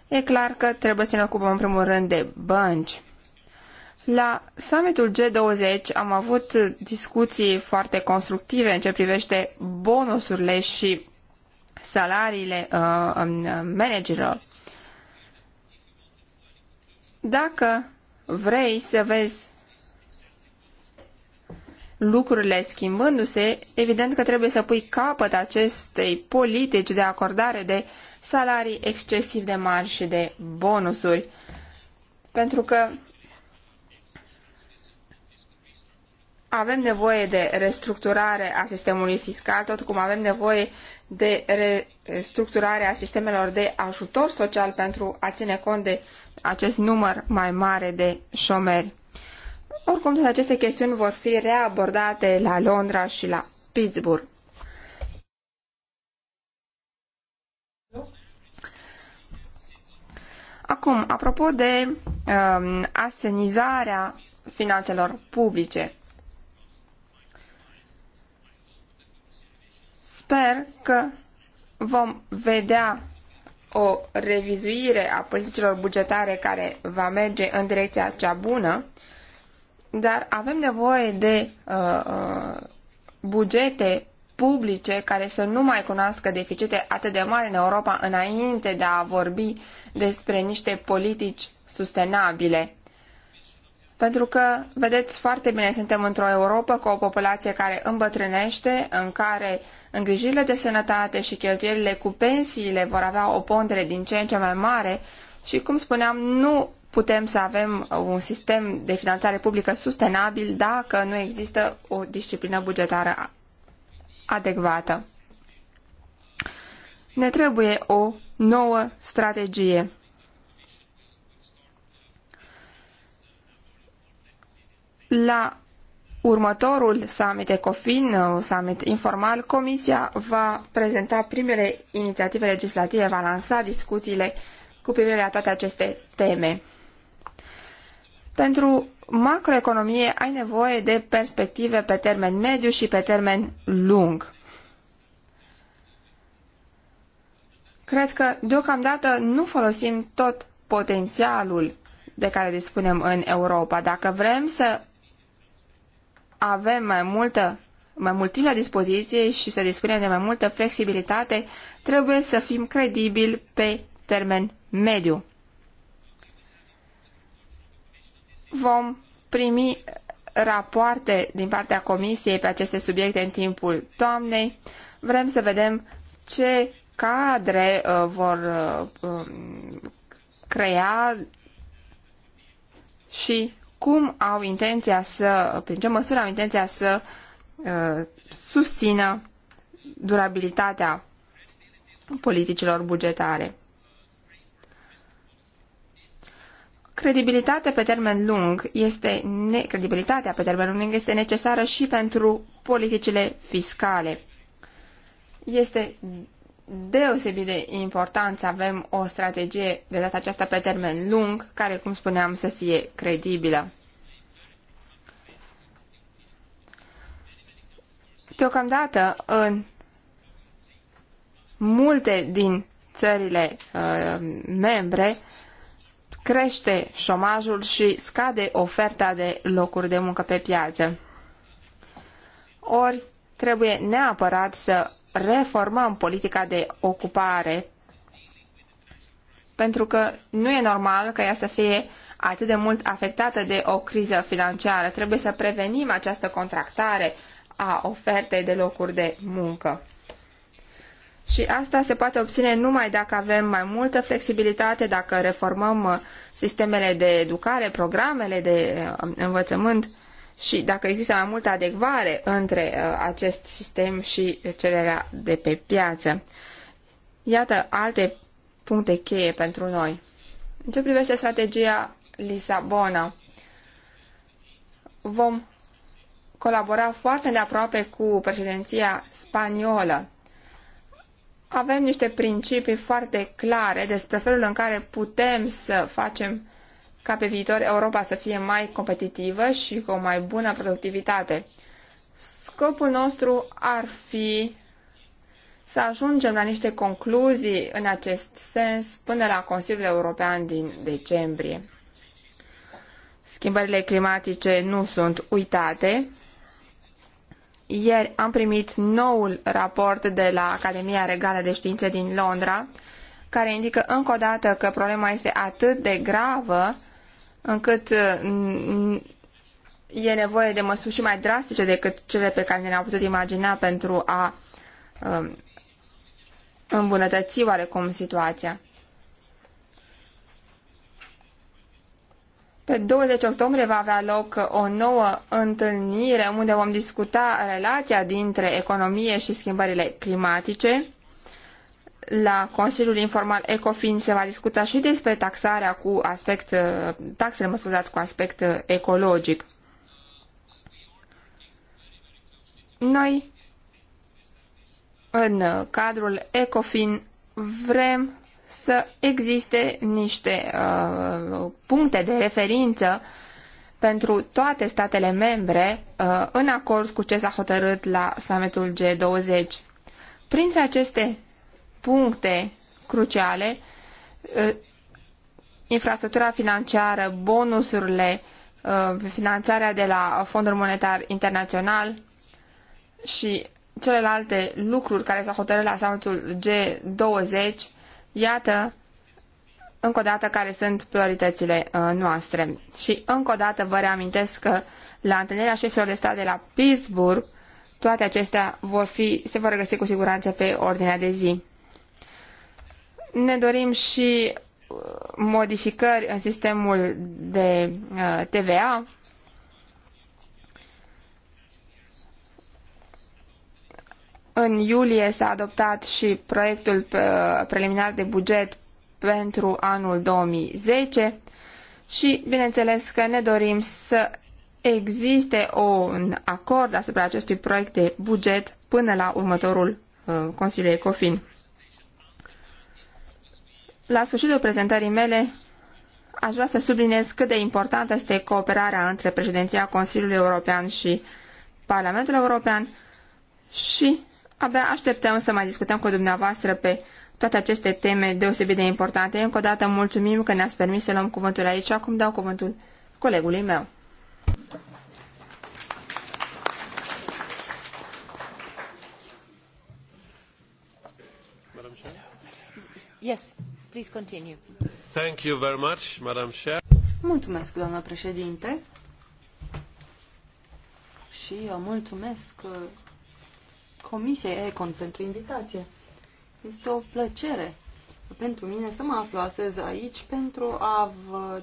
e clar că trebuie să ne ocupăm în primul rând de bănci. La summitul G20 am avut discuții foarte constructive în ce privește bonusurile și salariile uh, um, managerilor. Dacă vrei să vezi lucrurile schimbându-se, evident că trebuie să pui capăt acestei politici de acordare de salarii excesiv de mari și de bonusuri. Pentru că avem nevoie de restructurare a sistemului fiscal, tot cum avem nevoie de restructurare a sistemelor de ajutor social pentru a ține cont de acest număr mai mare de șomeri. Oricum, toate aceste chestiuni vor fi reabordate la Londra și la Pittsburgh. Acum, apropo de um, asenizarea finanțelor publice. Sper că vom vedea o revizuire a politicilor bugetare care va merge în direcția cea bună, dar avem nevoie de uh, uh, bugete publice care să nu mai cunoască deficite atât de mari în Europa înainte de a vorbi despre niște politici sustenabile. Pentru că, vedeți foarte bine, suntem într-o Europa cu o populație care îmbătrânește, în care îngrijirile de sănătate și cheltuielile cu pensiile vor avea o pondere din ce în ce mai mare și, cum spuneam, nu putem să avem un sistem de finanțare publică sustenabil dacă nu există o disciplină bugetară adecvată. Ne trebuie o nouă strategie. La următorul summit ECOFIN, summit informal, Comisia va prezenta primele inițiative legislative, va lansa discuțiile cu privire la toate aceste teme. Pentru macroeconomie ai nevoie de perspective pe termen mediu și pe termen lung. Cred că deocamdată nu folosim tot potențialul de care dispunem în Europa. Dacă vrem să avem mai multă mai mult timp la dispoziție și să dispunem de mai multă flexibilitate, trebuie să fim credibili pe termen mediu. Vom primi rapoarte din partea Comisiei pe aceste subiecte în timpul toamnei. Vrem să vedem ce cadre uh, vor uh, um, crea și cum au intenția să, prin ce măsură au intenția să uh, susțină durabilitatea politicilor bugetare. Credibilitatea pe termen lung este ne- credibilitatea pe termen lung este necesară și pentru politicile fiscale. Este deosebit de important să avem o strategie de data aceasta pe termen lung, care, cum spuneam, să fie credibilă. Deocamdată, în multe din țările uh, membre, crește șomajul și scade oferta de locuri de muncă pe piață. Ori trebuie neapărat să reformăm politica de ocupare, pentru că nu e normal ca ea să fie atât de mult afectată de o criză financiară. Trebuie să prevenim această contractare a ofertei de locuri de muncă. Și asta se poate obține numai dacă avem mai multă flexibilitate, dacă reformăm sistemele de educare, programele de uh, învățământ și dacă există mai multă adecvare între uh, acest sistem și cererea de pe piață. Iată alte puncte cheie pentru noi. În ce privește strategia Lisabona, vom colabora foarte de aproape cu președinția spaniolă. Avem niște principii foarte clare despre felul în care putem să facem ca pe viitor Europa să fie mai competitivă și cu o mai bună productivitate. Scopul nostru ar fi să ajungem la niște concluzii în acest sens până la Consiliul European din decembrie. Schimbările climatice nu sunt uitate. Ieri am primit noul raport de la Academia Regală de Științe din Londra, care indică încă o dată că problema este atât de gravă încât uh, e nevoie de măsuri și mai drastice decât cele pe care ne le-am putut imagina pentru a um, îmbunătăți oarecum situația. Pe 20 octombrie va avea loc o nouă întâlnire unde vom discuta relația dintre economie și schimbările climatice la Consiliul Informal ECOFIN se va discuta și despre taxarea cu aspect, uh, taxele, mă cu aspect uh, ecologic. Noi, în uh, cadrul ECOFIN, vrem să existe niște uh, puncte de referință pentru toate statele membre uh, în acord cu ce s-a hotărât la summitul G20. Printre aceste puncte cruciale, uh, infrastructura financiară, bonusurile, uh, finanțarea de la Fondul Monetar Internațional și celelalte lucruri care s-au hotărât la summitul G20, iată încă o dată care sunt prioritățile uh, noastre. Și încă o dată vă reamintesc că la întâlnirea șefilor de stat de la Pittsburgh, toate acestea vor fi, se vor regăsi cu siguranță pe ordinea de zi. Ne dorim și uh, modificări în sistemul de uh, TVA. În iulie s-a adoptat și proiectul uh, preliminar de buget pentru anul 2010 și, bineînțeles, că ne dorim să existe un acord asupra acestui proiect de buget până la următorul Consiliu Ecofin. La sfârșitul prezentării mele, aș vrea să subliniez cât de importantă este cooperarea între președinția Consiliului European și Parlamentul European și abia așteptăm să mai discutăm cu dumneavoastră pe toate aceste teme deosebit de importante. Încă o dată mulțumim că ne-ați permis să luăm cuvântul aici. Acum dau cuvântul colegului meu. Yes. Please continue. Thank you very much, Madam Chair. Mulțumesc, doamnă președinte. Și eu mulțumesc uh, Comisiei Econ pentru invitație. Este o plăcere pentru mine să mă aflu astăzi aici pentru a vă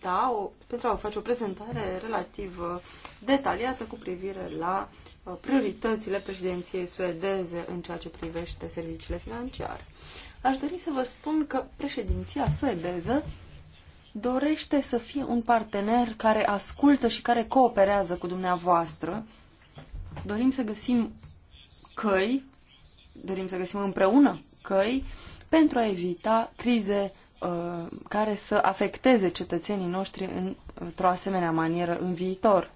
da, o, pentru a vă face o prezentare relativ uh, detaliată cu privire la uh, prioritățile președinției suedeze în ceea ce privește serviciile financiare. Aș dori să vă spun că președinția suedeză dorește să fie un partener care ascultă și care cooperează cu dumneavoastră. Dorim să găsim căi, dorim să găsim împreună căi pentru a evita crize uh, care să afecteze cetățenii noștri într-o asemenea manieră în viitor.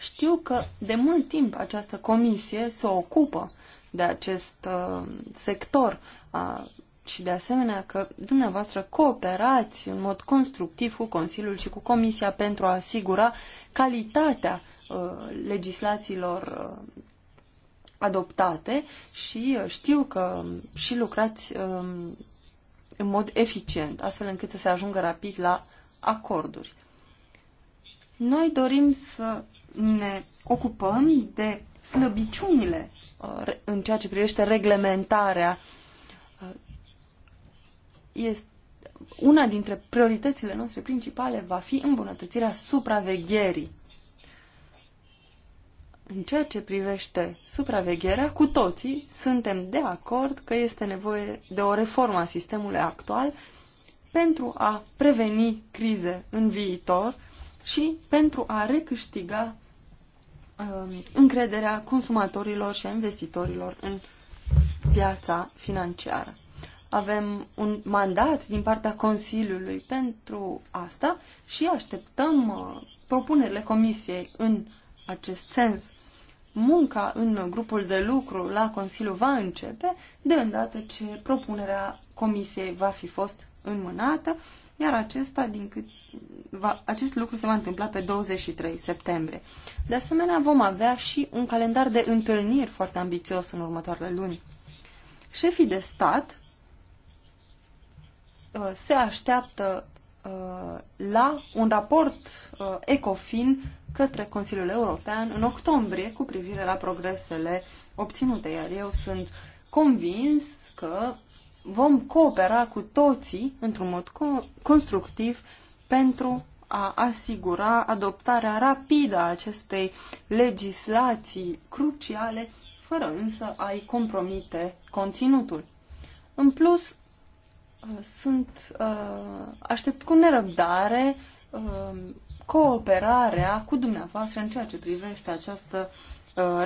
Știu că de mult timp această comisie se ocupă de acest uh, sector uh, și de asemenea că dumneavoastră cooperați în mod constructiv cu Consiliul și cu Comisia pentru a asigura calitatea uh, legislațiilor uh, adoptate și uh, știu că și lucrați uh, în mod eficient, astfel încât să se ajungă rapid la acorduri. Noi dorim să ne ocupăm de slăbiciunile uh, în ceea ce privește reglementarea. Uh, este una dintre prioritățile noastre principale va fi îmbunătățirea supravegherii. În ceea ce privește supravegherea, cu toții suntem de acord că este nevoie de o reformă a sistemului actual pentru a preveni crize în viitor și pentru a recâștiga um, încrederea consumatorilor și a investitorilor în piața financiară. Avem un mandat din partea Consiliului pentru asta și așteptăm uh, propunerile Comisiei în acest sens. Munca în grupul de lucru la Consiliu va începe de îndată ce propunerea Comisiei va fi fost înmânată, iar acesta, din cât va, acest lucru se va întâmpla pe 23 septembrie. De asemenea, vom avea și un calendar de întâlniri foarte ambițios în următoarele luni. Șefii de stat uh, se așteaptă uh, la un raport uh, ECOFIN către Consiliul European în octombrie cu privire la progresele obținute, iar eu sunt convins că vom coopera cu toții într-un mod co constructiv uh, pentru a asigura adoptarea rapidă a acestei legislații cruciale, fără însă a-i compromite conținutul. În plus, uh, sunt, uh, aștept cu nerăbdare uh, cooperarea cu dumneavoastră în ceea ce privește această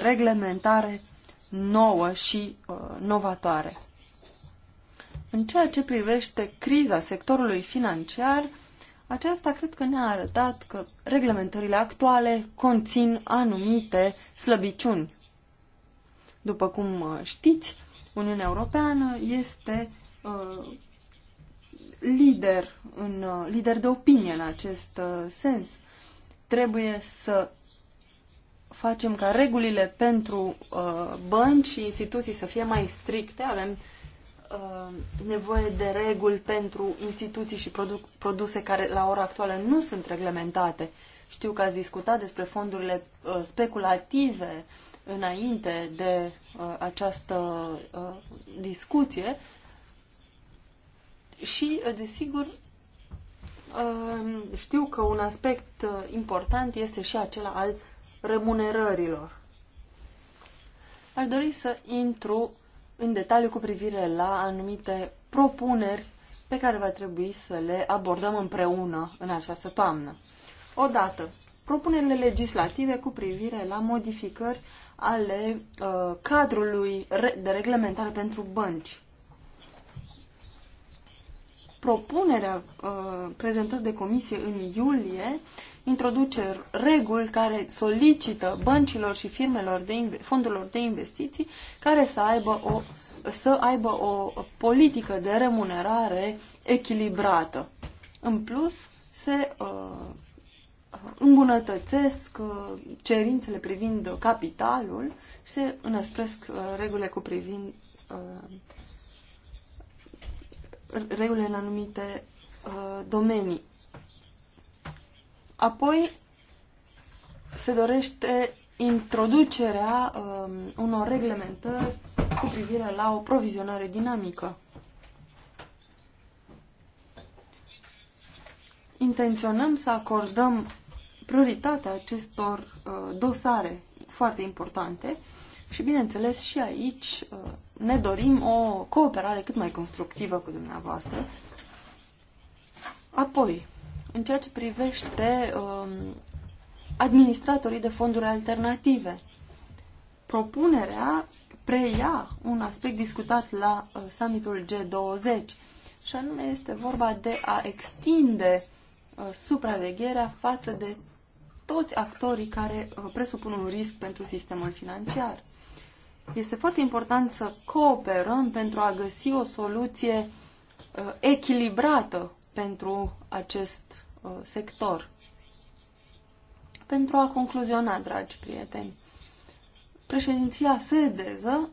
reglementare nouă și novatoare. În ceea ce privește criza sectorului financiar, aceasta cred că ne-a arătat că reglementările actuale conțin anumite slăbiciuni. După cum uh, știți, Uniunea Europeană este uh, lider, în, uh, lider de opinie în acest uh, sens. Trebuie să facem ca regulile pentru uh, bănci și instituții să fie mai stricte. Avem Uh, nevoie de reguli pentru instituții și produ- produse care la ora actuală nu sunt reglementate. Știu că ați discutat despre fondurile uh, speculative înainte de uh, această uh, discuție și, uh, desigur, uh, știu că un aspect uh, important este și acela al remunerărilor. Aș dori să intru în detaliu cu privire la anumite propuneri pe care va trebui să le abordăm împreună în această toamnă. Odată, propunerile legislative cu privire la modificări ale uh, cadrului de reglementare pentru bănci. Propunerea uh, prezentată de comisie în iulie introduce reguli care solicită băncilor și firmelor de fondurilor de investiții care să aibă o, să aibă o politică de remunerare echilibrată. În plus, se uh, îmbunătățesc uh, cerințele privind capitalul și se înăspresc uh, regulile cu privind uh, regulile în anumite uh, domenii. Apoi se dorește introducerea um, unor reglementări cu privire la o provizionare dinamică. Intenționăm să acordăm prioritatea acestor uh, dosare foarte importante și, bineînțeles, și aici uh, ne dorim o cooperare cât mai constructivă cu dumneavoastră. Apoi, în ceea ce privește um, administratorii de fonduri alternative. Propunerea preia un aspect discutat la uh, summitul G20 și anume este vorba de a extinde uh, supravegherea față de toți actorii care uh, presupun un risc pentru sistemul financiar. Este foarte important să cooperăm pentru a găsi o soluție uh, echilibrată pentru acest uh, sector. Pentru a concluziona, dragi prieteni, președinția suedeză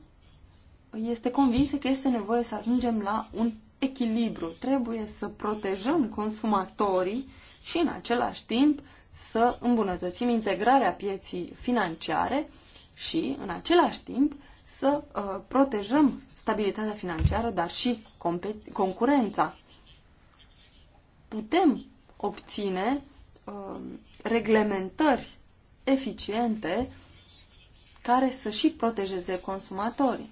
este convinsă că este nevoie să ajungem la un echilibru. Trebuie să protejăm consumatorii și în același timp să îmbunătățim integrarea pieții financiare și în același timp să uh, protejăm stabilitatea financiară, dar și concurența putem obține um, reglementări eficiente care să și protejeze consumatorii.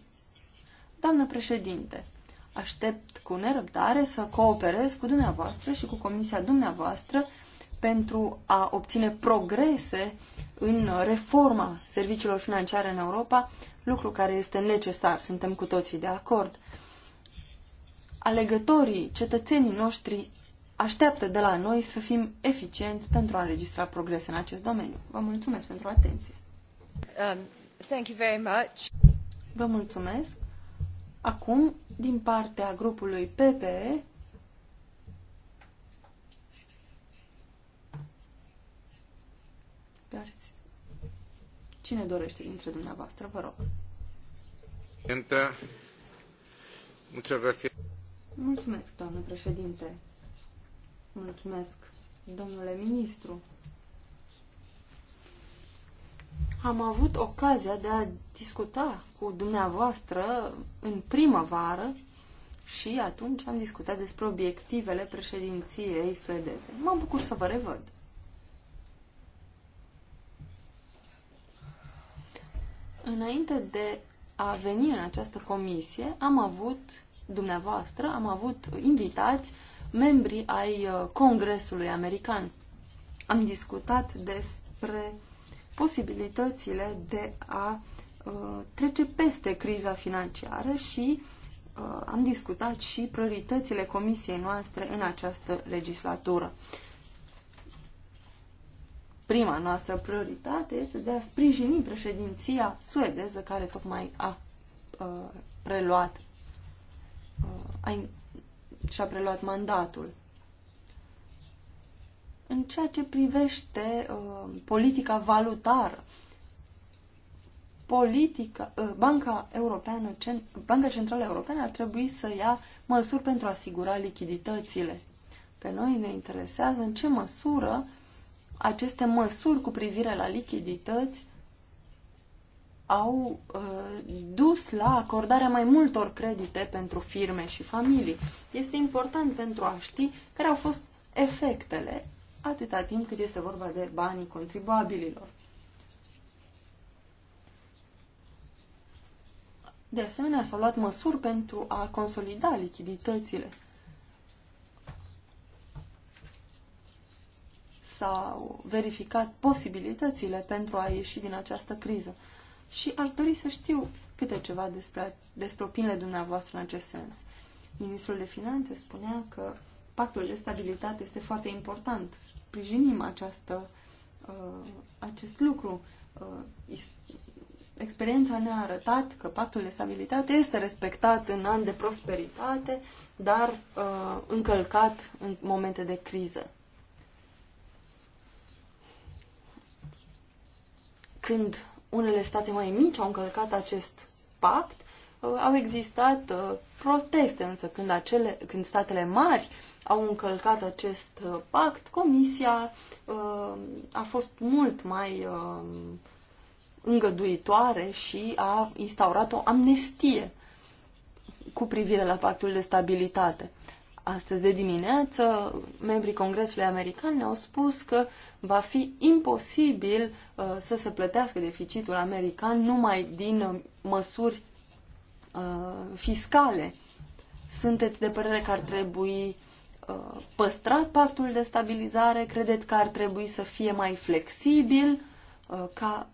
Doamnă președinte, aștept cu nerăbdare să cooperez cu dumneavoastră și cu comisia dumneavoastră pentru a obține progrese în reforma serviciilor financiare în Europa, lucru care este necesar, suntem cu toții de acord. Alegătorii, cetățenii noștri așteaptă de la noi să fim eficienți pentru a înregistra progrese în acest domeniu. Vă mulțumesc pentru atenție. Um, thank you very much. Vă mulțumesc. Acum, din partea grupului PPE, Cine dorește dintre dumneavoastră, vă rog. Mulțumesc, doamnă președinte. Mulțumesc, domnule ministru. Am avut ocazia de a discuta cu dumneavoastră în primăvară și atunci am discutat despre obiectivele președinției suedeze. Mă bucur să vă revăd. Înainte de a veni în această comisie, am avut, dumneavoastră, am avut invitați membri ai uh, Congresului American. Am discutat despre posibilitățile de a uh, trece peste criza financiară și uh, am discutat și prioritățile comisiei noastre în această legislatură. Prima noastră prioritate este de a sprijini președinția suedeză care tocmai a uh, preluat, uh, a și-a preluat mandatul. În ceea ce privește uh, politica valutară, politica, uh, Banca, Europeană, Cent Banca Centrală Europeană ar trebui să ia măsuri pentru a asigura lichiditățile. Pe noi ne interesează în ce măsură aceste măsuri cu privire la lichidități au uh, dus la acordarea mai multor credite pentru firme și familii. Este important pentru a ști care au fost efectele atâta timp cât este vorba de banii contribuabililor. De asemenea, s-au luat măsuri pentru a consolida lichiditățile. S-au verificat posibilitățile pentru a ieși din această criză și aș dori să știu câte ceva despre, despre opinile dumneavoastră în acest sens. Ministrul de Finanțe spunea că pactul de stabilitate este foarte important. Sprijinim această, uh, acest lucru. Uh, experiența ne-a arătat că pactul de stabilitate este respectat în an de prosperitate, dar uh, încălcat în momente de criză. Când unele state mai mici au încălcat acest pact, uh, au existat uh, proteste, însă când, acele, când statele mari au încălcat acest uh, pact, Comisia a fost mult mai îngăduitoare și a instaurat o amnestie cu privire la pactul de stabilitate. Astăzi de dimineață, membrii Congresului American ne-au spus că va fi imposibil uh, să se plătească deficitul american numai din uh, măsuri uh, fiscale. Sunteți de părere că ar trebui uh, păstrat pactul de stabilizare? Credeți că ar trebui să fie mai flexibil uh, ca,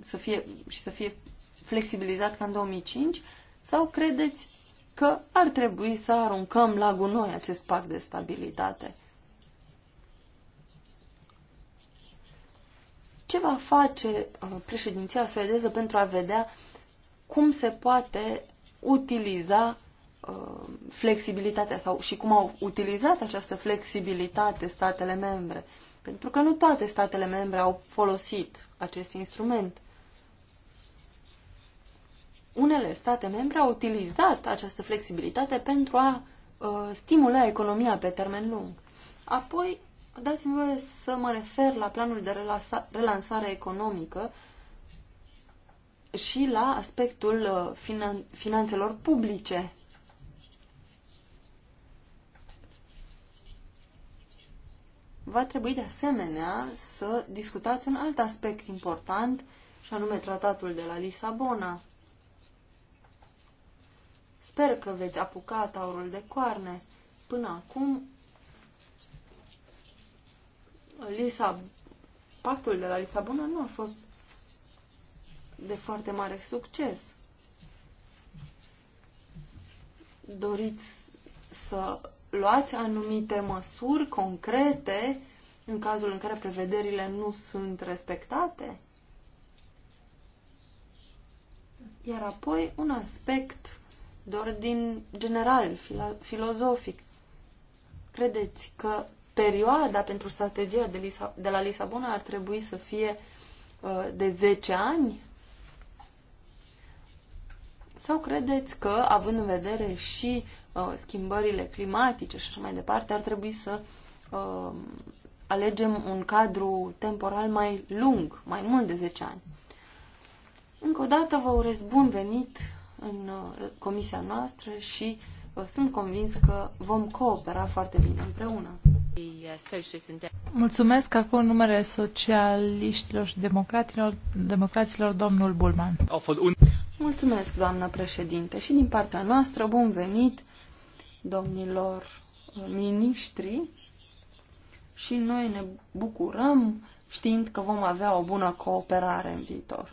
să fie, și să fie flexibilizat ca în 2005? Sau credeți că ar trebui să aruncăm la gunoi acest pact de stabilitate. Ce va face uh, președinția suedeză pentru a vedea cum se poate utiliza uh, flexibilitatea sau și cum au utilizat această flexibilitate statele membre? Pentru că nu toate statele membre au folosit acest instrument unele state membre au utilizat această flexibilitate pentru a uh, stimula economia pe termen lung. Apoi, dați-mi voie să mă refer la planul de relansa relansare economică și la aspectul uh, finan finanțelor publice. Va trebui de asemenea să discutați un alt aspect important, și anume tratatul de la Lisabona Sper că veți apuca taurul de coarne. Până acum, Lisa, pactul de la Lisabona nu a fost de foarte mare succes. Doriți să luați anumite măsuri concrete în cazul în care prevederile nu sunt respectate? Iar apoi un aspect de ordin general, filo filozofic. Credeți că perioada pentru strategia de, Lisa, de la Lisabona ar trebui să fie uh, de 10 ani? Sau credeți că, având în vedere și uh, schimbările climatice și așa mai departe, ar trebui să uh, alegem un cadru temporal mai lung, mai mult de 10 ani? Încă o dată vă urez bun venit în uh, comisia noastră și uh, sunt convins că vom coopera foarte bine împreună. Mulțumesc acum în numele socialiștilor și democraților, democraților domnul Bulman. Mulțumesc, doamnă președinte, și din partea noastră bun venit domnilor uh, miniștri și noi ne bucurăm știind că vom avea o bună cooperare în viitor.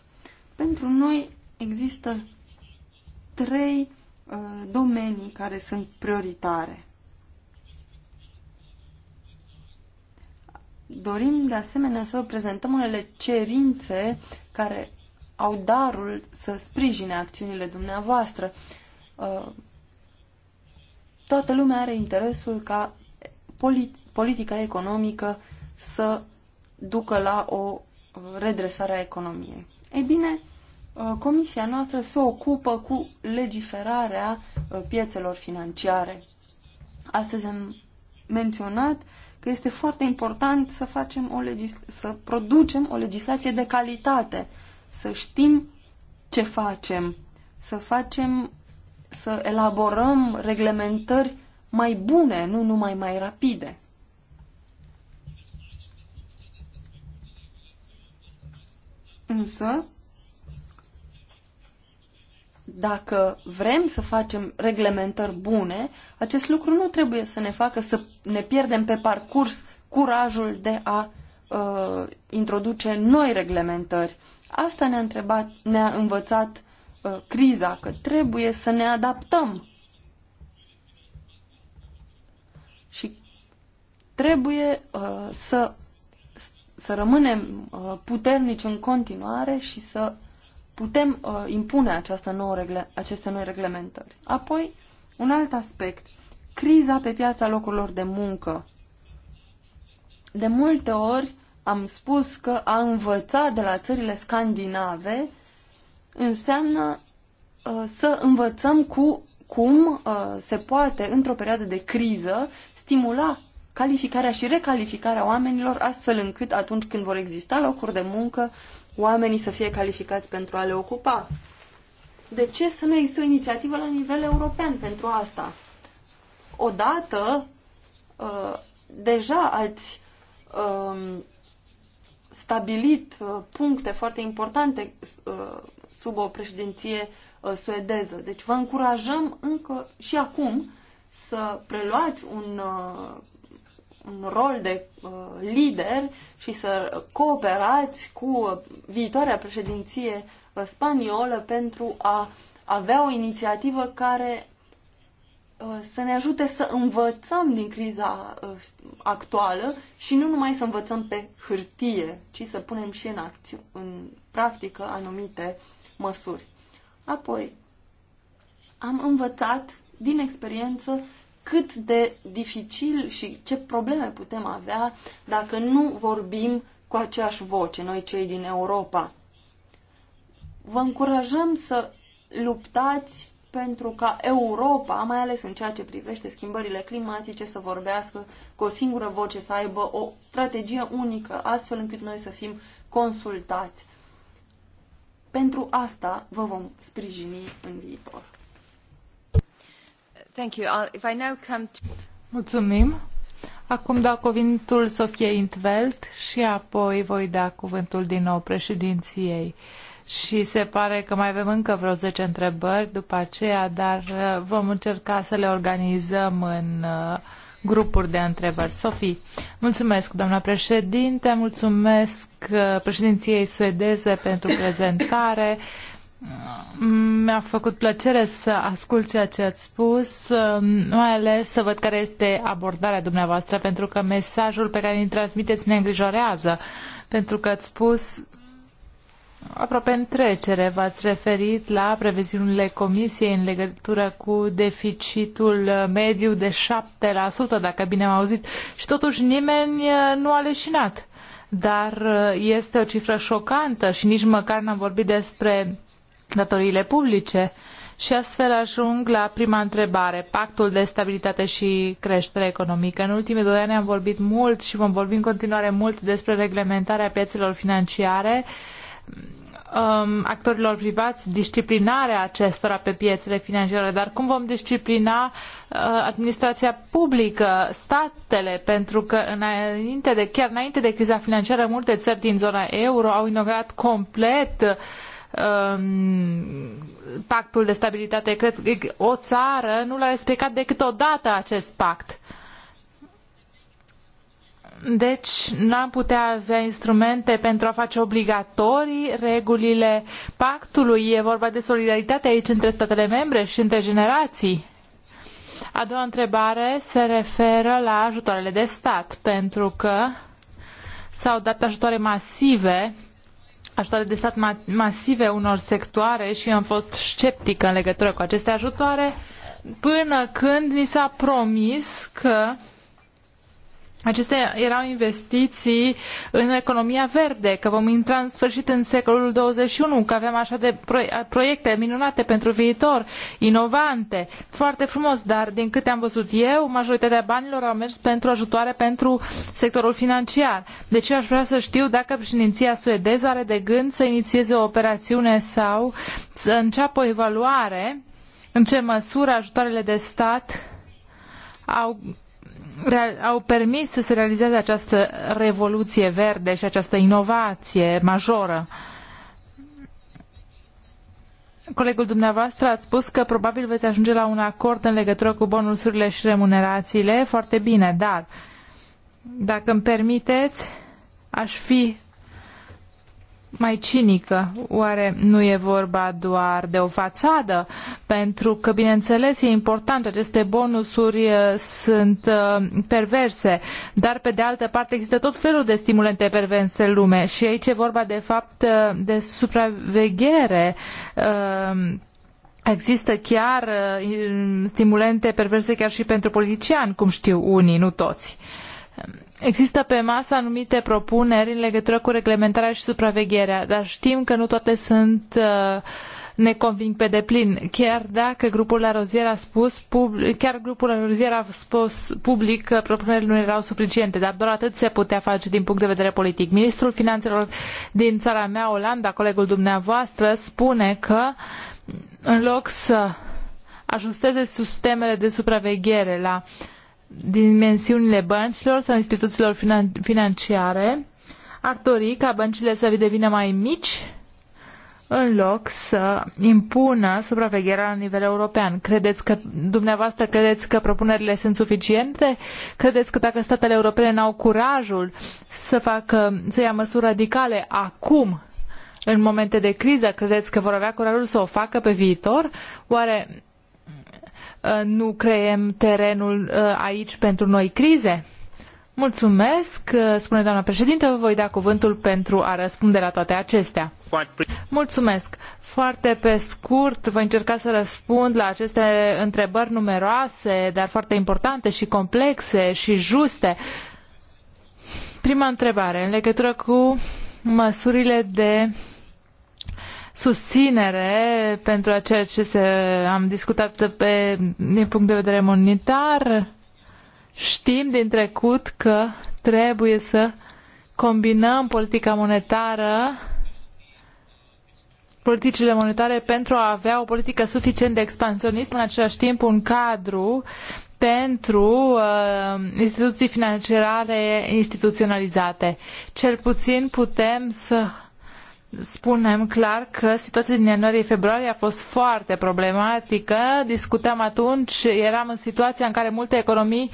Pentru noi există trei uh, domenii care sunt prioritare. Dorim de asemenea să vă prezentăm unele cerințe care au darul să sprijine acțiunile dumneavoastră. Uh, toată lumea are interesul ca polit politica economică să ducă la o redresare a economiei. Ei bine, Uh, comisia noastră se ocupă cu legiferarea uh, piețelor financiare. Astăzi am menționat că este foarte important să, facem o legis- să producem o legislație de calitate, să știm ce facem, să facem, să elaborăm reglementări mai bune, nu numai mai rapide. Însă, dacă vrem să facem reglementări bune, acest lucru nu trebuie să ne facă să ne pierdem pe parcurs curajul de a uh, introduce noi reglementări. Asta ne-a, întrebat, ne-a învățat uh, criza, că trebuie să ne adaptăm. Și trebuie uh, să, să rămânem uh, puternici în continuare și să putem uh, impune această nouă regle, aceste noi reglementări. Apoi, un alt aspect, criza pe piața locurilor de muncă. De multe ori am spus că a învăța de la țările scandinave înseamnă uh, să învățăm cu cum uh, se poate, într-o perioadă de criză, stimula calificarea și recalificarea oamenilor, astfel încât atunci când vor exista locuri de muncă, uh, oamenii să fie calificați pentru a le ocupa. De ce să nu există o inițiativă la nivel european pentru asta? Odată, uh, deja ați um, stabilit uh, puncte foarte importante uh, sub o președinție suedeză. Deci vă încurajăm încă și acum să preluați un un rol de uh, lider și să cooperați cu viitoarea președinție uh, spaniolă pentru a avea o inițiativă care uh, să ne ajute să învățăm din criza uh, actuală și nu numai să învățăm pe hârtie, ci să punem și în, în practică anumite măsuri. Apoi, am învățat din experiență cât de dificil și ce probleme putem avea dacă nu vorbim cu aceeași voce, noi cei din Europa. Vă încurajăm să luptați pentru ca Europa, mai ales în ceea ce privește schimbările climatice, să vorbească cu o singură voce, să aibă o strategie unică, astfel încât noi să fim consultați. Pentru asta vă vom sprijini în viitor. Thank you. I'll, if I now come to... Acum dau cuvântul Sofiei Intveld și apoi voi da cuvântul din nou președinției. Și se pare că mai avem încă vreo 10 întrebări după aceea, dar uh, vom încerca să le organizăm în uh, grupuri de întrebări. Sofie, mulțumesc, doamna președinte, mulțumesc uh, președinției suedeze pentru prezentare. Mi-a făcut plăcere să ascult ceea ce ați spus, um, mai ales să văd care este abordarea dumneavoastră, pentru că mesajul pe care îl transmiteți ne îngrijorează, pentru că ați spus aproape în trecere, v-ați referit la previziunile Comisiei în legătură cu deficitul mediu de 7%, dacă bine am auzit, și totuși nimeni uh, nu a leșinat. Dar uh, este o cifră șocantă și nici măcar n-am vorbit despre datoriile publice. Și astfel ajung la prima întrebare, pactul de stabilitate și creștere economică. În ultimii doi ani am vorbit mult și vom vorbi în continuare mult despre reglementarea piețelor financiare, um, actorilor privați, disciplinarea acestora pe piețele financiare, dar cum vom disciplina uh, administrația publică, statele, pentru că înainte de, chiar înainte de criza financiară, multe țări din zona euro au inaugurat complet uh, Ehm, pactul de stabilitate. Cred că o țară nu l-a respectat decât o dată acest pact. Deci, nu am putea avea instrumente pentru a face obligatorii regulile pactului. E vorba de solidaritate aici între statele membre și între generații. A doua întrebare se referă la ajutoarele de stat, pentru că s-au dat ajutoare masive ajutoare de stat ma masive unor sectoare și am fost sceptică în legătură cu aceste ajutoare până când ni s-a promis că uh, Acestea erau investiții în economia verde, că vom intra în sfârșit în secolul 21, că avem așa de proiecte minunate pentru viitor, inovante, foarte frumos, dar din câte am văzut eu, majoritatea banilor au mers pentru ajutoare pentru sectorul financiar. Deci eu aș vrea să știu dacă președinția suedeză are de gând să inițieze o operațiune sau să înceapă o evaluare în ce măsură ajutoarele de stat au au permis să se realizeze această revoluție verde și această inovație majoră. Colegul dumneavoastră a spus că probabil veți ajunge la un acord în legătură cu bonusurile și remunerațiile. Foarte bine, dar dacă îmi permiteți, aș fi mai cinică. Oare nu e vorba doar de o fațadă? Pentru că, bineînțeles, e important, aceste bonusuri sunt perverse, dar, pe de altă parte, există tot felul de stimulente perverse în lume și aici e vorba, de fapt, de supraveghere Există chiar stimulente perverse chiar și pentru politiciani, cum știu unii, nu toți. Există pe masă anumite propuneri în legătură cu reglementarea și supravegherea, dar știm că nu toate sunt uh, ne conving pe deplin. Chiar dacă grupul la Rozier a spus public, chiar grupul la Rozier a spus public că propunerile nu erau suficiente, dar doar atât se putea face din punct de vedere politic. Ministrul Finanțelor din țara mea, Olanda, colegul dumneavoastră, spune că în loc să ajusteze sistemele de supraveghere la uh, dimensiunile băncilor sau instituțiilor finan- financiare, ar dori ca băncile să devină mai mici în loc să impună supravegherea la nivel european. Credeți că, dumneavoastră, credeți că propunerile sunt suficiente? Credeți că dacă statele europene n-au curajul să facă, să ia măsuri radicale acum, în momente de criză, credeți că vor avea curajul să o facă pe viitor? Oare Uh, nu creem terenul uh, aici pentru noi crize? Mulțumesc, uh, spune doamna președinte, vă voi da cuvântul pentru a răspunde la toate acestea. Mulțumesc. Foarte pe scurt, voi încerca să răspund la aceste întrebări numeroase, dar foarte importante și complexe și juste. Prima întrebare, în legătură cu măsurile de susținere pentru a ceea ce se, am discutat pe, din punct de vedere monetar. Știm din trecut că trebuie să combinăm politica monetară politicile monetare pentru a avea o politică suficient de expansionistă, în același timp un cadru pentru uh, instituții financiare instituționalizate. Cel puțin putem să spunem clar că situația din ianuarie-februarie a fost foarte problematică. Discutam atunci, eram în situația în care multe economii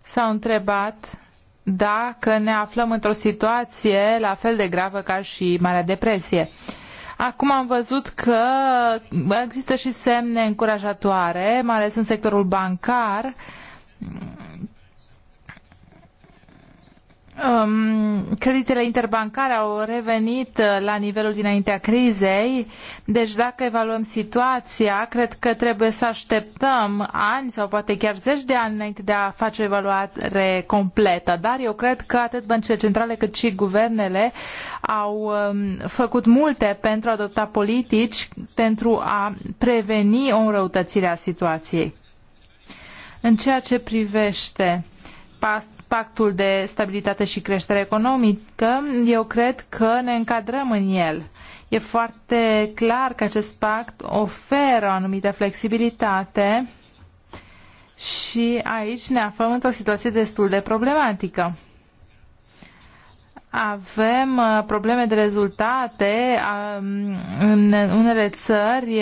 s-au întrebat dacă ne aflăm într-o situație la fel de gravă ca și Marea Depresie. Acum am văzut că există și semne încurajatoare, mai ales în sectorul bancar Um, creditele interbancare au revenit uh, la nivelul dinaintea crizei, deci dacă evaluăm situația, cred că trebuie să așteptăm ani sau poate chiar zeci de ani înainte de a face o evaluare completă. Dar eu cred că atât băncile centrale cât și guvernele au um, făcut multe pentru a adopta politici pentru a preveni o înrăutățire a situației. În ceea ce privește past pactul de stabilitate și creștere economică, eu cred că ne încadrăm în el. E foarte clar că acest pact oferă o anumită flexibilitate și aici ne aflăm într-o situație destul de problematică avem uh, probleme de rezultate um, în unele țări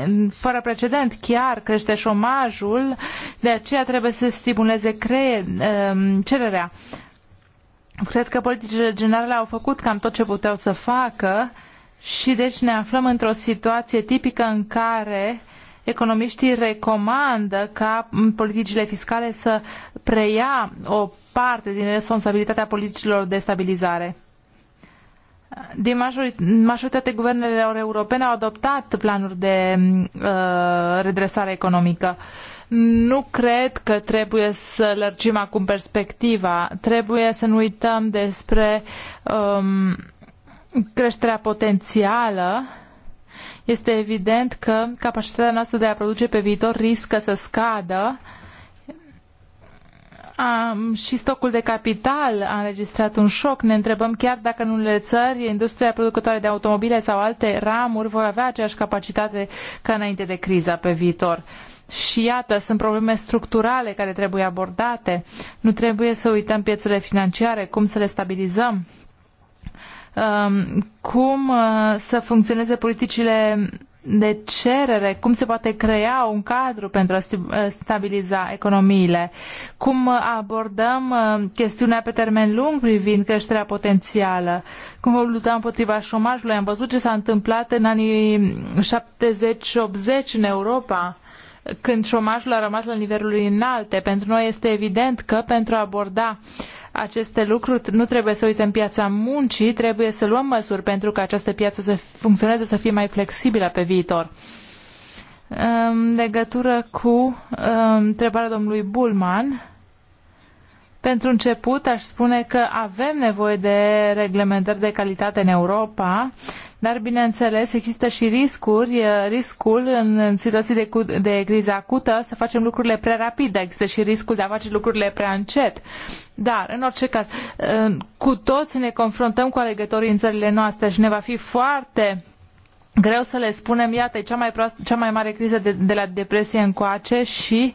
uh, fără precedent. Chiar crește șomajul, de aceea trebuie să stimuleze cre- um, cererea. Cred că politicile generale au făcut cam tot ce puteau să facă și deci ne aflăm într-o situație tipică în care uh, Economiștii recomandă ca politicile fiscale să preia o parte din responsabilitatea politicilor de stabilizare. Din majoritate, guvernelor europene au adoptat planuri de uh, redresare economică. Nu cred că trebuie să lărgim acum perspectiva. Trebuie să nu uităm despre um, creșterea potențială uh, este evident că capacitatea noastră de a produce pe viitor riscă să scadă um, și stocul de capital a înregistrat un șoc. Ne întrebăm chiar dacă în unele țări industria producătoare de automobile sau alte ramuri vor avea aceeași capacitate ca înainte de criza pe viitor. Și iată, sunt probleme structurale care trebuie abordate. Nu trebuie să uităm piețele financiare, cum să le stabilizăm Um, cum uh, să funcționeze politicile de cerere, cum se poate crea un cadru pentru a uh, stabiliza economiile, cum uh, abordăm chestiunea pe termen lung privind creșterea potențială, cum vom lupta împotriva șomajului. Am văzut ce s-a întâmplat în anii 70-80 în Europa când șomajul a rămas la niveluri înalte. Pentru noi este evident că pentru a aborda uh, aceste lucruri, nu trebuie să uităm piața muncii, trebuie să luăm măsuri pentru ca această piață să funcționeze, să fie mai flexibilă pe viitor. În legătură cu um, întrebarea domnului Bulman, pentru început aș spune că avem nevoie de reglementări de calitate în Europa dar, bineînțeles, există și riscuri, riscul în, în situații de, de criză acută să facem lucrurile prea rapid, dar există și riscul de a face lucrurile prea încet. Dar, în orice caz, cu toți ne confruntăm cu alegătorii în țările noastre și ne va fi foarte greu să le spunem, iată, e cea mai, proastă, cea mai mare criză de, de la depresie încoace și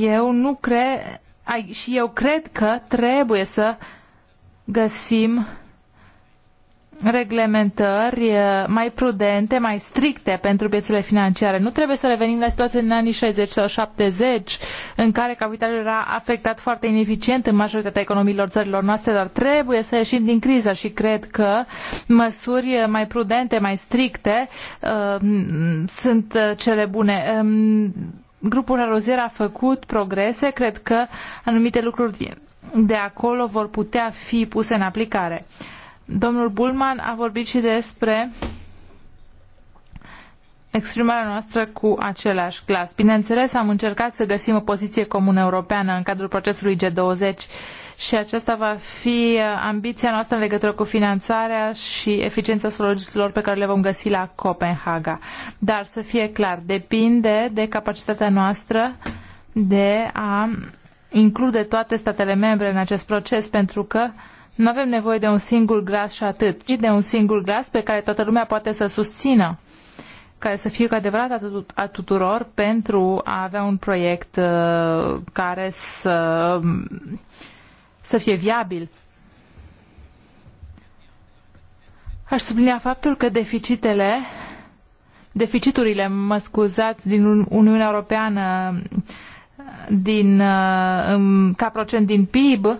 eu nu cred, și eu cred că trebuie să găsim reglementări eh, mai prudente, mai stricte pentru piețele financiare. Nu trebuie să revenim la situația din anii 60 sau 70, în care capitalul era afectat foarte ineficient în majoritatea economiilor țărilor noastre, dar trebuie să ieșim din criză și cred că măsuri mai prudente, mai stricte uh, sunt eh, cele bune. Um, grupul Rozier a făcut progrese, cred că anumite lucruri de acolo vor putea fi puse în aplicare. Domnul Bulman a vorbit și despre exprimarea noastră cu același glas. Bineînțeles, am încercat să găsim o poziție comună europeană în cadrul procesului G20 și aceasta va fi ambiția noastră în legătură cu finanțarea și eficiența soluțiilor pe care le vom găsi la Copenhaga. Dar să fie clar, depinde de capacitatea noastră de a include toate statele membre în acest proces, pentru că nu avem nevoie de un singur glas și atât, ci de un singur glas pe care toată lumea poate să susțină, care să fie cu adevărat a tuturor pentru a avea un proiect uh, care să, să fie viabil. Aș sublinia faptul că deficitele, deficiturile, mă scuzați, din Uniunea Europeană din, uh, ca procent din PIB, uh,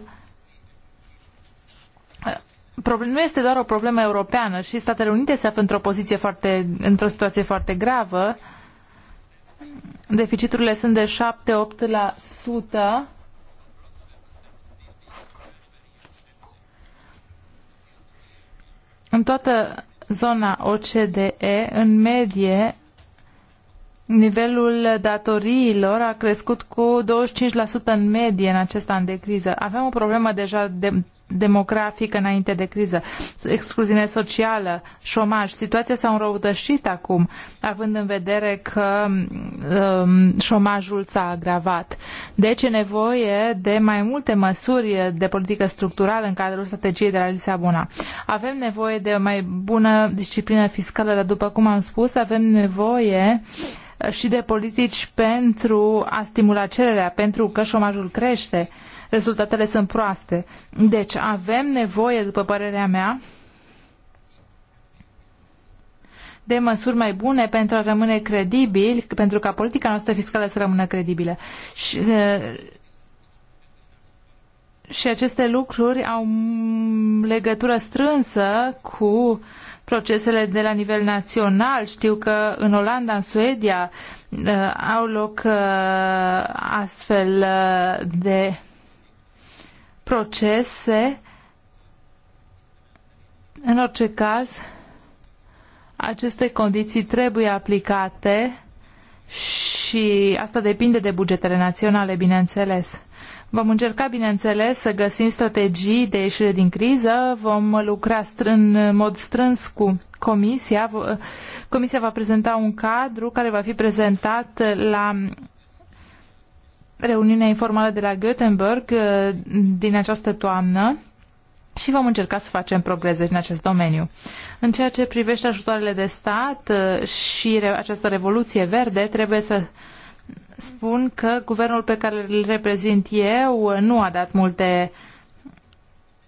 nu este doar o problemă europeană și Statele Unite se află într-o poziție foarte, într-o situație foarte gravă. Deficiturile sunt de 7-8%. În toată zona OCDE, în medie, Nivelul datoriilor a crescut cu 25% în medie în acest an de criză. Avem o problemă deja de- demografică înainte de criză, excluziune socială, șomaj. Situația s-a înrăutășit acum, având în vedere că um, șomajul s-a agravat. Deci e nevoie de mai multe măsuri de politică structurală în cadrul strategiei de la Lisabona. Avem nevoie de o mai bună disciplină fiscală, dar după cum am spus, avem nevoie uh, și de politici pentru a stimula cererea, pentru că șomajul crește, rezultatele sunt proaste. Deci avem nevoie, după părerea mea, de măsuri mai bune pentru a rămâne credibili, pentru ca politica noastră fiscală să rămână credibilă. Și, și aceste lucruri au legătură strânsă cu procesele de la nivel național. Știu că în Olanda, în Suedia uh, au loc uh, astfel uh, de procese. În orice caz, aceste condiții trebuie aplicate și asta depinde de bugetele naționale, bineînțeles. Vom încerca, bineînțeles, să găsim strategii de ieșire din criză, vom lucra în mod strâns cu Comisia. Comisia va prezenta un cadru care va fi prezentat la reuniunea informală de la Göteborg uh, din această toamnă și vom încerca să facem progrese în acest domeniu. În ceea ce privește ajutoarele de stat uh, și această revoluție verde, trebuie să spun că guvernul pe care îl reprezint eu nu a dat multe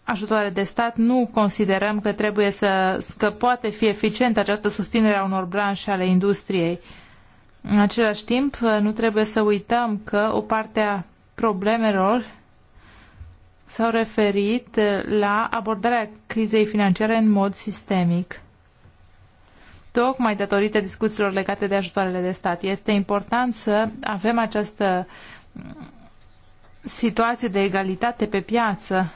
ajutoare de stat. Nu considerăm că trebuie să că poate fi eficientă această susținere a unor branșe ale industriei. În același timp, nu trebuie să uităm că o parte a problemelor s-au referit la abordarea crizei financiare în mod sistemic tocmai datorită discuțiilor legate de ajutoarele de stat. Este important să avem această situație de egalitate pe piață,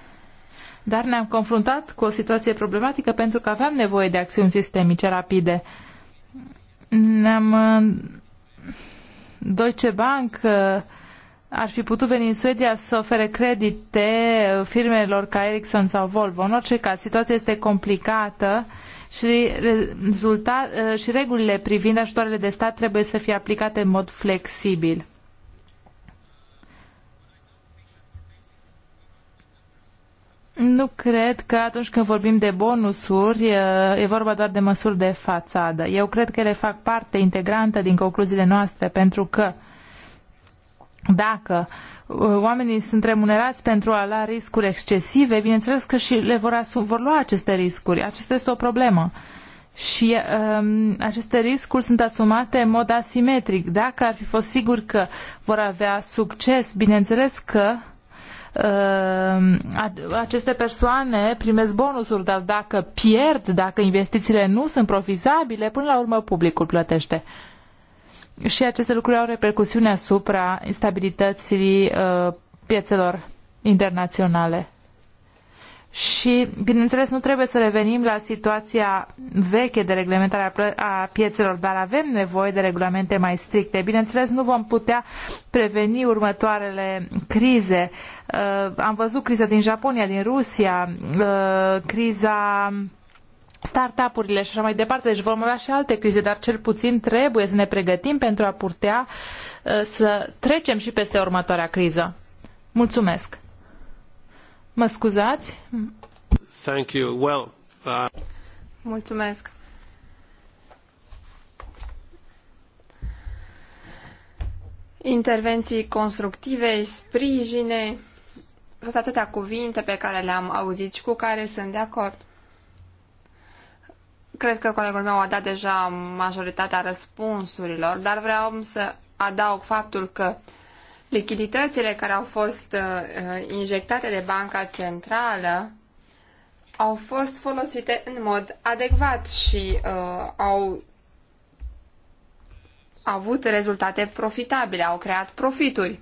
dar ne-am confruntat cu o situație problematică pentru că aveam nevoie de acțiuni sistemice rapide. Ne-am... Uh, Deutsche Bank uh, ar fi putut veni în Suedia să ofere credite firmelor ca Ericsson sau Volvo. În orice caz, situația este complicată și, rezulta, și regulile privind ajutoarele de stat trebuie să fie aplicate în mod flexibil. Nu cred că atunci când vorbim de bonusuri, e vorba doar de măsuri de fațadă. Eu cred că ele fac parte integrantă din concluziile noastre, pentru că uh, dacă uh, oamenii sunt remunerați pentru a lua riscuri excesive, bineînțeles că și le vor, asum, vor lua aceste riscuri. Aceasta este o problemă. Și um, aceste riscuri sunt asumate în mod asimetric. Dacă ar fi fost sigur că vor avea succes, bineînțeles că um, aceste persoane primesc bonusuri, dar dacă pierd, dacă investițiile nu sunt profitabile, până la urmă publicul plătește și aceste lucruri au repercusiune asupra instabilității uh, piețelor internaționale. Și, bineînțeles, nu trebuie să revenim la situația veche de reglementare a piețelor, dar avem nevoie de regulamente mai stricte. Bineînțeles, nu vom putea preveni următoarele crize. Uh, am văzut criza din Japonia, din Rusia, uh, criza startup-urile și așa mai departe. Deci vom avea și alte crize, dar cel puțin trebuie să ne pregătim pentru a putea uh, să trecem și peste următoarea criză. Mulțumesc. Mă scuzați? Thank you. Well, uh... Mulțumesc. Intervenții constructive, sprijine, toate atâtea cuvinte pe care le-am auzit și cu care sunt de acord. Cred că colegul meu a dat deja majoritatea răspunsurilor, dar vreau să adaug faptul că lichiditățile care au fost uh, uh, injectate de Banca Centrală au fost folosite în mod adecvat și uh, au avut rezultate profitabile, au creat profituri.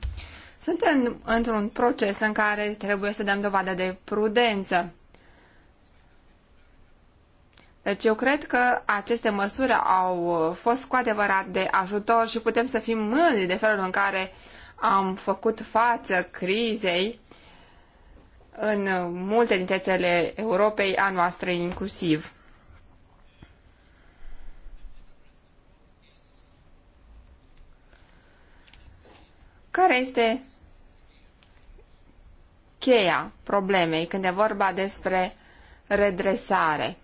Sunt într-un proces în care trebuie să dăm dovadă de prudență. Deci eu cred că aceste măsuri au fost cu adevărat de ajutor și putem să fim mândri de felul în care am făcut față crizei în multe dintre țările Europei, a noastră inclusiv. Care este cheia problemei când e vorba despre redresare?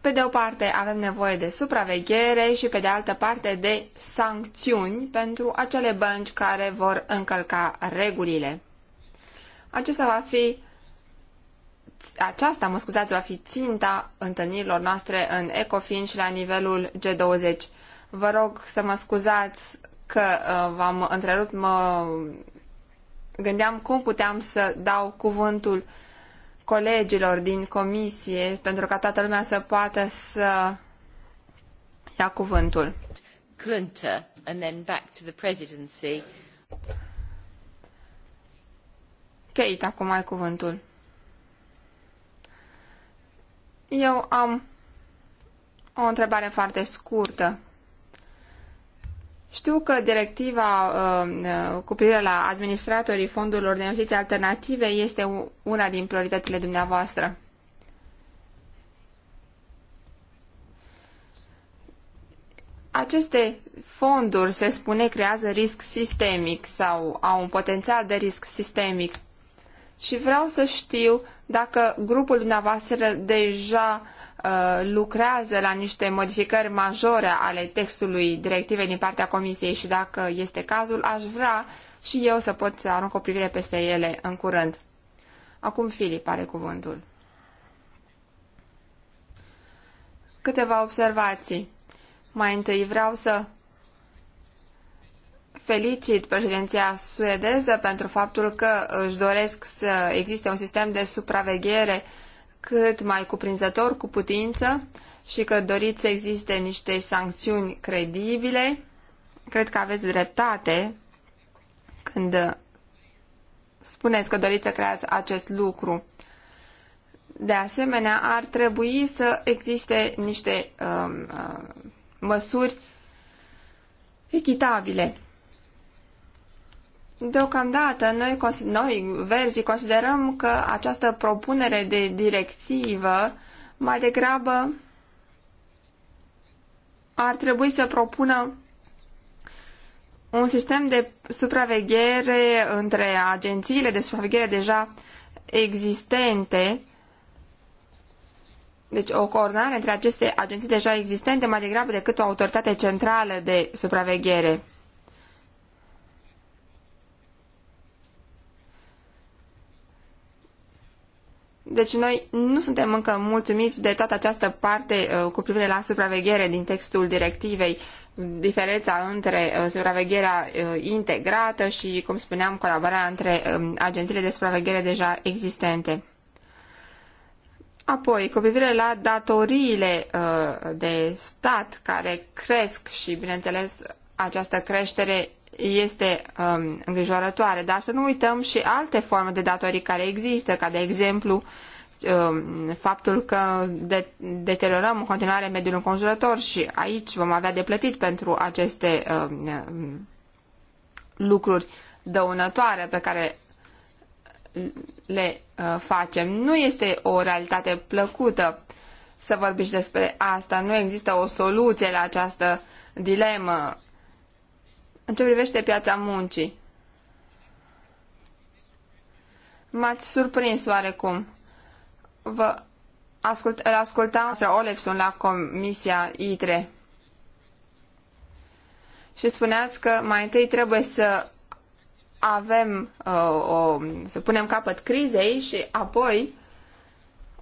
Pe de o parte avem nevoie de supraveghere și pe de altă parte de sancțiuni pentru acele bănci care vor încălca regulile. Acesta va fi aceasta, mă scuzați, va fi ținta întâlnirilor noastre în ECOFIN și la nivelul G20. Vă rog să mă scuzați că uh, v-am întrerupt, mă gândeam cum puteam să dau cuvântul uh, colegilor din comisie pentru ca toată lumea să poată să ia cuvântul. Clinton, and then back to the presidency. Kate, acum ai cuvântul. Eu am o întrebare foarte scurtă. Știu că directiva uh, uh, cu privire la administratorii fondurilor de investiții alternative este una din prioritățile dumneavoastră. Aceste fonduri, se spune, creează risc sistemic sau au un potențial de risc sistemic. Și vreau să știu dacă grupul dumneavoastră deja Uh, lucrează la niște modificări majore ale textului directivei din partea Comisiei și dacă este cazul, aș vrea și eu să pot să arunc o privire peste ele în curând. Acum Filip are cuvântul. Câteva observații. Mai întâi vreau să felicit președinția suedeză pentru faptul că își doresc să existe un sistem de supraveghere uh, cât mai cuprinzător cu putință și că doriți să existe niște sancțiuni credibile. Cred că aveți dreptate când spuneți că doriți să creați acest lucru. De asemenea, ar trebui să existe niște um, uh, măsuri echitabile. Deocamdată, noi, noi, verzii, considerăm că această propunere de directivă mai degrabă ar trebui să propună un sistem de supraveghere între agențiile de supraveghere deja existente, deci o coordonare între aceste agenții deja existente mai degrabă decât o autoritate centrală de supraveghere. Deci noi nu suntem încă mulțumiți de toată această parte uh, cu privire la supraveghere din textul directivei, diferența între uh, supravegherea uh, integrată și, cum spuneam, colaborarea între um, agențiile de supraveghere deja existente. Apoi, cu privire la datoriile de stat care cresc și, bineînțeles, această creștere este um, îngrijorătoare, dar să nu uităm și alte forme de datorii care există, ca de exemplu um, faptul că de- deteriorăm în continuare mediul înconjurător și aici vom avea de plătit pentru aceste um, lucruri dăunătoare pe care le uh, facem. Nu este o realitate plăcută să vorbiți despre asta. Nu există o soluție la această dilemă în ce privește piața muncii, m-ați surprins oarecum. Vă ascult, îl asculta. pe Olefson la Comisia ITRE și spuneați că mai întâi trebuie să avem, uh, o, să punem capăt crizei și apoi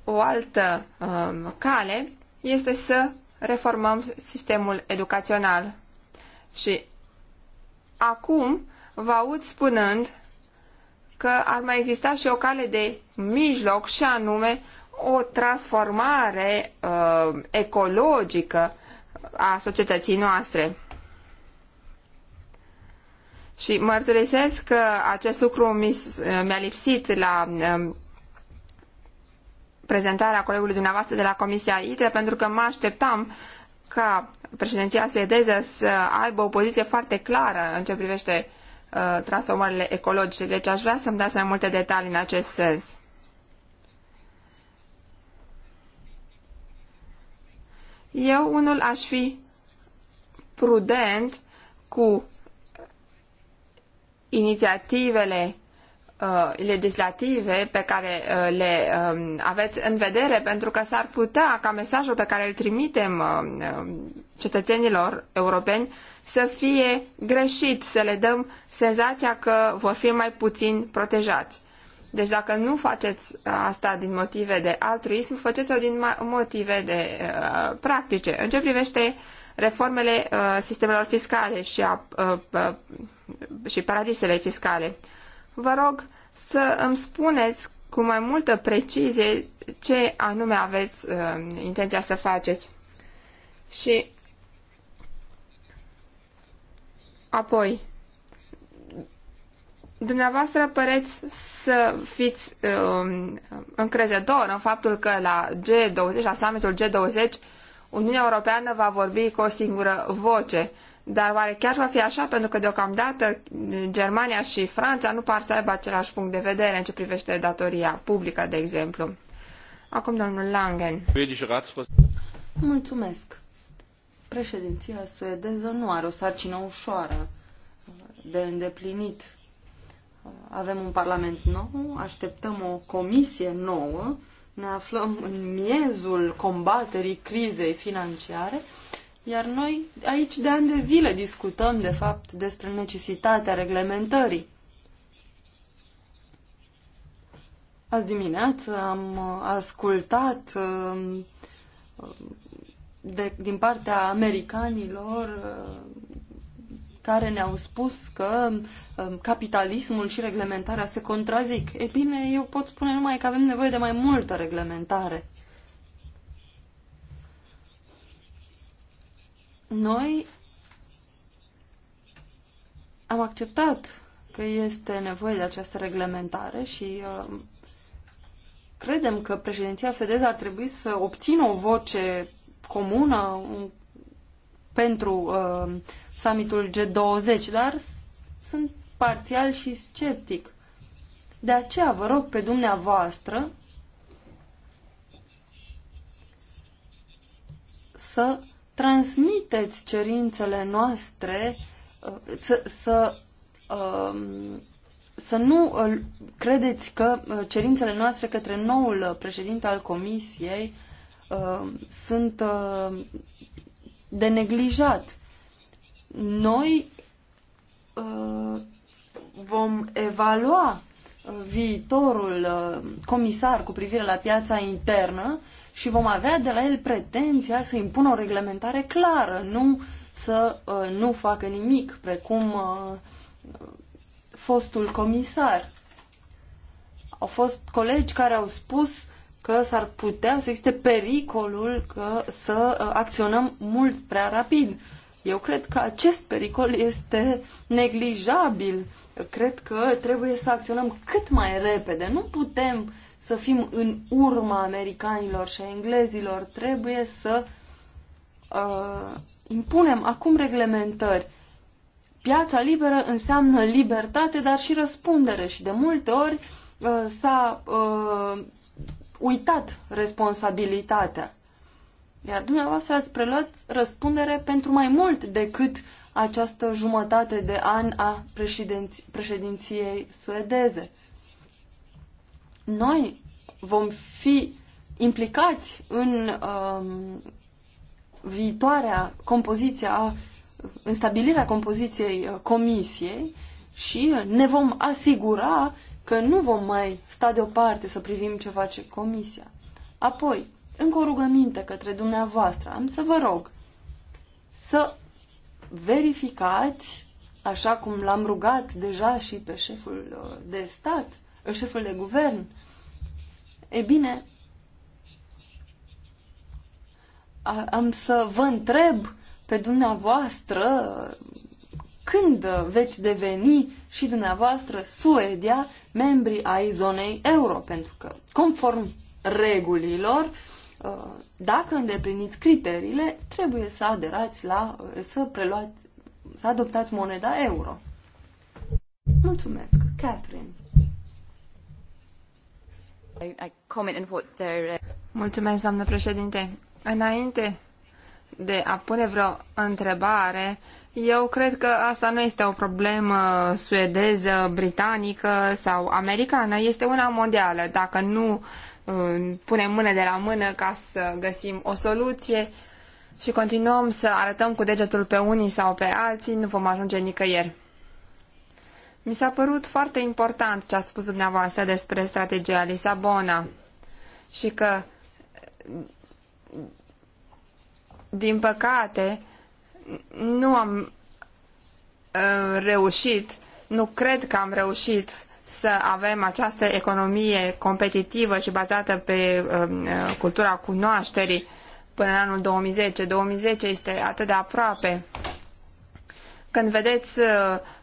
o altă uh, cale este să reformăm sistemul educațional. Și Acum vă aud spunând că ar mai exista și o cale de mijloc și anume o transformare uh, ecologică a societății noastre. Și mărturisesc că acest lucru uh, mi-a lipsit la um, prezentarea colegului dumneavoastră de la Comisia ITRE pentru că mă așteptam ca președinția suedeză să aibă o poziție foarte clară în ce privește uh, transformările ecologice, deci aș vrea să-mi dați mai multe detalii în acest sens. Eu unul aș fi prudent cu inițiativele Uh, legislative pe care uh, le um, aveți în vedere, pentru că s-ar putea ca mesajul pe care îl trimitem uh, cetățenilor europeni să fie greșit, să le dăm senzația că vor fi mai puțin protejați. Deci dacă nu faceți asta din motive de altruism, faceți-o din motive de practice. În ce privește reformele sistemelor fiscale și, a, și paradisele fiscale, Vă rog să îmi spuneți cu mai multă precizie ce anume aveți uh, intenția să faceți. Și apoi, dumneavoastră păreți să fiți uh, încrezător în faptul că la G20, la summitul G20, Uniunea Europeană va vorbi cu o singură voce dar oare chiar va fi așa? Pentru că deocamdată Germania și Franța nu par să aibă același punct de vedere în ce privește datoria publică, de exemplu. Acum domnul Langen. Mulțumesc. Președinția suedeză nu are o sarcină ușoară de îndeplinit. Avem un parlament nou, așteptăm o comisie nouă, ne aflăm în miezul combaterii crizei financiare iar noi aici de ani de zile discutăm, de fapt, despre necesitatea reglementării. Azi dimineață am ascultat um, de, din partea americanilor um, care ne-au spus că um, capitalismul și reglementarea se contrazic. E bine, eu pot spune numai că avem nevoie de mai multă reglementare. Noi am acceptat că este nevoie de această reglementare și uh, credem că președinția suedeză ar trebui să obțină o voce comună pentru uh, summitul G20, dar sunt parțial și sceptic. De aceea vă rog pe dumneavoastră să transmiteți cerințele noastre uh, să, să, um, să nu uh, credeți că uh, cerințele noastre către noul președinte al Comisiei sunt de neglijat. Noi vom evalua viitorul comisar cu privire la piața internă și vom avea de la el pretenția să impună o reglementare clară, nu să uh, nu facă nimic, precum uh, fostul comisar. Au fost colegi care au spus că s-ar putea să existe pericolul că să uh, acționăm mult prea rapid. Eu cred că acest pericol este neglijabil. Eu cred că trebuie să acționăm cât mai repede. Nu putem să fim în urma americanilor și a englezilor, trebuie să uh, impunem acum reglementări. Piața liberă înseamnă libertate, dar și răspundere și de multe ori uh, s-a uh, uitat responsabilitatea. Iar dumneavoastră ați preluat răspundere pentru mai mult decât această jumătate de an a președinției suedeze noi vom fi implicați în um, viitoarea compoziție a, în stabilirea compoziției uh, comisiei și ne vom asigura că nu vom mai sta deoparte să privim ce face comisia. Apoi, încă o rugăminte către dumneavoastră, am să vă rog să verificați, așa cum l-am rugat deja și pe șeful uh, de stat, uh, șeful de guvern, E bine, am să vă întreb pe dumneavoastră când veți deveni și dumneavoastră Suedia membrii ai zonei euro, pentru că conform regulilor, dacă îndepliniți criteriile, trebuie să aderați la, să preluați, să adoptați moneda euro. Mulțumesc, Catherine. Uh, Înainte de a pune vreo întrebare, eu cred că asta nu este o problemă suedeză, britanică sau americană, este una mondială. Dacă nu uh, punem mână de la mână ca să găsim o soluție și continuăm să arătăm cu degetul pe unii sau pe alții, nu vom ajunge nicăieri. Mi s-a părut foarte important ce a spus dumneavoastră despre strategia Lisabona și că, din păcate, nu am uh, reușit, nu cred că am reușit să avem această economie competitivă și bazată pe uh, cultura cunoașterii până în anul 2010. 2010 este atât de aproape. Când vedeți uh,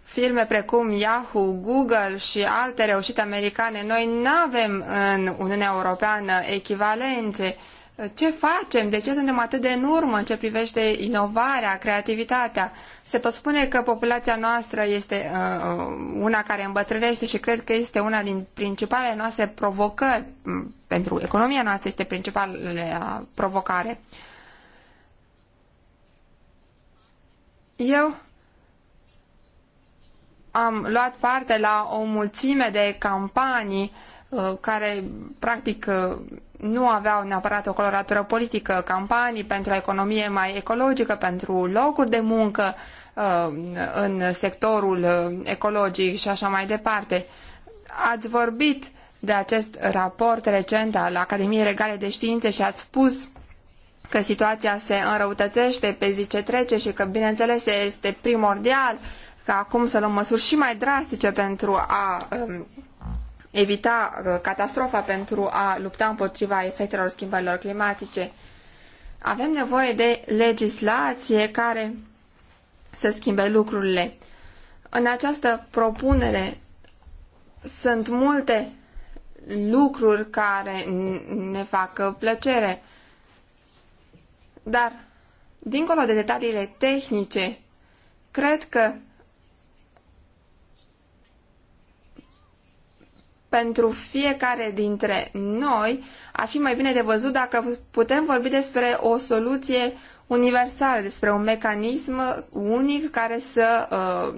firme precum Yahoo, Google și alte reușite americane, noi nu avem în Uniunea Europeană echivalențe. Uh, ce facem? De ce suntem atât de în urmă în ce privește inovarea, creativitatea? Se tot spune că populația noastră este uh, una care îmbătrânește și cred că este una din principalele noastre provocări mm, pentru economia noastră este principalele provocare. Eu am luat parte la o mulțime de campanii uh, care practic uh, nu aveau neapărat o coloratură politică, campanii pentru o economie mai ecologică, pentru locuri de muncă uh, în sectorul ecologic și așa mai departe. Ați vorbit de acest raport recent al Academiei Regale de Științe și ați spus că situația se înrăutățește pe zi ce trece și că, bineînțeles, este primordial ca acum să luăm măsuri și mai drastice pentru a um, evita uh, catastrofa, pentru a lupta împotriva efectelor schimbărilor climatice. Avem nevoie de legislație care să schimbe lucrurile. În această propunere sunt multe lucruri care ne fac plăcere, dar dincolo de detaliile tehnice, cred că pentru fiecare dintre noi, ar fi mai bine de văzut dacă putem vorbi despre o soluție universală, despre un mecanism unic care să uh,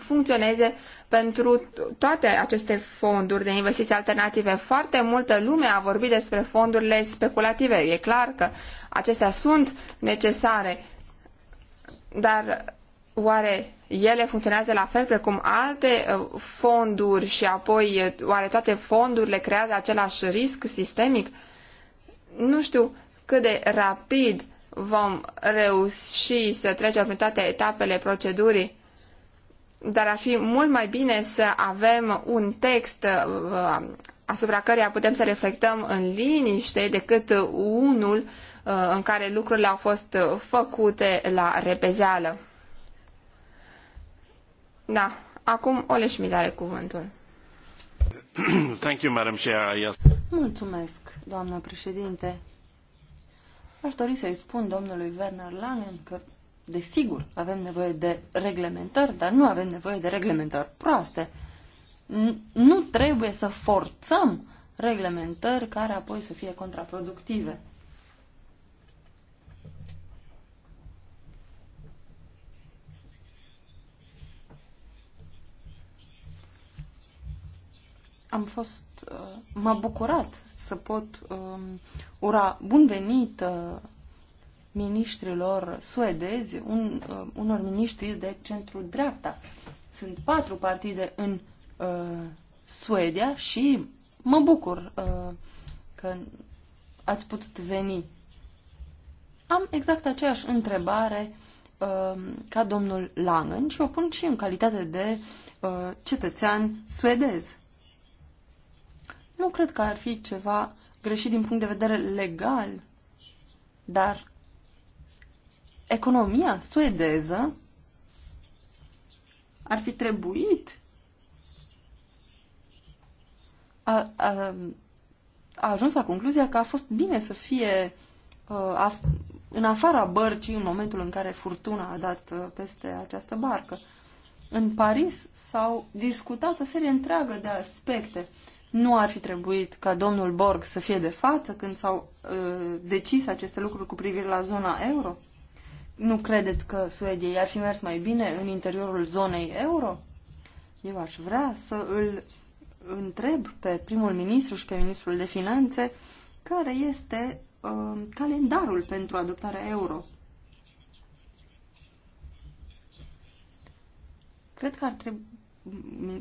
funcționeze pentru toate aceste fonduri de investiții alternative. Foarte multă lume a vorbit despre fondurile speculative. E clar că acestea sunt necesare, dar Oare ele funcționează la fel precum alte uh, fonduri și apoi uh, oare toate fondurile creează același risc sistemic? Nu știu cât de rapid vom reuși să trecem prin toate etapele procedurii, dar ar fi mult mai bine să avem un text uh, asupra căreia putem să reflectăm în liniște decât unul în care lucrurile au fost făcute la repezeală. Da, acum Ole Schmidt are cuvântul. Thank you, Madam Chair. Yes. Mulțumesc, doamnă președinte. Aș dori să-i spun domnului Werner Langen că, desigur, avem nevoie de reglementări, dar nu avem nevoie de reglementări proaste. Nu trebuie să forțăm reglementări care apoi să fie contraproductive. am fost, uh, m-a bucurat să pot um, ura bun venit uh, miniștrilor suedezi, un, uh, unor miniștri de centru dreapta. Sunt patru partide în uh, Suedia și mă bucur uh, că ați putut veni. Am exact aceeași întrebare uh, ca domnul Langen și o pun și în calitate de uh, cetățean suedez nu cred că ar fi ceva greșit din punct de vedere legal, dar economia suedeză ar fi trebuit a, a, a ajuns la concluzia că a fost bine să fie a, a, în afara bărcii în momentul în care furtuna a dat a, peste această barcă. În Paris s-au discutat o serie întreagă de aspecte. Nu ar fi trebuit ca domnul Borg să fie de față când s-au uh, decis aceste lucruri cu privire la zona euro? Nu credeți că Suediei ar fi mers mai bine în interiorul zonei euro? Eu aș vrea să îl întreb pe primul ministru și pe ministrul de finanțe care este uh, calendarul pentru adoptarea euro. Cred că ar trebui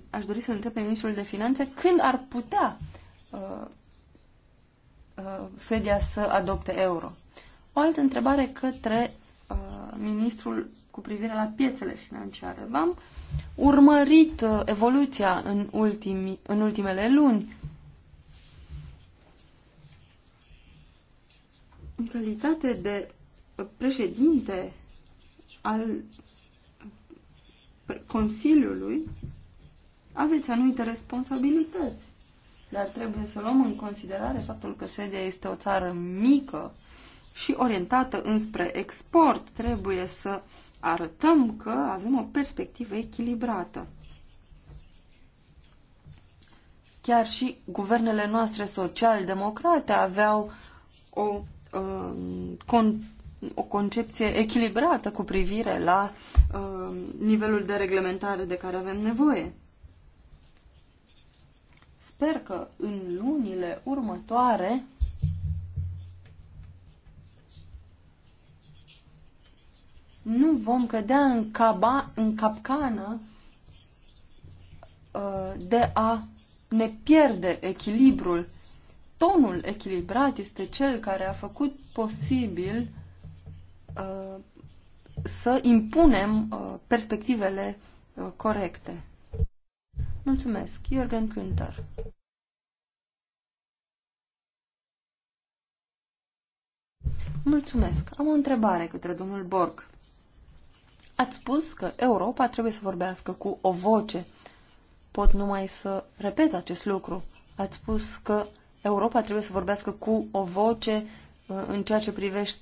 aș dori să întreb pe ministrul de finanțe când ar putea uh, uh, Suedia să adopte euro. O altă întrebare către uh, ministrul cu privire la piețele financiare. V-am urmărit uh, evoluția în, ultimi, în ultimele luni. În calitate de uh, președinte al uh, Consiliului, aveți anumite responsabilități. Dar trebuie să luăm în considerare faptul că Suedia este o țară mică și orientată înspre export. Trebuie să arătăm că avem o perspectivă echilibrată. Chiar și guvernele noastre social-democrate aveau o, um, con, o concepție echilibrată cu privire la um, nivelul de reglementare de care avem nevoie sper că în lunile următoare nu vom cădea în, caba, în capcană uh, de a ne pierde echilibrul. Tonul echilibrat este cel care a făcut posibil uh, să impunem uh, perspectivele corecte. Mulțumesc. Jürgen Günther. Mulțumesc. Am o întrebare către domnul Borg. Ați spus că Europa trebuie să vorbească cu o voce. Pot numai să repet acest lucru. Ați spus că Europa trebuie să vorbească cu o voce în ceea ce privește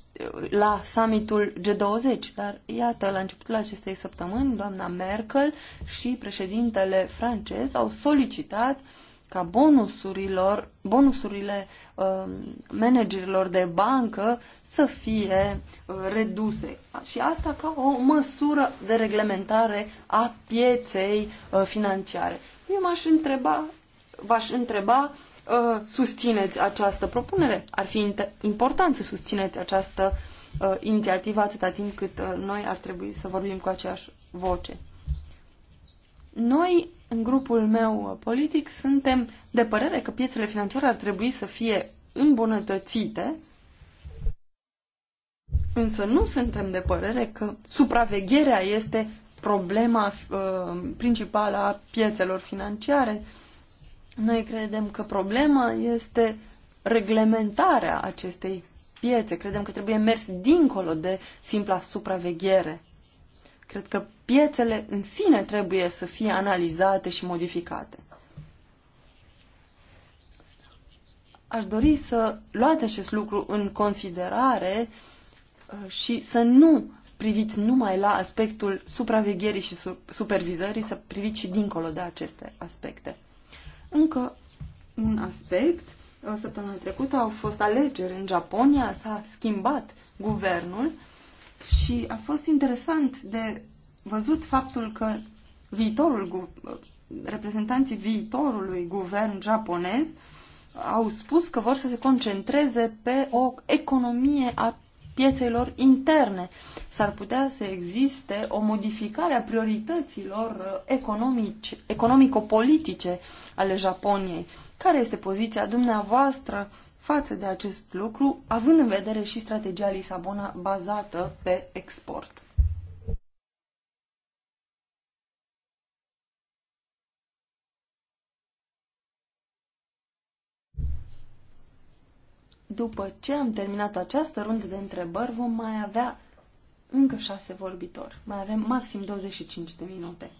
la summitul G20, dar iată, la începutul acestei săptămâni, doamna Merkel și președintele francez au solicitat ca bonusurilor, bonusurile uh, managerilor de bancă să fie uh, reduse. Și asta ca o măsură de reglementare a pieței uh, financiare. Eu m-aș întreba, v-aș întreba Uh, susțineți această propunere. Ar fi important să susțineți această uh, inițiativă atâta timp cât uh, noi ar trebui să vorbim cu aceeași voce. Noi, în grupul meu uh, politic, suntem de părere că piețele financiare ar trebui să fie îmbunătățite, însă nu suntem de părere că supravegherea este problema uh, principală a piețelor financiare. Uh, noi credem că problema este reglementarea acestei piețe. Credem că trebuie mers dincolo de simpla supraveghere. Cred că piețele în sine trebuie să fie analizate și modificate. Aș dori să luați acest lucru în considerare uh, și să nu priviți numai la aspectul supravegherii și supervizării, să priviți și dincolo de aceste aspecte. Încă un aspect. Uh, săptămâna trecută au fost alegeri în Japonia, s-a schimbat guvernul și a fost interesant de văzut faptul că viitorul, uh, reprezentanții viitorului guvern japonez au spus că vor să se concentreze pe o economie a piețelor interne. S-ar putea să existe o modificare a priorităților uh, economice, economico-politice ale Japoniei. Care este poziția dumneavoastră față de acest lucru, având în vedere și strategia Lisabona bazată pe export? După ce am terminat această rundă de întrebări, vom mai avea încă șase vorbitori. Mai avem maxim 25 de minute.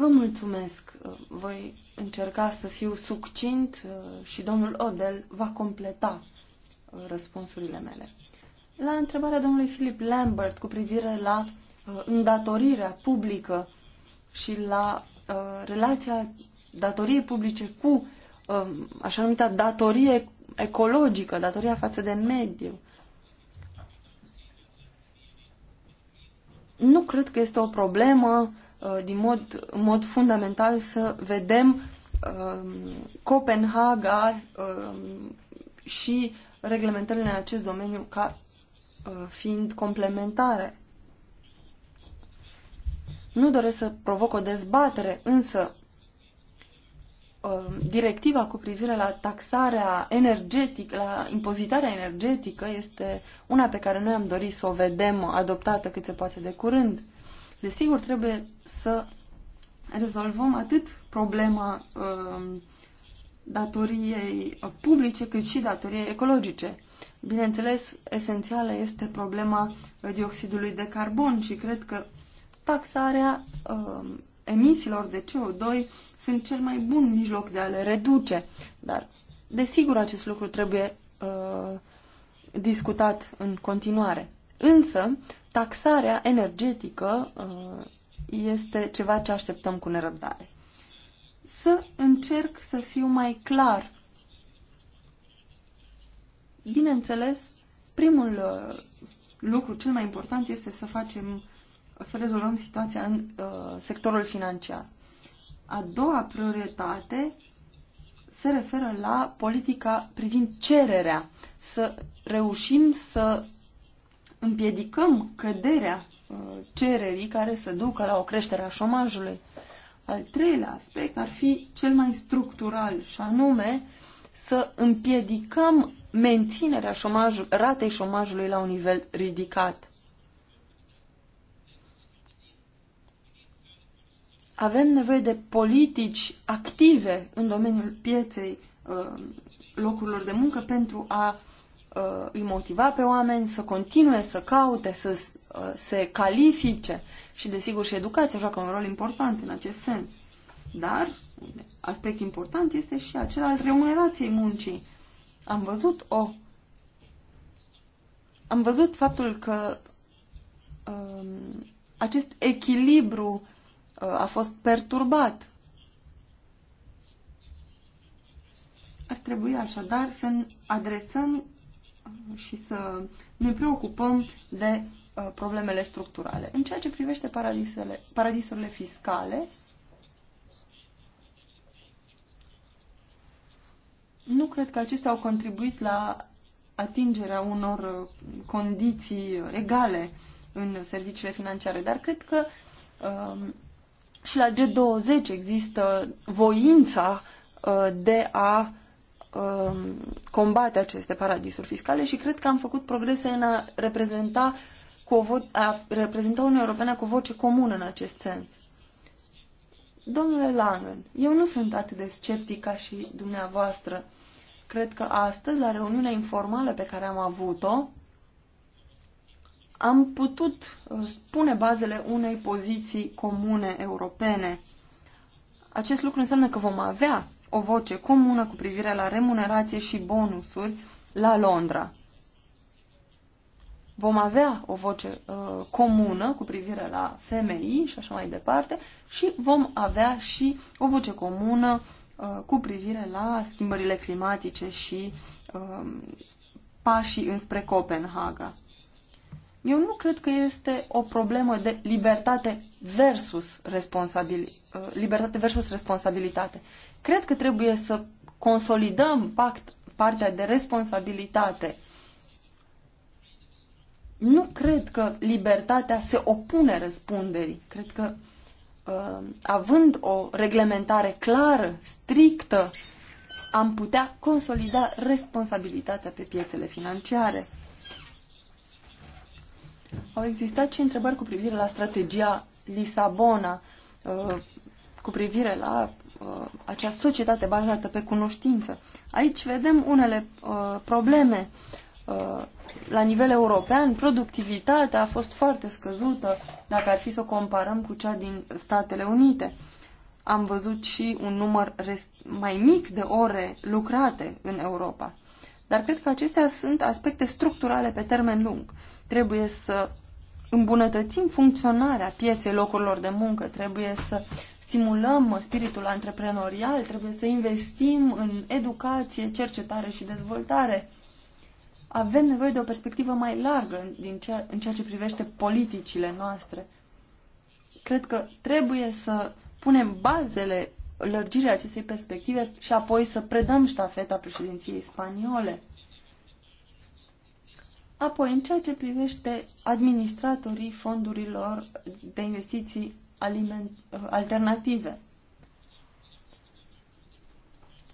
Vă mulțumesc. Voi încerca să fiu succint uh, și domnul Odel va completa uh, răspunsurile mele. La întrebarea domnului Philip Lambert cu privire la uh, îndatorirea publică și la relația datoriei publice cu um, așa numită datorie ecologică, datoria față de mediu. Nu cred că este o problemă Uh, din mod, în mod fundamental să vedem um, Copenhaga um, și reglementările în acest domeniu ca uh, fiind complementare. Nu doresc să provoc o dezbatere, însă um, directiva cu privire la taxarea energetică, la impozitarea energetică este una pe care noi am dorit să o vedem adoptată cât se poate de curând. Desigur, trebuie să rezolvăm atât problema um, datoriei publice cât și datoriei ecologice. Bineînțeles, esențială este problema dioxidului de carbon și cred că taxarea uh, emisiilor de CO2 sunt cel mai bun mijloc de a le reduce. Dar, desigur, acest lucru trebuie uh, discutat în continuare. Însă, taxarea energetică uh, este ceva ce așteptăm cu nerăbdare. Să încerc să fiu mai clar. Bineînțeles, primul uh, lucru cel mai important este să facem, să rezolvăm situația în uh, sectorul financiar. A doua prioritate se referă la politica privind cererea. Să reușim să împiedicăm căderea uh, cererii care să ducă la o creștere a șomajului. Al treilea aspect ar fi cel mai structural și anume să împiedicăm menținerea șomajul, ratei șomajului la un nivel ridicat. Avem nevoie de politici active în domeniul pieței uh, locurilor de muncă pentru a uh, îi motiva pe oameni să continue să caute, să uh, se califice și, desigur, și educația joacă un rol important în acest sens. Dar un aspect important este și acela al remunerației muncii. Am văzut o am văzut faptul că um, acest echilibru uh, a fost perturbat. Ar trebui așadar să adresăm și să ne preocupăm de uh, problemele structurale. În ceea ce privește paradisele, paradisurile fiscale, nu cred că acestea au contribuit la atingerea unor uh, condiții egale în serviciile financiare, dar cred că um, și la G20 există voința uh, de a Um, combate aceste paradisuri fiscale și cred că am făcut progrese în a reprezenta, cu o vo- a reprezenta Uniunea Europeană cu o voce comună în acest sens. Domnule Langen, eu nu sunt atât de sceptic ca și dumneavoastră. Cred că astăzi, la reuniunea informală pe care am avut-o, am putut uh, spune bazele unei poziții comune europene. Acest lucru înseamnă că vom avea o voce comună cu privire la remunerație și bonusuri la Londra. Vom avea o voce uh, comună cu privire la femei și așa mai departe și vom avea și o voce comună uh, cu privire la schimbările climatice și uh, pașii înspre Copenhaga. Eu nu cred că este o problemă de libertate versus, responsabil, uh, libertate versus responsabilitate. Cred că trebuie să consolidăm pact, partea de responsabilitate. Nu cred că libertatea se opune răspunderii. Cred că uh, având o reglementare clară, strictă, am putea consolida responsabilitatea pe piețele financiare. Au existat și întrebări cu privire la strategia Lisabona, uh, cu privire la uh, acea societate bazată pe cunoștință. Aici vedem unele uh, probleme la nivel european, productivitatea a fost foarte scăzută dacă ar fi să o comparăm cu cea din Statele Unite. Am văzut și un număr mai mic de ore lucrate în Europa. Dar cred că acestea sunt aspecte structurale pe termen lung. Trebuie să îmbunătățim funcționarea pieței locurilor de muncă, trebuie să stimulăm spiritul antreprenorial, trebuie să investim în educație, cercetare și dezvoltare. Avem nevoie de o perspectivă mai largă din ceea, în ceea ce privește politicile noastre. Cred că trebuie să punem bazele lărgirea acestei perspective și apoi să predăm ștafeta președinției spaniole. Apoi, în ceea ce privește administratorii fondurilor de investiții aliment, alternative,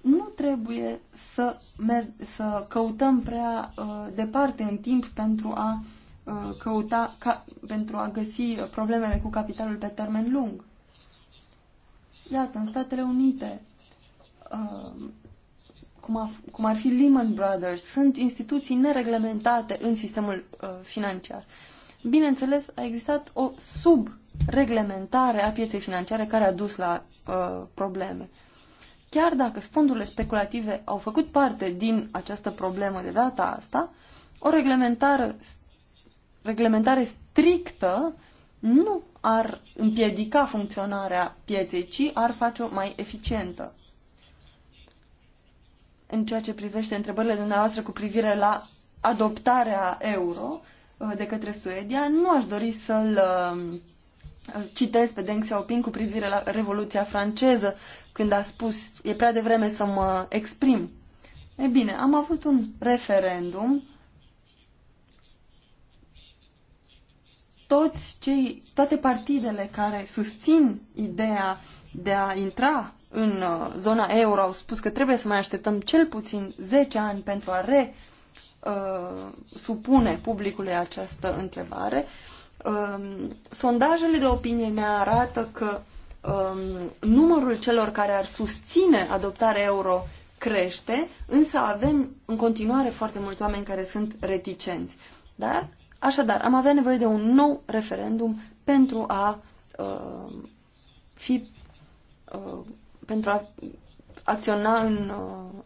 nu trebuie să, mer- să căutăm prea uh, departe în timp pentru a uh, căuta ca- pentru a găsi problemele cu capitalul pe termen lung. Iată, în Statele Unite, uh, cum, a, cum ar fi Lehman Brothers, sunt instituții nereglementate în sistemul uh, financiar. Bineînțeles, a existat o subreglementare a pieței financiare care a dus la uh, probleme. Chiar dacă fondurile speculative au făcut parte din această problemă de data asta, o reglementare, reglementare strictă nu ar împiedica funcționarea pieței, ci ar face-o mai eficientă. În ceea ce privește întrebările dumneavoastră cu privire la adoptarea euro uh, de către Suedia, nu aș dori să-l uh, citesc pe Deng Xiaoping cu privire la Revoluția franceză, când a spus, e prea devreme să mă exprim. E bine, am avut un referendum toți cei, toate partidele care susțin ideea de a intra în uh, zona euro au spus că trebuie să mai așteptăm cel puțin 10 ani pentru a re uh, supune publicului această întrebare. Um, sondajele de opinie ne arată că um, numărul celor care ar susține adoptarea euro crește, însă avem în continuare foarte mulți oameni care sunt reticenți. Dar Așadar, am avea nevoie de un nou referendum pentru a uh, fi uh, pentru a acționa în,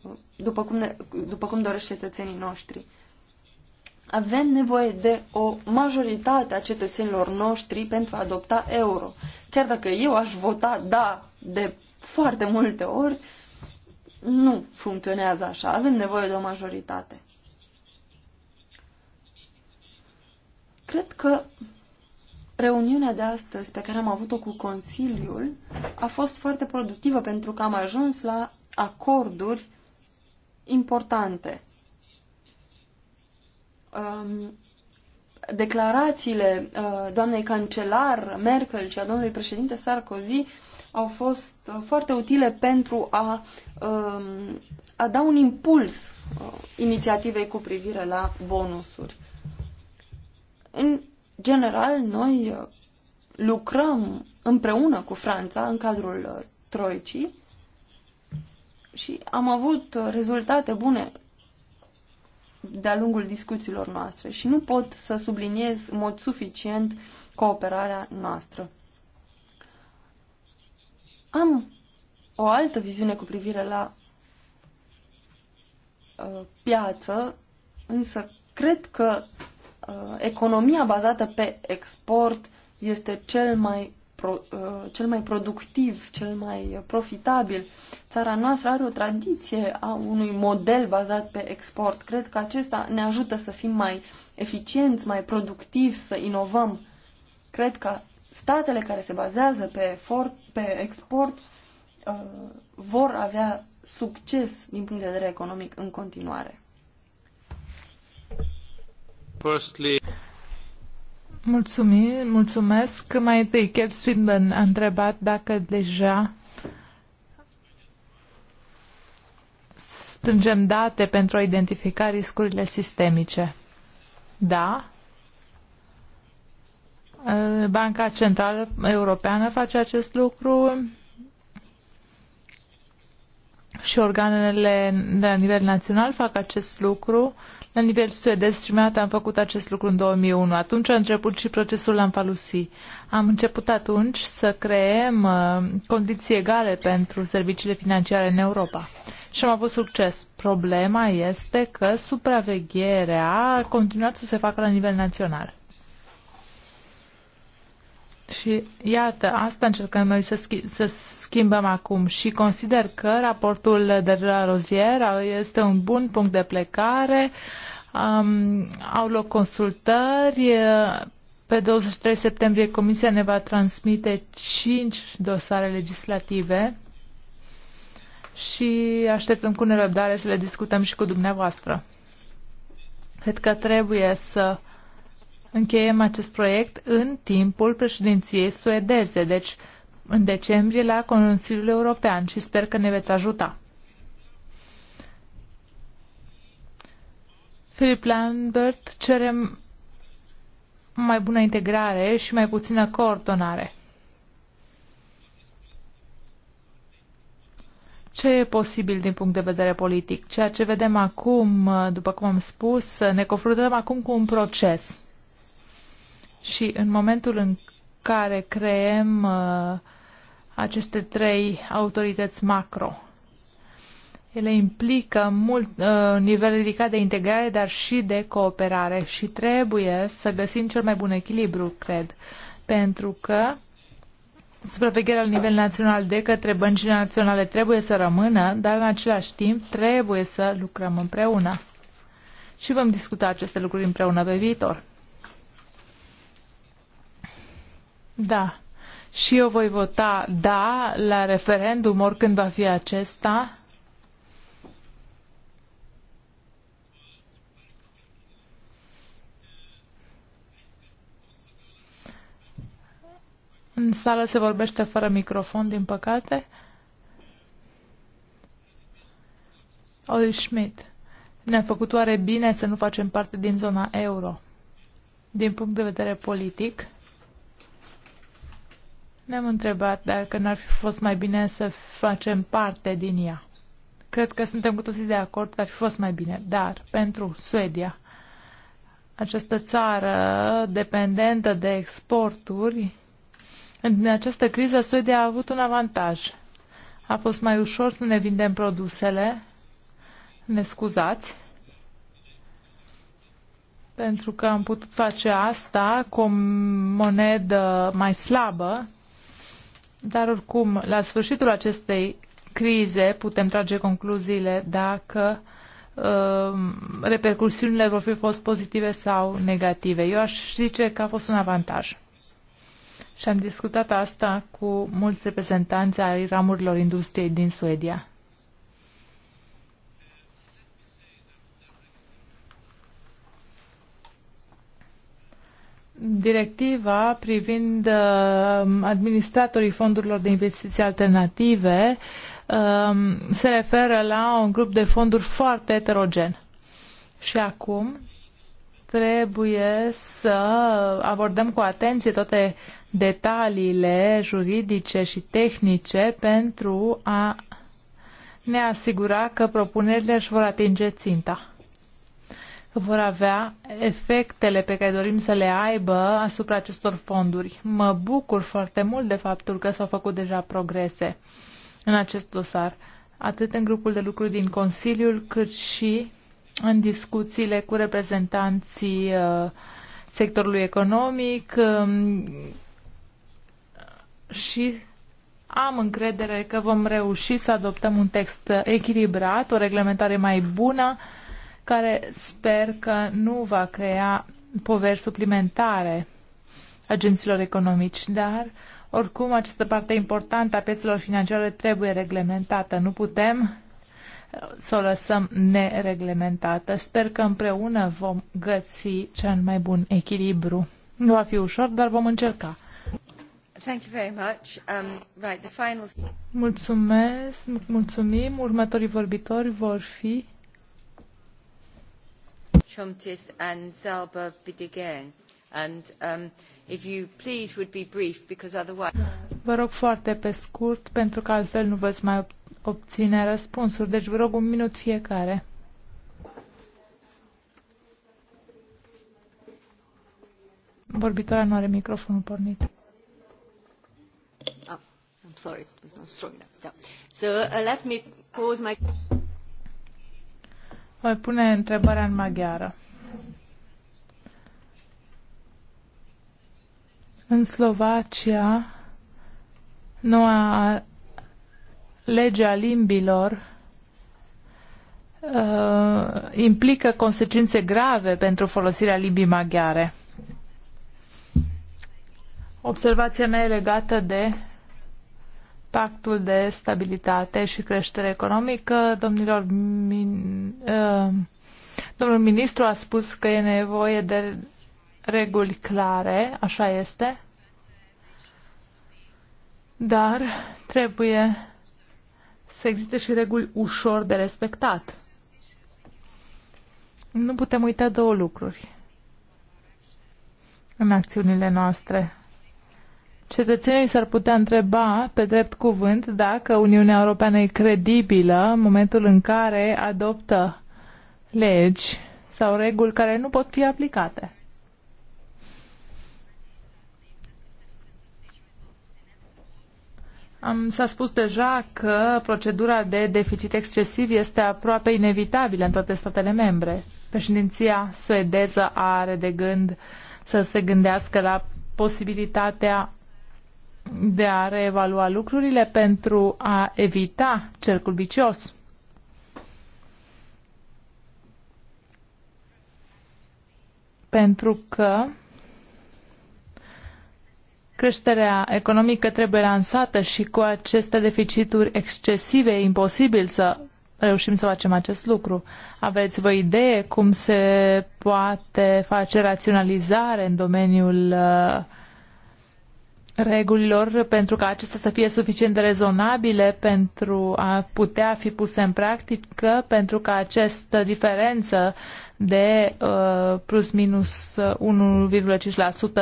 uh, după, cum ne, după cum doresc cetățenii noștri. Avem nevoie de o majoritate a cetățenilor noștri pentru a adopta euro. Chiar dacă eu aș vota da de foarte multe ori, nu funcționează așa. Avem nevoie de o majoritate. Cred că reuniunea de astăzi pe care am avut-o cu Consiliul a fost foarte productivă pentru că am ajuns la acorduri importante. Um, declarațiile uh, doamnei cancelar Merkel și a domnului președinte Sarkozy au fost uh, foarte utile pentru a, uh, a da un impuls uh, inițiativei cu privire la bonusuri. În general, noi uh, lucrăm împreună cu Franța în cadrul uh, Troicii și am avut uh, rezultate bune de-a lungul discuțiilor noastre și nu pot să subliniez în mod suficient cooperarea noastră. Am o altă viziune cu privire la uh, piață, însă cred că Uh, economia bazată pe export este cel mai, pro, uh, cel mai productiv, cel mai profitabil. Țara noastră are o tradiție a unui model bazat pe export. Cred că acesta ne ajută să fim mai eficienți, mai productivi, să inovăm. Cred că statele care se bazează pe, efort, pe export uh, vor avea succes din punct de vedere economic în continuare. Firstly... Mulțumim, mulțumesc. Mai întâi, Kate Swinburne a întrebat dacă deja strângem date pentru a identifica riscurile sistemice. Da. Banca Centrală Europeană face acest lucru, și organele de la nivel național fac acest lucru. La nivel suedez și am făcut acest lucru în 2001. Atunci a început și procesul Lamfalusi. Am început atunci să creăm uh, condiții egale pentru serviciile financiare în Europa. Și am avut succes. Problema este că supravegherea a continuat să se facă la nivel național. Și iată, asta încercăm noi să, schi- să schimbăm acum și consider că raportul de la Rozier este un bun punct de plecare. Um, au loc consultări. Pe 23 septembrie Comisia ne va transmite 5 dosare legislative și așteptăm cu nerăbdare să le discutăm și cu dumneavoastră. Cred că trebuie să încheiem acest proiect în timpul președinției suedeze, deci în decembrie la Consiliul European și sper că ne veți ajuta. Philip Lambert cerem mai bună integrare și mai puțină coordonare. Ce e posibil din punct de vedere politic? Ceea ce vedem acum, după cum am spus, ne confruntăm acum cu un proces și în momentul în care creăm uh, aceste trei autorități macro, ele implică mult uh, nivel ridicat de integrare, dar și de cooperare și trebuie să găsim cel mai bun echilibru, cred, pentru că supravegherea la nivel național de către băncile naționale trebuie să rămână, dar în același timp trebuie să lucrăm împreună. Și vom discuta aceste lucruri împreună pe viitor. Da. Și eu voi vota da la referendum oricând va fi acesta. În sală se vorbește fără microfon, din păcate. Oli Schmidt. Ne-a făcut oare bine să nu facem parte din zona euro? Din punct de vedere politic, ne-am întrebat dacă n-ar fi fost mai bine să facem parte din ea. Cred că suntem cu toții de acord că ar fi fost mai bine, dar pentru Suedia, această țară dependentă de exporturi, în această criză Suedia a avut un avantaj. A fost mai ușor să ne vindem produsele, ne scuzați, pentru că am putut face asta cu o monedă mai slabă dar oricum, la sfârșitul acestei crize putem trage concluziile dacă uh, repercursiunile vor fi fost pozitive sau negative. Eu aș zice că a fost un avantaj. Și am discutat asta cu mulți reprezentanți ai ramurilor industriei din Suedia. directiva privind uh, administratorii fondurilor de investiții alternative um, se referă la un grup de fonduri foarte heterogen. Și acum trebuie să abordăm cu atenție toate detaliile juridice și tehnice pentru a ne asigura că propunerile își vor atinge ținta vor avea efectele pe care dorim să le aibă asupra acestor fonduri. Mă bucur foarte mult de faptul că s-au făcut deja progrese în acest dosar, atât în grupul de lucru din Consiliul, cât și în discuțiile cu reprezentanții uh, sectorului economic um, și am încredere că vom reuși să adoptăm un text echilibrat, o reglementare mai bună care sper că nu va crea poveri suplimentare agenților economici, dar oricum această parte importantă a piețelor financiare trebuie reglementată. Nu putem uh, să o lăsăm nereglementată. Sper că împreună vom găsi cel mai bun echilibru. Nu va fi ușor, dar vom încerca. Thank you very much. Um, right, the final... Mulțumesc, mulțumim. Următorii vorbitori vor fi Chuntis and Zalba Bidigen. And um, if you please would be brief because otherwise... Vă rog foarte pe scurt, pentru că altfel nu veți mai obține răspunsuri. Deci vă rog un minut fiecare. Vorbitoarea nu are microfonul pornit. Ah, I'm sorry, it was not strong enough. Yeah. So uh, let me pose my... question. Voi pune întrebarea în maghiară. În Slovacia, noua lege a limbilor uh, implică consecințe grave pentru folosirea limbii maghiare. Observația mea e legată de pactul de stabilitate și creștere economică. Domnilor, min, uh, domnul ministru a spus că e nevoie de reguli clare, așa este, dar trebuie să existe și reguli ușor de respectat. Nu putem uita două lucruri în acțiunile noastre. Cetățenii s-ar putea întreba pe drept cuvânt dacă Uniunea Europeană e credibilă în momentul în care adoptă legi sau reguli care nu pot fi aplicate. Am, s-a spus deja că procedura de deficit excesiv este aproape inevitabilă în toate statele membre. Președinția suedeză are de gând să se gândească la posibilitatea de a reevalua lucrurile pentru a evita cercul vicios. Pentru că creșterea economică trebuie lansată și cu aceste deficituri excesive e imposibil să reușim să facem acest lucru. Aveți vă idee cum se poate face raționalizare în domeniul uh, regulilor pentru ca acestea să fie suficient de rezonabile pentru a putea fi puse în practică, pentru ca această diferență de uh, plus minus 1,5%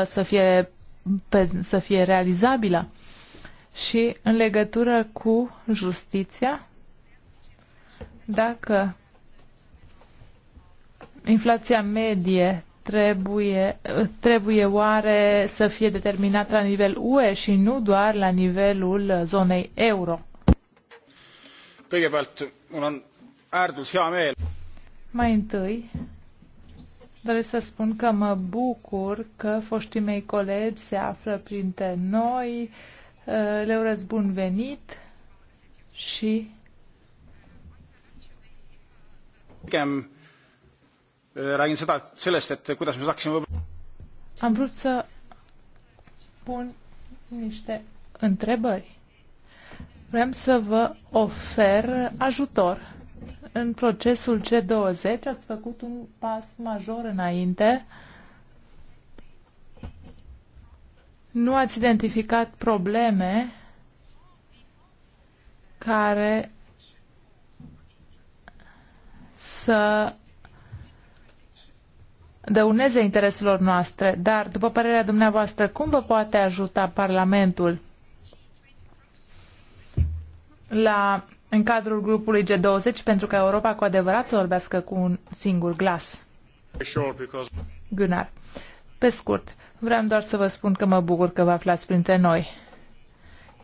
să fie, pe, să fie realizabilă. Și în legătură cu justiția, dacă inflația medie trebuie, trebuie oare să fie determinat la nivel UE și nu doar la nivelul zonei euro? Kõigepealt mul on äärdus hea meel. Mai întâi, doresc să spun că mă bucur că foștii mei colegi se află printre noi, uh, le urez bun venit și... Pigem Äh, räägin seda, sellest, et kuidas me saaksime Am vrut să pun niște întrebări. Vrem să vă ofer ajutor. În procesul C20 ați făcut un pas major înainte. Nu ați identificat probleme care să dăuneze intereselor noastre, dar, după părerea dumneavoastră, cum vă poate ajuta Parlamentul la, în cadrul grupului G20 pentru ca Europa cu adevărat să vorbească cu un singur glas? Gunnar, pe scurt, vreau doar să vă spun că mă bucur că vă aflați printre noi.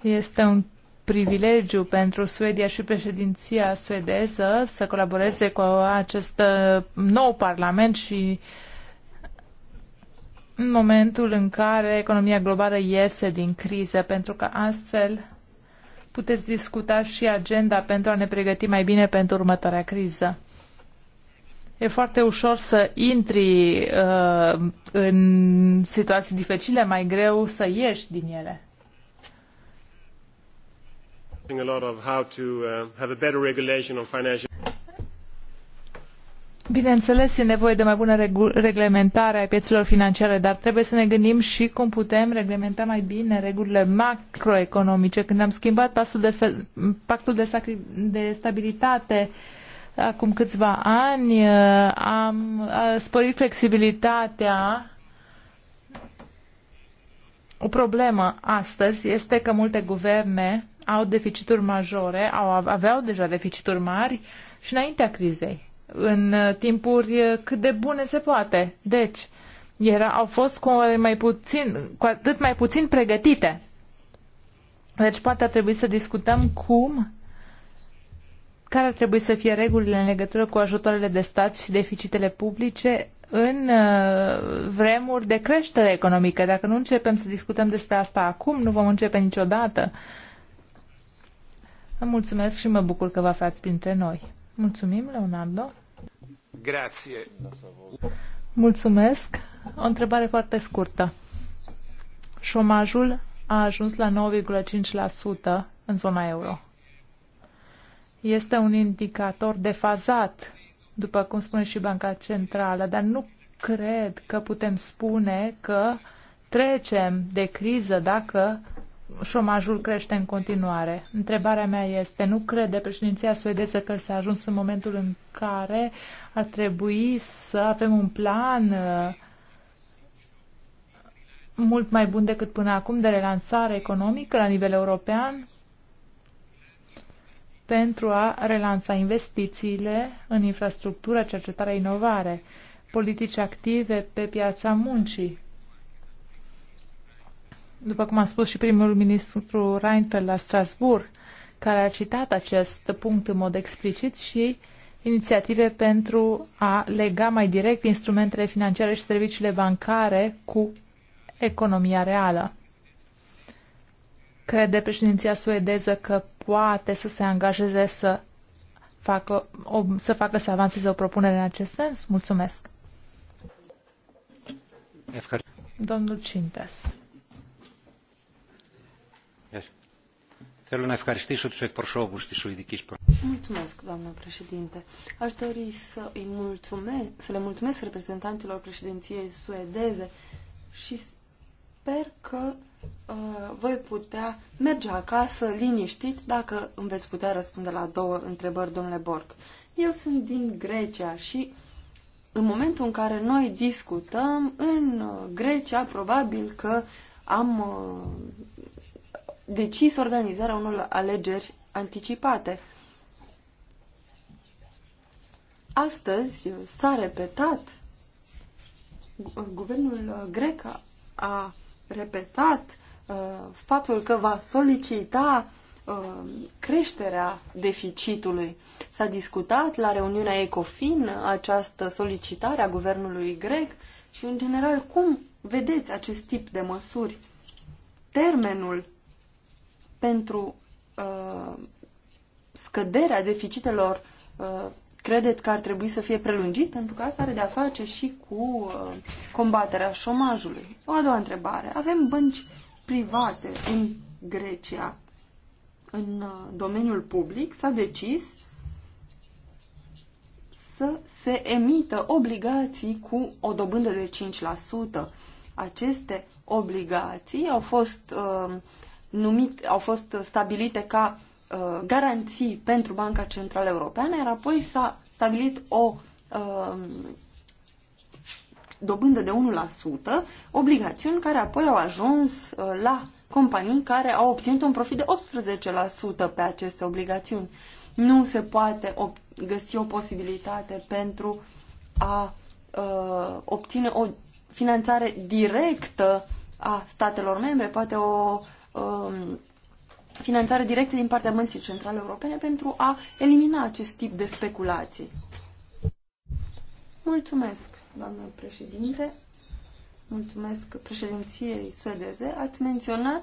Este un privilegiu pentru Suedia și președinția suedeză să colaboreze cu acest nou parlament și uh, în momentul în care economia globală iese din criză, pentru că astfel puteți discuta și agenda pentru a ne pregăti mai bine pentru următoarea criză. E foarte ușor să intri uh, în situații dificile, mai greu să ieși din ele. Bineînțeles, e nevoie de mai bună reglementare a piețelor financiare, dar trebuie să ne gândim și cum putem reglementa mai bine regulile macroeconomice. Când am schimbat pasul de, pactul de, de stabilitate acum câțiva ani, uh, am uh, sporit flexibilitatea. O problemă astăzi este că multe guverne au deficituri majore, au, aveau deja deficituri mari și înaintea crizei în uh, timpuri uh, cât de bune se poate. Deci, era, au fost cu, mai puțin, cu atât mai puțin pregătite. Deci poate ar trebui să discutăm cum, care ar trebui să fie regulile în legătură cu ajutoarele de stat și deficitele publice în uh, vremuri de creștere economică. Dacă nu începem să discutăm despre asta acum, nu vom începe niciodată. Vă mulțumesc și mă bucur că vă aflați printre noi. Mulțumim, Leonardo. Mulțumesc. O întrebare foarte scurtă. Șomajul a ajuns la 9,5% în zona euro. Este un indicator defazat, după cum spune și Banca Centrală, dar nu cred că putem spune că trecem de criză dacă șomajul crește în continuare. Întrebarea mea este, nu crede președinția suedeză că s-a ajuns în momentul în care ar trebui să avem un plan uh, mult mai bun decât până acum de relansare economică la nivel european pentru a relansa investițiile în infrastructură, cercetare, inovare, politici active pe piața muncii după cum a spus și primul ministru Reinfeldt la Strasbourg, care a citat acest punct în mod explicit și inițiative pentru a lega mai direct instrumentele financiare și serviciile bancare cu economia reală. Crede președinția suedeză că poate să se angajeze să facă, o, să facă să avanseze o propunere în acest sens? Mulțumesc. Domnul Cintes. Θέλω να ευχαριστήσω τους εκπροσώπους της Σουηδικής Mulțumesc, doamnă președinte. Aș dori să, îi mulțumesc, să le mulțumesc reprezentantelor președinției suedeze și sper că uh, voi putea merge acasă liniștit dacă îmi veți putea răspunde la două întrebări, domnule Borg. Eu sunt din Grecia și în momentul în care noi discutăm, în uh, Grecia probabil că am uh, decis organizarea unor alegeri anticipate. Astăzi s-a repetat, guvernul grec a repetat uh, faptul că va solicita uh, creșterea deficitului. S-a discutat la reuniunea ECOFIN această solicitare a guvernului grec și, în general, cum vedeți acest tip de măsuri? Termenul pentru uh, scăderea deficitelor uh, credeți că ar trebui să fie prelungit? Pentru că asta are de-a face și cu uh, combaterea șomajului. O a doua întrebare. Avem bănci private în Grecia. În uh, domeniul public s-a decis să se emită obligații cu o dobândă de 5%. Aceste obligații au fost uh, numit, au fost stabilite ca uh, garanții pentru Banca Centrală Europeană, iar apoi s-a stabilit o um, dobândă de 1%, obligațiuni care apoi au ajuns uh, la companii care au obținut un profit de 18% pe aceste obligațiuni. Nu se poate găsi o posibilitate pentru a uh, obține o finanțare directă a statelor membre, poate o Um, finanțare directă din partea Băncii Centrale Europene pentru a elimina acest tip de speculații. Mulțumesc, doamnă președinte. Mulțumesc președinției suedeze. Ați menționat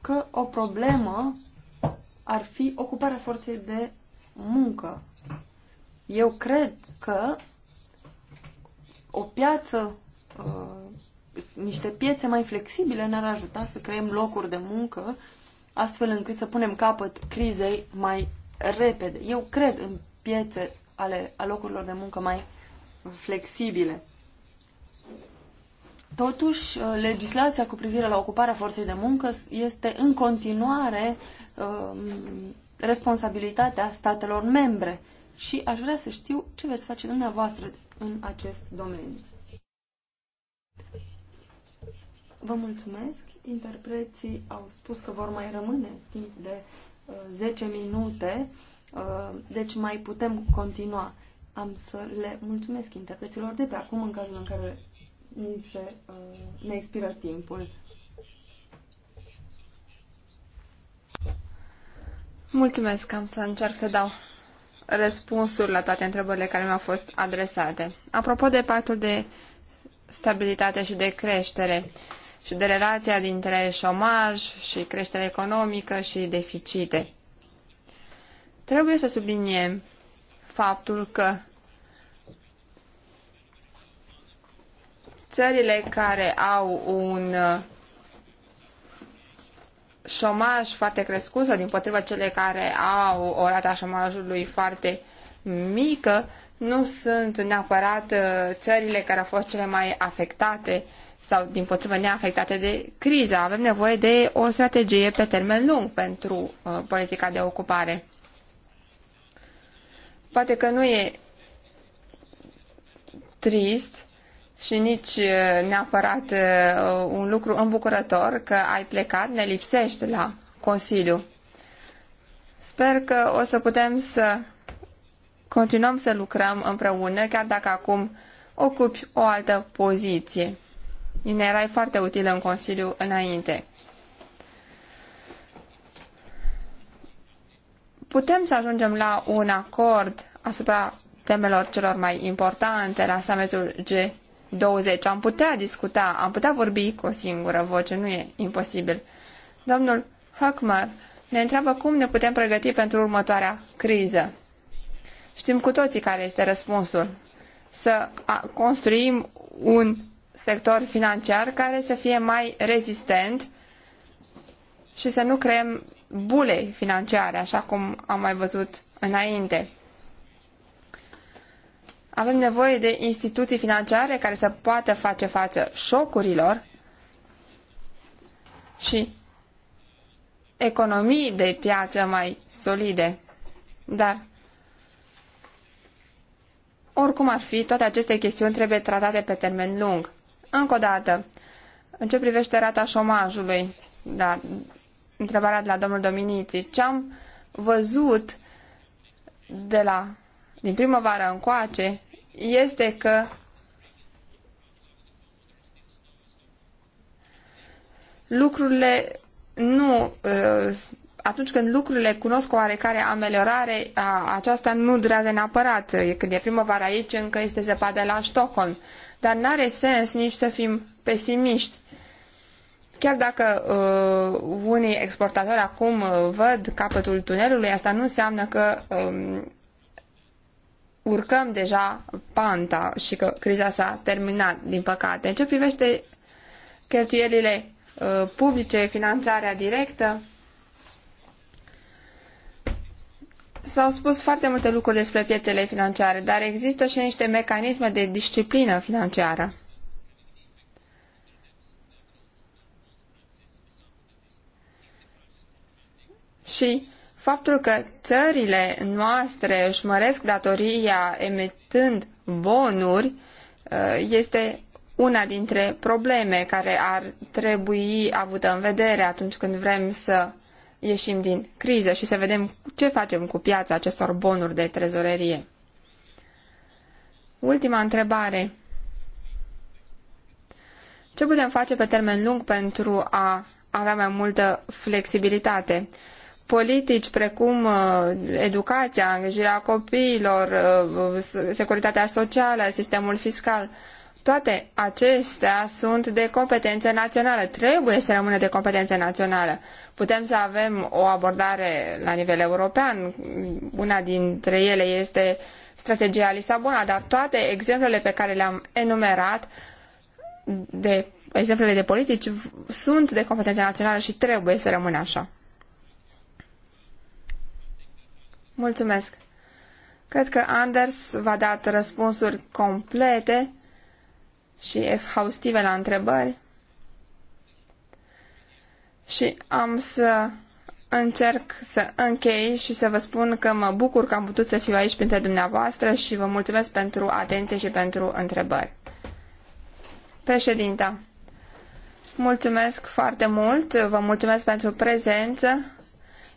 că o problemă ar fi ocuparea forței de muncă. Eu cred că o piață uh, niște piețe mai flexibile ne-ar ajuta să creăm locuri de muncă, astfel încât să punem capăt crizei mai repede. Eu cred în piețe ale a locurilor de muncă mai flexibile. Totuși, uh, legislația cu privire la ocuparea forței de muncă este în continuare um, responsabilitatea statelor membre și aș vrea să știu ce veți face dumneavoastră în acest domeniu. Vă mulțumesc. Interpreții au spus că vor mai rămâne timp de uh, 10 minute, uh, deci mai putem continua. Am să le mulțumesc interpreților de pe acum în cazul în care ni se, uh, ne expiră timpul. Mulțumesc, am să încerc să dau răspunsuri la toate întrebările care mi-au fost adresate. Apropo de pactul de stabilitate și de creștere, uh, și de relația dintre șomaj și creștere economică și deficite. Trebuie să subliniem faptul că țările care au un uh, șomaj foarte crescut sau din potriva cele care au o rată a șomajului foarte mică nu sunt neapărat uh, țările care au fost cele mai afectate sau din potrivă neafectate de criză. Avem nevoie de o strategie pe termen lung pentru uh, politica de ocupare. Poate că nu e trist și nici uh, neapărat uh, un lucru îmbucurător că ai plecat, ne lipsești la Consiliu. Sper că o să putem să continuăm să lucrăm împreună, chiar dacă acum ocupi o altă poziție ne erai foarte utilă în Consiliu înainte. Putem să ajungem la un acord asupra temelor celor mai importante la summitul G20. Am putea discuta, am putea vorbi cu o singură voce, nu e imposibil. Domnul Huckmer ne întreabă cum ne putem pregăti pentru următoarea criză. Știm cu toții care este răspunsul. Să construim un sector financiar care să fie mai rezistent și să nu creăm bule financiare, așa cum am mai văzut înainte. Avem nevoie de instituții financiare care să poată face față șocurilor și economii de piață mai solide. Dar, oricum ar fi, toate aceste chestiuni trebuie tratate pe termen lung. Încă o dată, în ce privește rata șomajului, da, întrebarea de la domnul Dominici, ce am văzut de la, din primăvară încoace este că lucrurile nu ă, atunci când lucrurile cunosc o oarecare ameliorare, aceasta nu durează neapărat. Când e primăvara aici, încă este zăpadă la Stockholm dar n-are sens nici să fim pesimiști. Chiar dacă uh, unii exportatori acum uh, văd capătul tunelului, asta nu înseamnă că um, urcăm deja panta și că criza s-a terminat, din păcate. În ce privește cheltuielile uh, publice, finanțarea directă, S-au spus foarte multe lucruri despre piețele financiare, dar există și niște mecanisme de disciplină financiară. Și faptul că țările noastre își măresc datoria emitând bonuri uh, este una dintre probleme care ar trebui avută în vedere atunci când vrem să ieșim din criză și să vedem ce facem cu piața acestor bonuri de trezorerie. Ultima întrebare. Ce putem face pe termen lung pentru a avea mai multă flexibilitate? Politici precum uh, educația, îngrijirea copiilor, uh, securitatea socială, sistemul fiscal – toate acestea sunt de competență națională, trebuie să rămână de competență națională. Putem să avem o abordare la nivel european, una dintre ele este strategia Lisabona, dar toate exemplele pe care le-am enumerat, de exemplele de politici, sunt de competență națională și trebuie să rămână așa. Mulțumesc! Cred că Anders v-a dat răspunsuri complete și exhaustive la întrebări și am să încerc să închei și să vă spun că mă bucur că am putut să fiu aici printre dumneavoastră și vă mulțumesc pentru atenție și pentru întrebări. Președinta, mulțumesc foarte mult, vă mulțumesc pentru prezență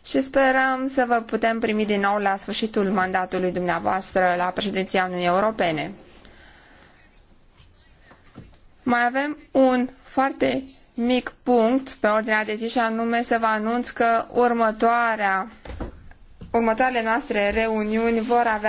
și sperăm să vă putem primi din nou la sfârșitul mandatului dumneavoastră la președinția Uniunii Europene. Mai avem un foarte mic punct pe ordinea de zi și anume să vă anunț că următoarea, următoarele noastre reuniuni vor avea